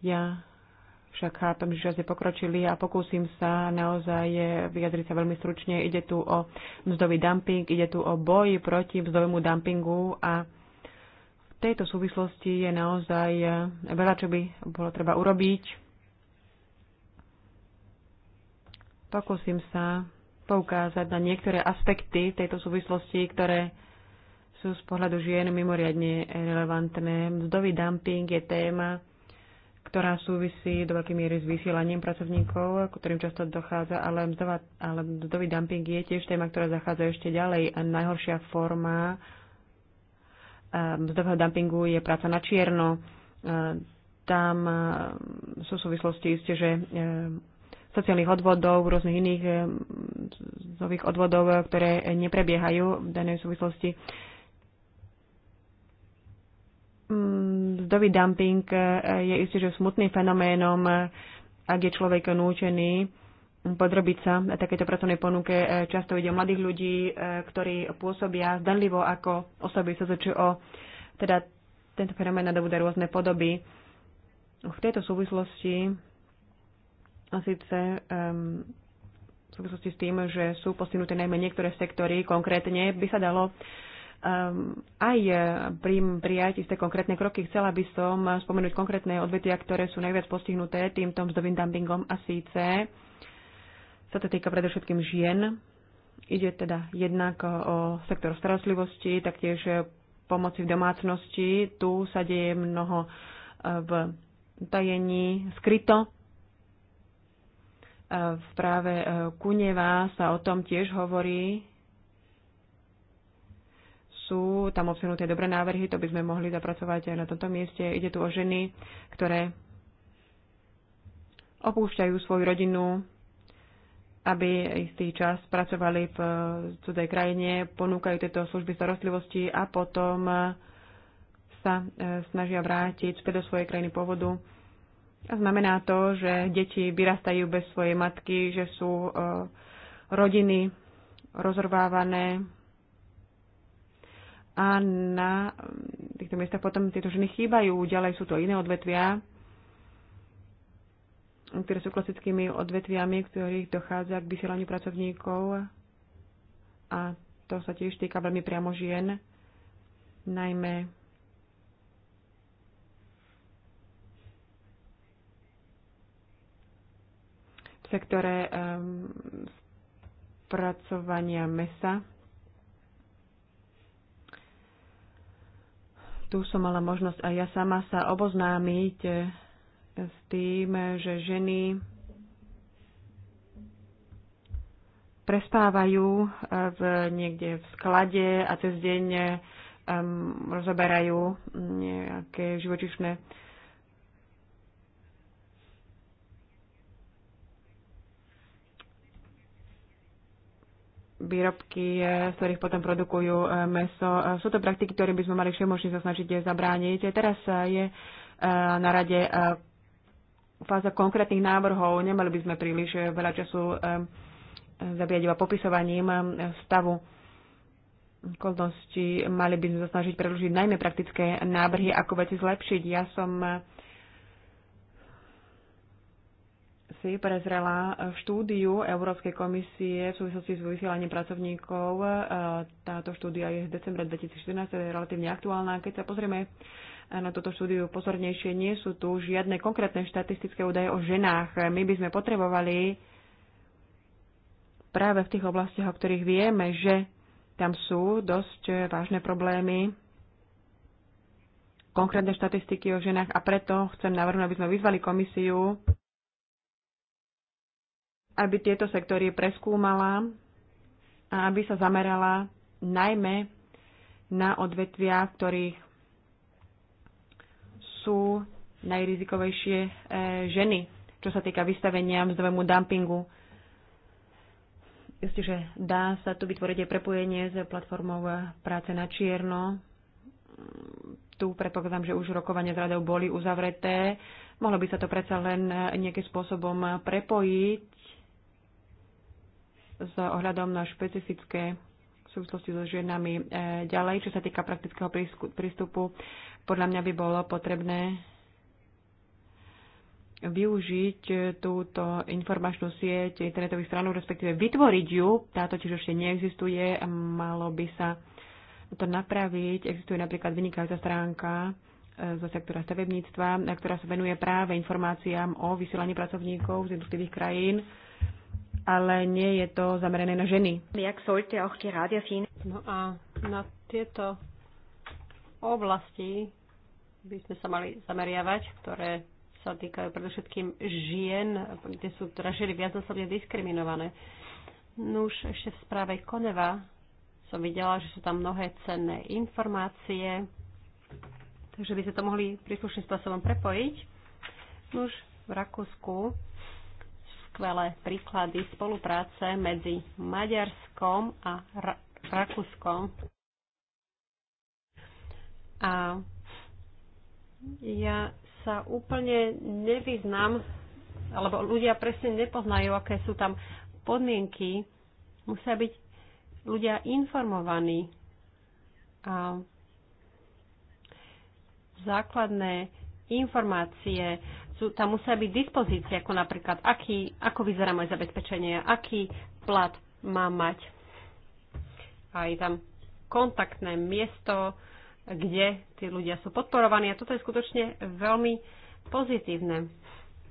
Ja však chápem, že časy pokročili a pokúsim sa naozaj eh, vyjadriť sa veľmi stručne. Ide tu o mzdový dumping, ide tu o boj proti mzdovému dumpingu a v tejto súvislosti je naozaj eh, veľa, čo by bolo treba urobiť Pokúsim sa poukázať na niektoré aspekty tejto súvislosti, ktoré sú z pohľadu žien mimoriadne relevantné. Mzdový dumping je téma, ktorá súvisí do veľkej miery s vysielaním pracovníkov, ktorým často dochádza, ale, mzdová, ale mzdový dumping je tiež téma, ktorá zachádza ešte ďalej. A najhoršia forma mzdového dumpingu je práca na čierno. Tam sú súvislosti isté, že e, sociálnych odvodov, rôznych iných nových eh, odvodov, eh, ktoré neprebiehajú v danej súvislosti. Mm, Zdový dumping eh, je istý, že smutným fenoménom, ak je človek núčený podrobiť sa takéto pracovnej ponuke. Často ide o mladých ľudí, ktorí pôsobia zdanlivo ako osoby sa o Teda tento fenomén nadobúda rôzne podoby. V tejto súvislosti a síce um, v súvislosti s tým, že sú postihnuté najmä niektoré sektory, konkrétne by sa dalo um, aj prim, prijať isté konkrétne kroky. Chcela by som spomenúť konkrétne odvetvia, ktoré sú najviac postihnuté týmto mzdovým dumpingom a síce sa to týka predovšetkým žien. Ide teda jednak o sektor starostlivosti, taktiež pomoci v domácnosti. Tu sa deje mnoho eh, v tajení, skryto v práve e, Kuneva sa o tom tiež hovorí. Sú tam obsahnuté dobré návrhy, to by sme mohli zapracovať aj na tomto mieste. Ide tu o ženy, ktoré opúšťajú svoju rodinu, aby istý čas pracovali v e, cudzej krajine, ponúkajú tieto služby starostlivosti a potom sa e, snažia vrátiť späť do svojej krajiny pôvodu a znamená to, že deti vyrastajú bez svojej matky, že sú e, rodiny rozrvávané. A na mm, týchto miestach potom tieto ženy chýbajú. Ďalej sú to iné odvetvia, ktoré sú klasickými odvetviami, ktorých dochádza k vysielaniu pracovníkov. A to sa tiež týka veľmi priamo žien, najmä sektore ehm, spracovania mesa. Tu som mala možnosť aj ja sama sa oboznámiť eh, s tým, že ženy prespávajú eh, v, niekde v sklade a cez deň um, rozoberajú nejaké živočišné výrobky, eh, z ktorých potom produkujú eh, meso. Eh, sú to praktiky, ktoré by sme mali všemožne sa snažiť zabrániť. Teraz je na rade fáza konkrétnych návrhov. Nemali by sme príliš veľa času zabíjať iba popisovaním stavu kolnosti, Mali by sme sa snažiť predložiť najmä praktické návrhy, ako veci zlepšiť. Ja som informácií prezrela štúdiu Európskej komisie v súvislosti s vysielaním pracovníkov. E, táto štúdia je z decembra 2014, teda je relatívne aktuálna. Keď sa pozrieme na túto štúdiu pozornejšie, nie sú tu žiadne konkrétne štatistické údaje o ženách. My by sme potrebovali práve v tých oblastiach, o ktorých vieme, že tam sú dosť vážne problémy, konkrétne štatistiky o ženách a preto chcem navrhnúť, aby sme vyzvali komisiu, aby tieto sektory preskúmala a aby sa zamerala najmä na odvetvia, v ktorých sú najrizikovejšie e, ženy, čo sa týka vystavenia mzdovému dumpingu. Jestli, že dá sa tu vytvoriť aj prepojenie s platformou práce na čierno. Tu predpokladám, že už rokovania s radou boli uzavreté. Mohlo by sa to predsa len nejakým spôsobom prepojiť s ohľadom na špecifické súvislosti so ženami. E, ďalej, čo sa týka praktického prístupu, podľa mňa by bolo potrebné využiť túto informačnú sieť internetových strán, respektíve vytvoriť ju. Táto tiež ešte neexistuje, malo by sa to napraviť. Existuje napríklad vynikajúca stránka e, zo sektora stavebníctva, ktorá sa venuje práve informáciám o vysielaní pracovníkov z jednotlivých krajín ale nie je to zamerané na ženy. No a na tieto oblasti by sme sa mali zameriavať, ktoré sa týkajú predovšetkým žien, kde sú teda ženy viacnásobne diskriminované. No už ešte v správe Koneva som videla, že sú tam mnohé cenné informácie, takže by sme to mohli príslušným spôsobom prepojiť. No už v Rakúsku skvelé príklady spolupráce medzi Maďarskom a Ra- Rakúskom. A ja sa úplne nevyznam, alebo ľudia presne nepoznajú, aké sú tam podmienky. Musia byť ľudia informovaní. A základné informácie, sú, tam musia byť dispozície, ako napríklad, aký, ako vyzerá moje zabezpečenie, aký plat má mať. A je tam kontaktné miesto, kde tí ľudia sú podporovaní. A toto je skutočne veľmi pozitívne.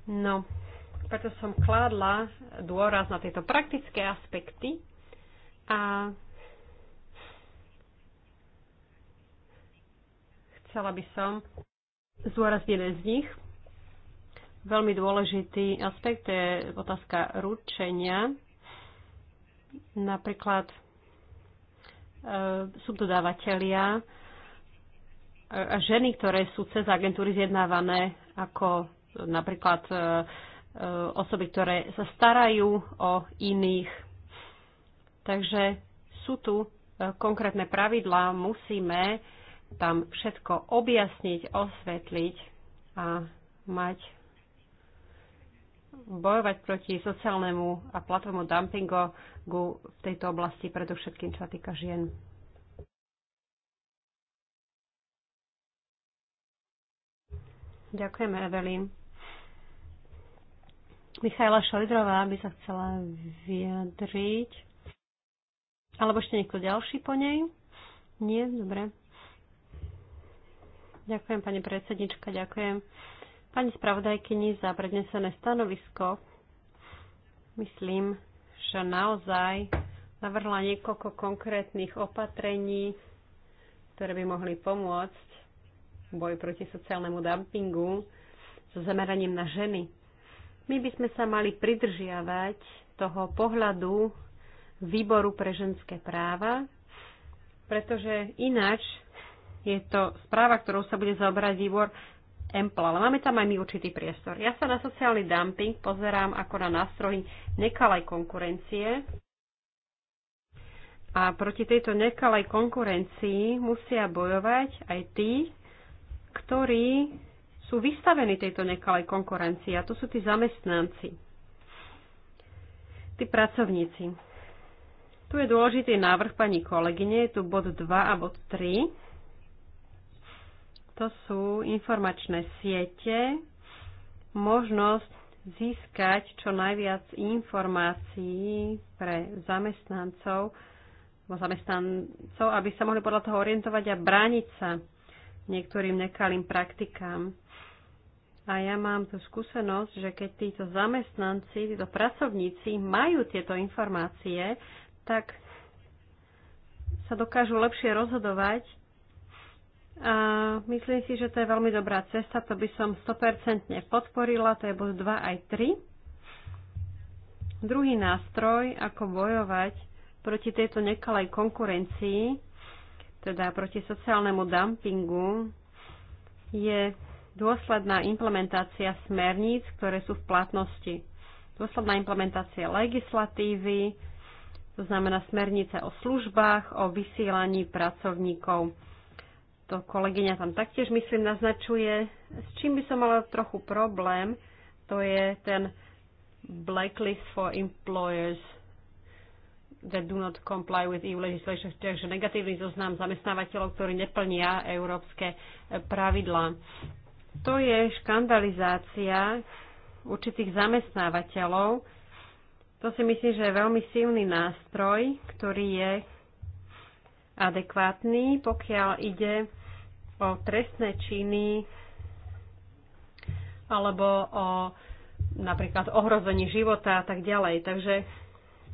No, preto som kládla dôraz na tieto praktické aspekty a chcela by som zúrazniť jeden z nich. Veľmi dôležitý aspekt je otázka ručenia. Napríklad e, subdodávateľia e, a ženy, ktoré sú cez agentúry zjednávané ako napríklad e, e osoby, ktoré sa starajú o iných. Takže sú tu e, konkrétne pravidlá, musíme tam všetko objasniť, osvetliť a mať bojovať proti sociálnemu a platovému dumpingu v tejto oblasti, predovšetkým čo sa týka žien. Ďakujeme, Evelyn. Michaela Šalidrová by sa chcela vyjadriť. Alebo ešte niekto ďalší po nej? Nie? Dobre. Ďakujem, pani predsednička, ďakujem pani spravodajkyni za prednesené stanovisko. Myslím, že naozaj navrhla niekoľko konkrétnych opatrení, ktoré by mohli pomôcť v boji proti sociálnemu dumpingu so zameraním na ženy. My by sme sa mali pridržiavať toho pohľadu výboru pre ženské práva, pretože ináč je to správa, ktorou sa bude zaobrať výbor EMPL, ale máme tam aj my určitý priestor. Ja sa na sociálny dumping pozerám ako na nástroj nekalej konkurencie. A proti tejto nekalej konkurencii musia bojovať aj tí, ktorí sú vystavení tejto nekalej konkurencii. A to sú tí zamestnanci, tí pracovníci. Tu je dôležitý návrh pani kolegyne, je tu bod 2 a bod 3 to sú informačné siete, možnosť získať čo najviac informácií pre zamestnancov, zamestnancov, aby sa mohli podľa toho orientovať a brániť sa niektorým nekalým praktikám. A ja mám tu skúsenosť, že keď títo zamestnanci, títo pracovníci majú tieto informácie, tak sa dokážu lepšie rozhodovať a myslím si, že to je veľmi dobrá cesta, to by som 100% podporila, to je bod 2 aj 3. Druhý nástroj, ako bojovať proti tejto nekalej konkurencii, teda proti sociálnemu dumpingu, je dôsledná implementácia smerníc, ktoré sú v platnosti. Dôsledná implementácia legislatívy, to znamená smernice o službách, o vysielaní pracovníkov to kolegyňa tam taktiež, myslím, naznačuje. S čím by som mala trochu problém, to je ten blacklist for employers that do not comply with EU legislation, takže negatívny zoznam zamestnávateľov, ktorí neplnia európske e, pravidlá. To je škandalizácia určitých zamestnávateľov. To si myslím, že je veľmi silný nástroj, ktorý je adekvátny, pokiaľ ide o trestné činy alebo o napríklad ohrození života a tak ďalej. Takže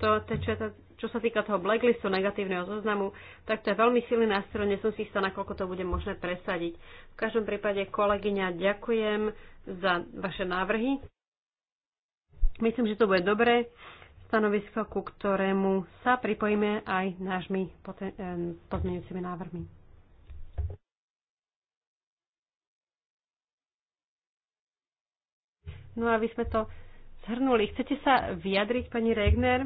to, to čo, to, čo sa týka toho blacklistu negatívneho zoznamu, tak to je veľmi silný nástroj, nie som si istá, nakoľko to bude možné presadiť. V každom prípade, kolegyňa, ďakujem za vaše návrhy. Myslím, že to bude dobré stanovisko, ku ktorému sa pripojíme aj nášmi eh, pozmeňujúcimi návrhmi. No aby sme to zhrnuli. Chcete sa vyjadriť, pani Regner?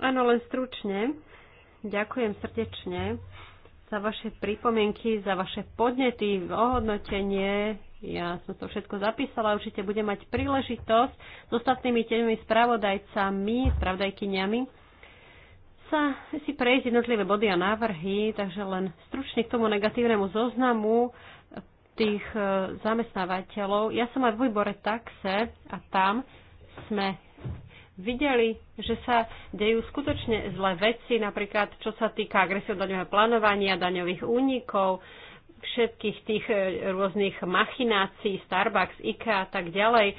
Áno, len stručne. Ďakujem srdečne za vaše pripomienky, za vaše podnety, ohodnotenie. Ja som to všetko zapísala, určite budem mať príležitosť s ostatnými tými spravodajcami, spravodajkyňami sa si prejsť jednotlivé body a návrhy, takže len stručne k tomu negatívnemu zoznamu tých e, zamestnávateľov. Ja som aj v výbore taxe a tam sme videli, že sa dejú skutočne zlé veci, napríklad čo sa týka agresívneho daňového plánovania, daňových únikov, všetkých tých e, rôznych machinácií, Starbucks, IKEA a tak ďalej,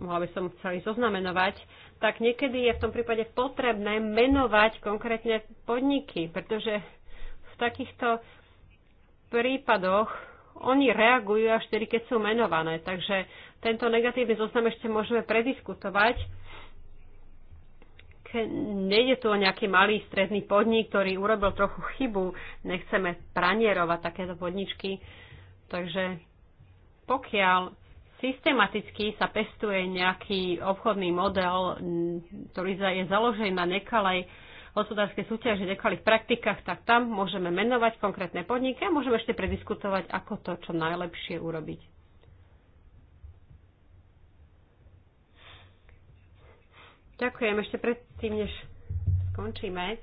mohla by som chceli zoznamenovať, tak niekedy je v tom prípade potrebné menovať konkrétne podniky, pretože v takýchto prípadoch oni reagujú až vtedy, keď sú menované. Takže tento negatívny zoznam ešte môžeme prediskutovať. Ke, nejde tu o nejaký malý stredný podnik, ktorý urobil trochu chybu. Nechceme pranierovať takéto podničky. Takže pokiaľ systematicky sa pestuje nejaký obchodný model, ktorý je založený na nekalej hospodárskej súťaže, nekvalých praktikách, tak tam môžeme menovať konkrétne podniky a môžeme ešte prediskutovať, ako to čo najlepšie urobiť. Ďakujem ešte predtým, než skončíme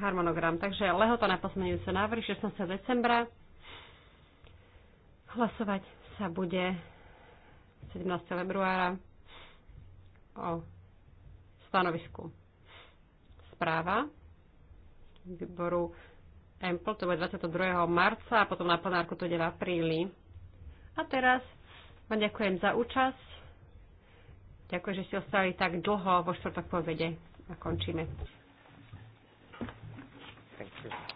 harmonogram. Takže lehota na sa návrhy 16. decembra. Hlasovať sa bude 17. februára o stanovisku práva výboru EMPL, to bude 22. marca a potom na plenárku to ide v apríli. A teraz vám ďakujem za účasť. Ďakujem, že ste ostali tak dlho vo štvrtok povede a končíme. Thank you.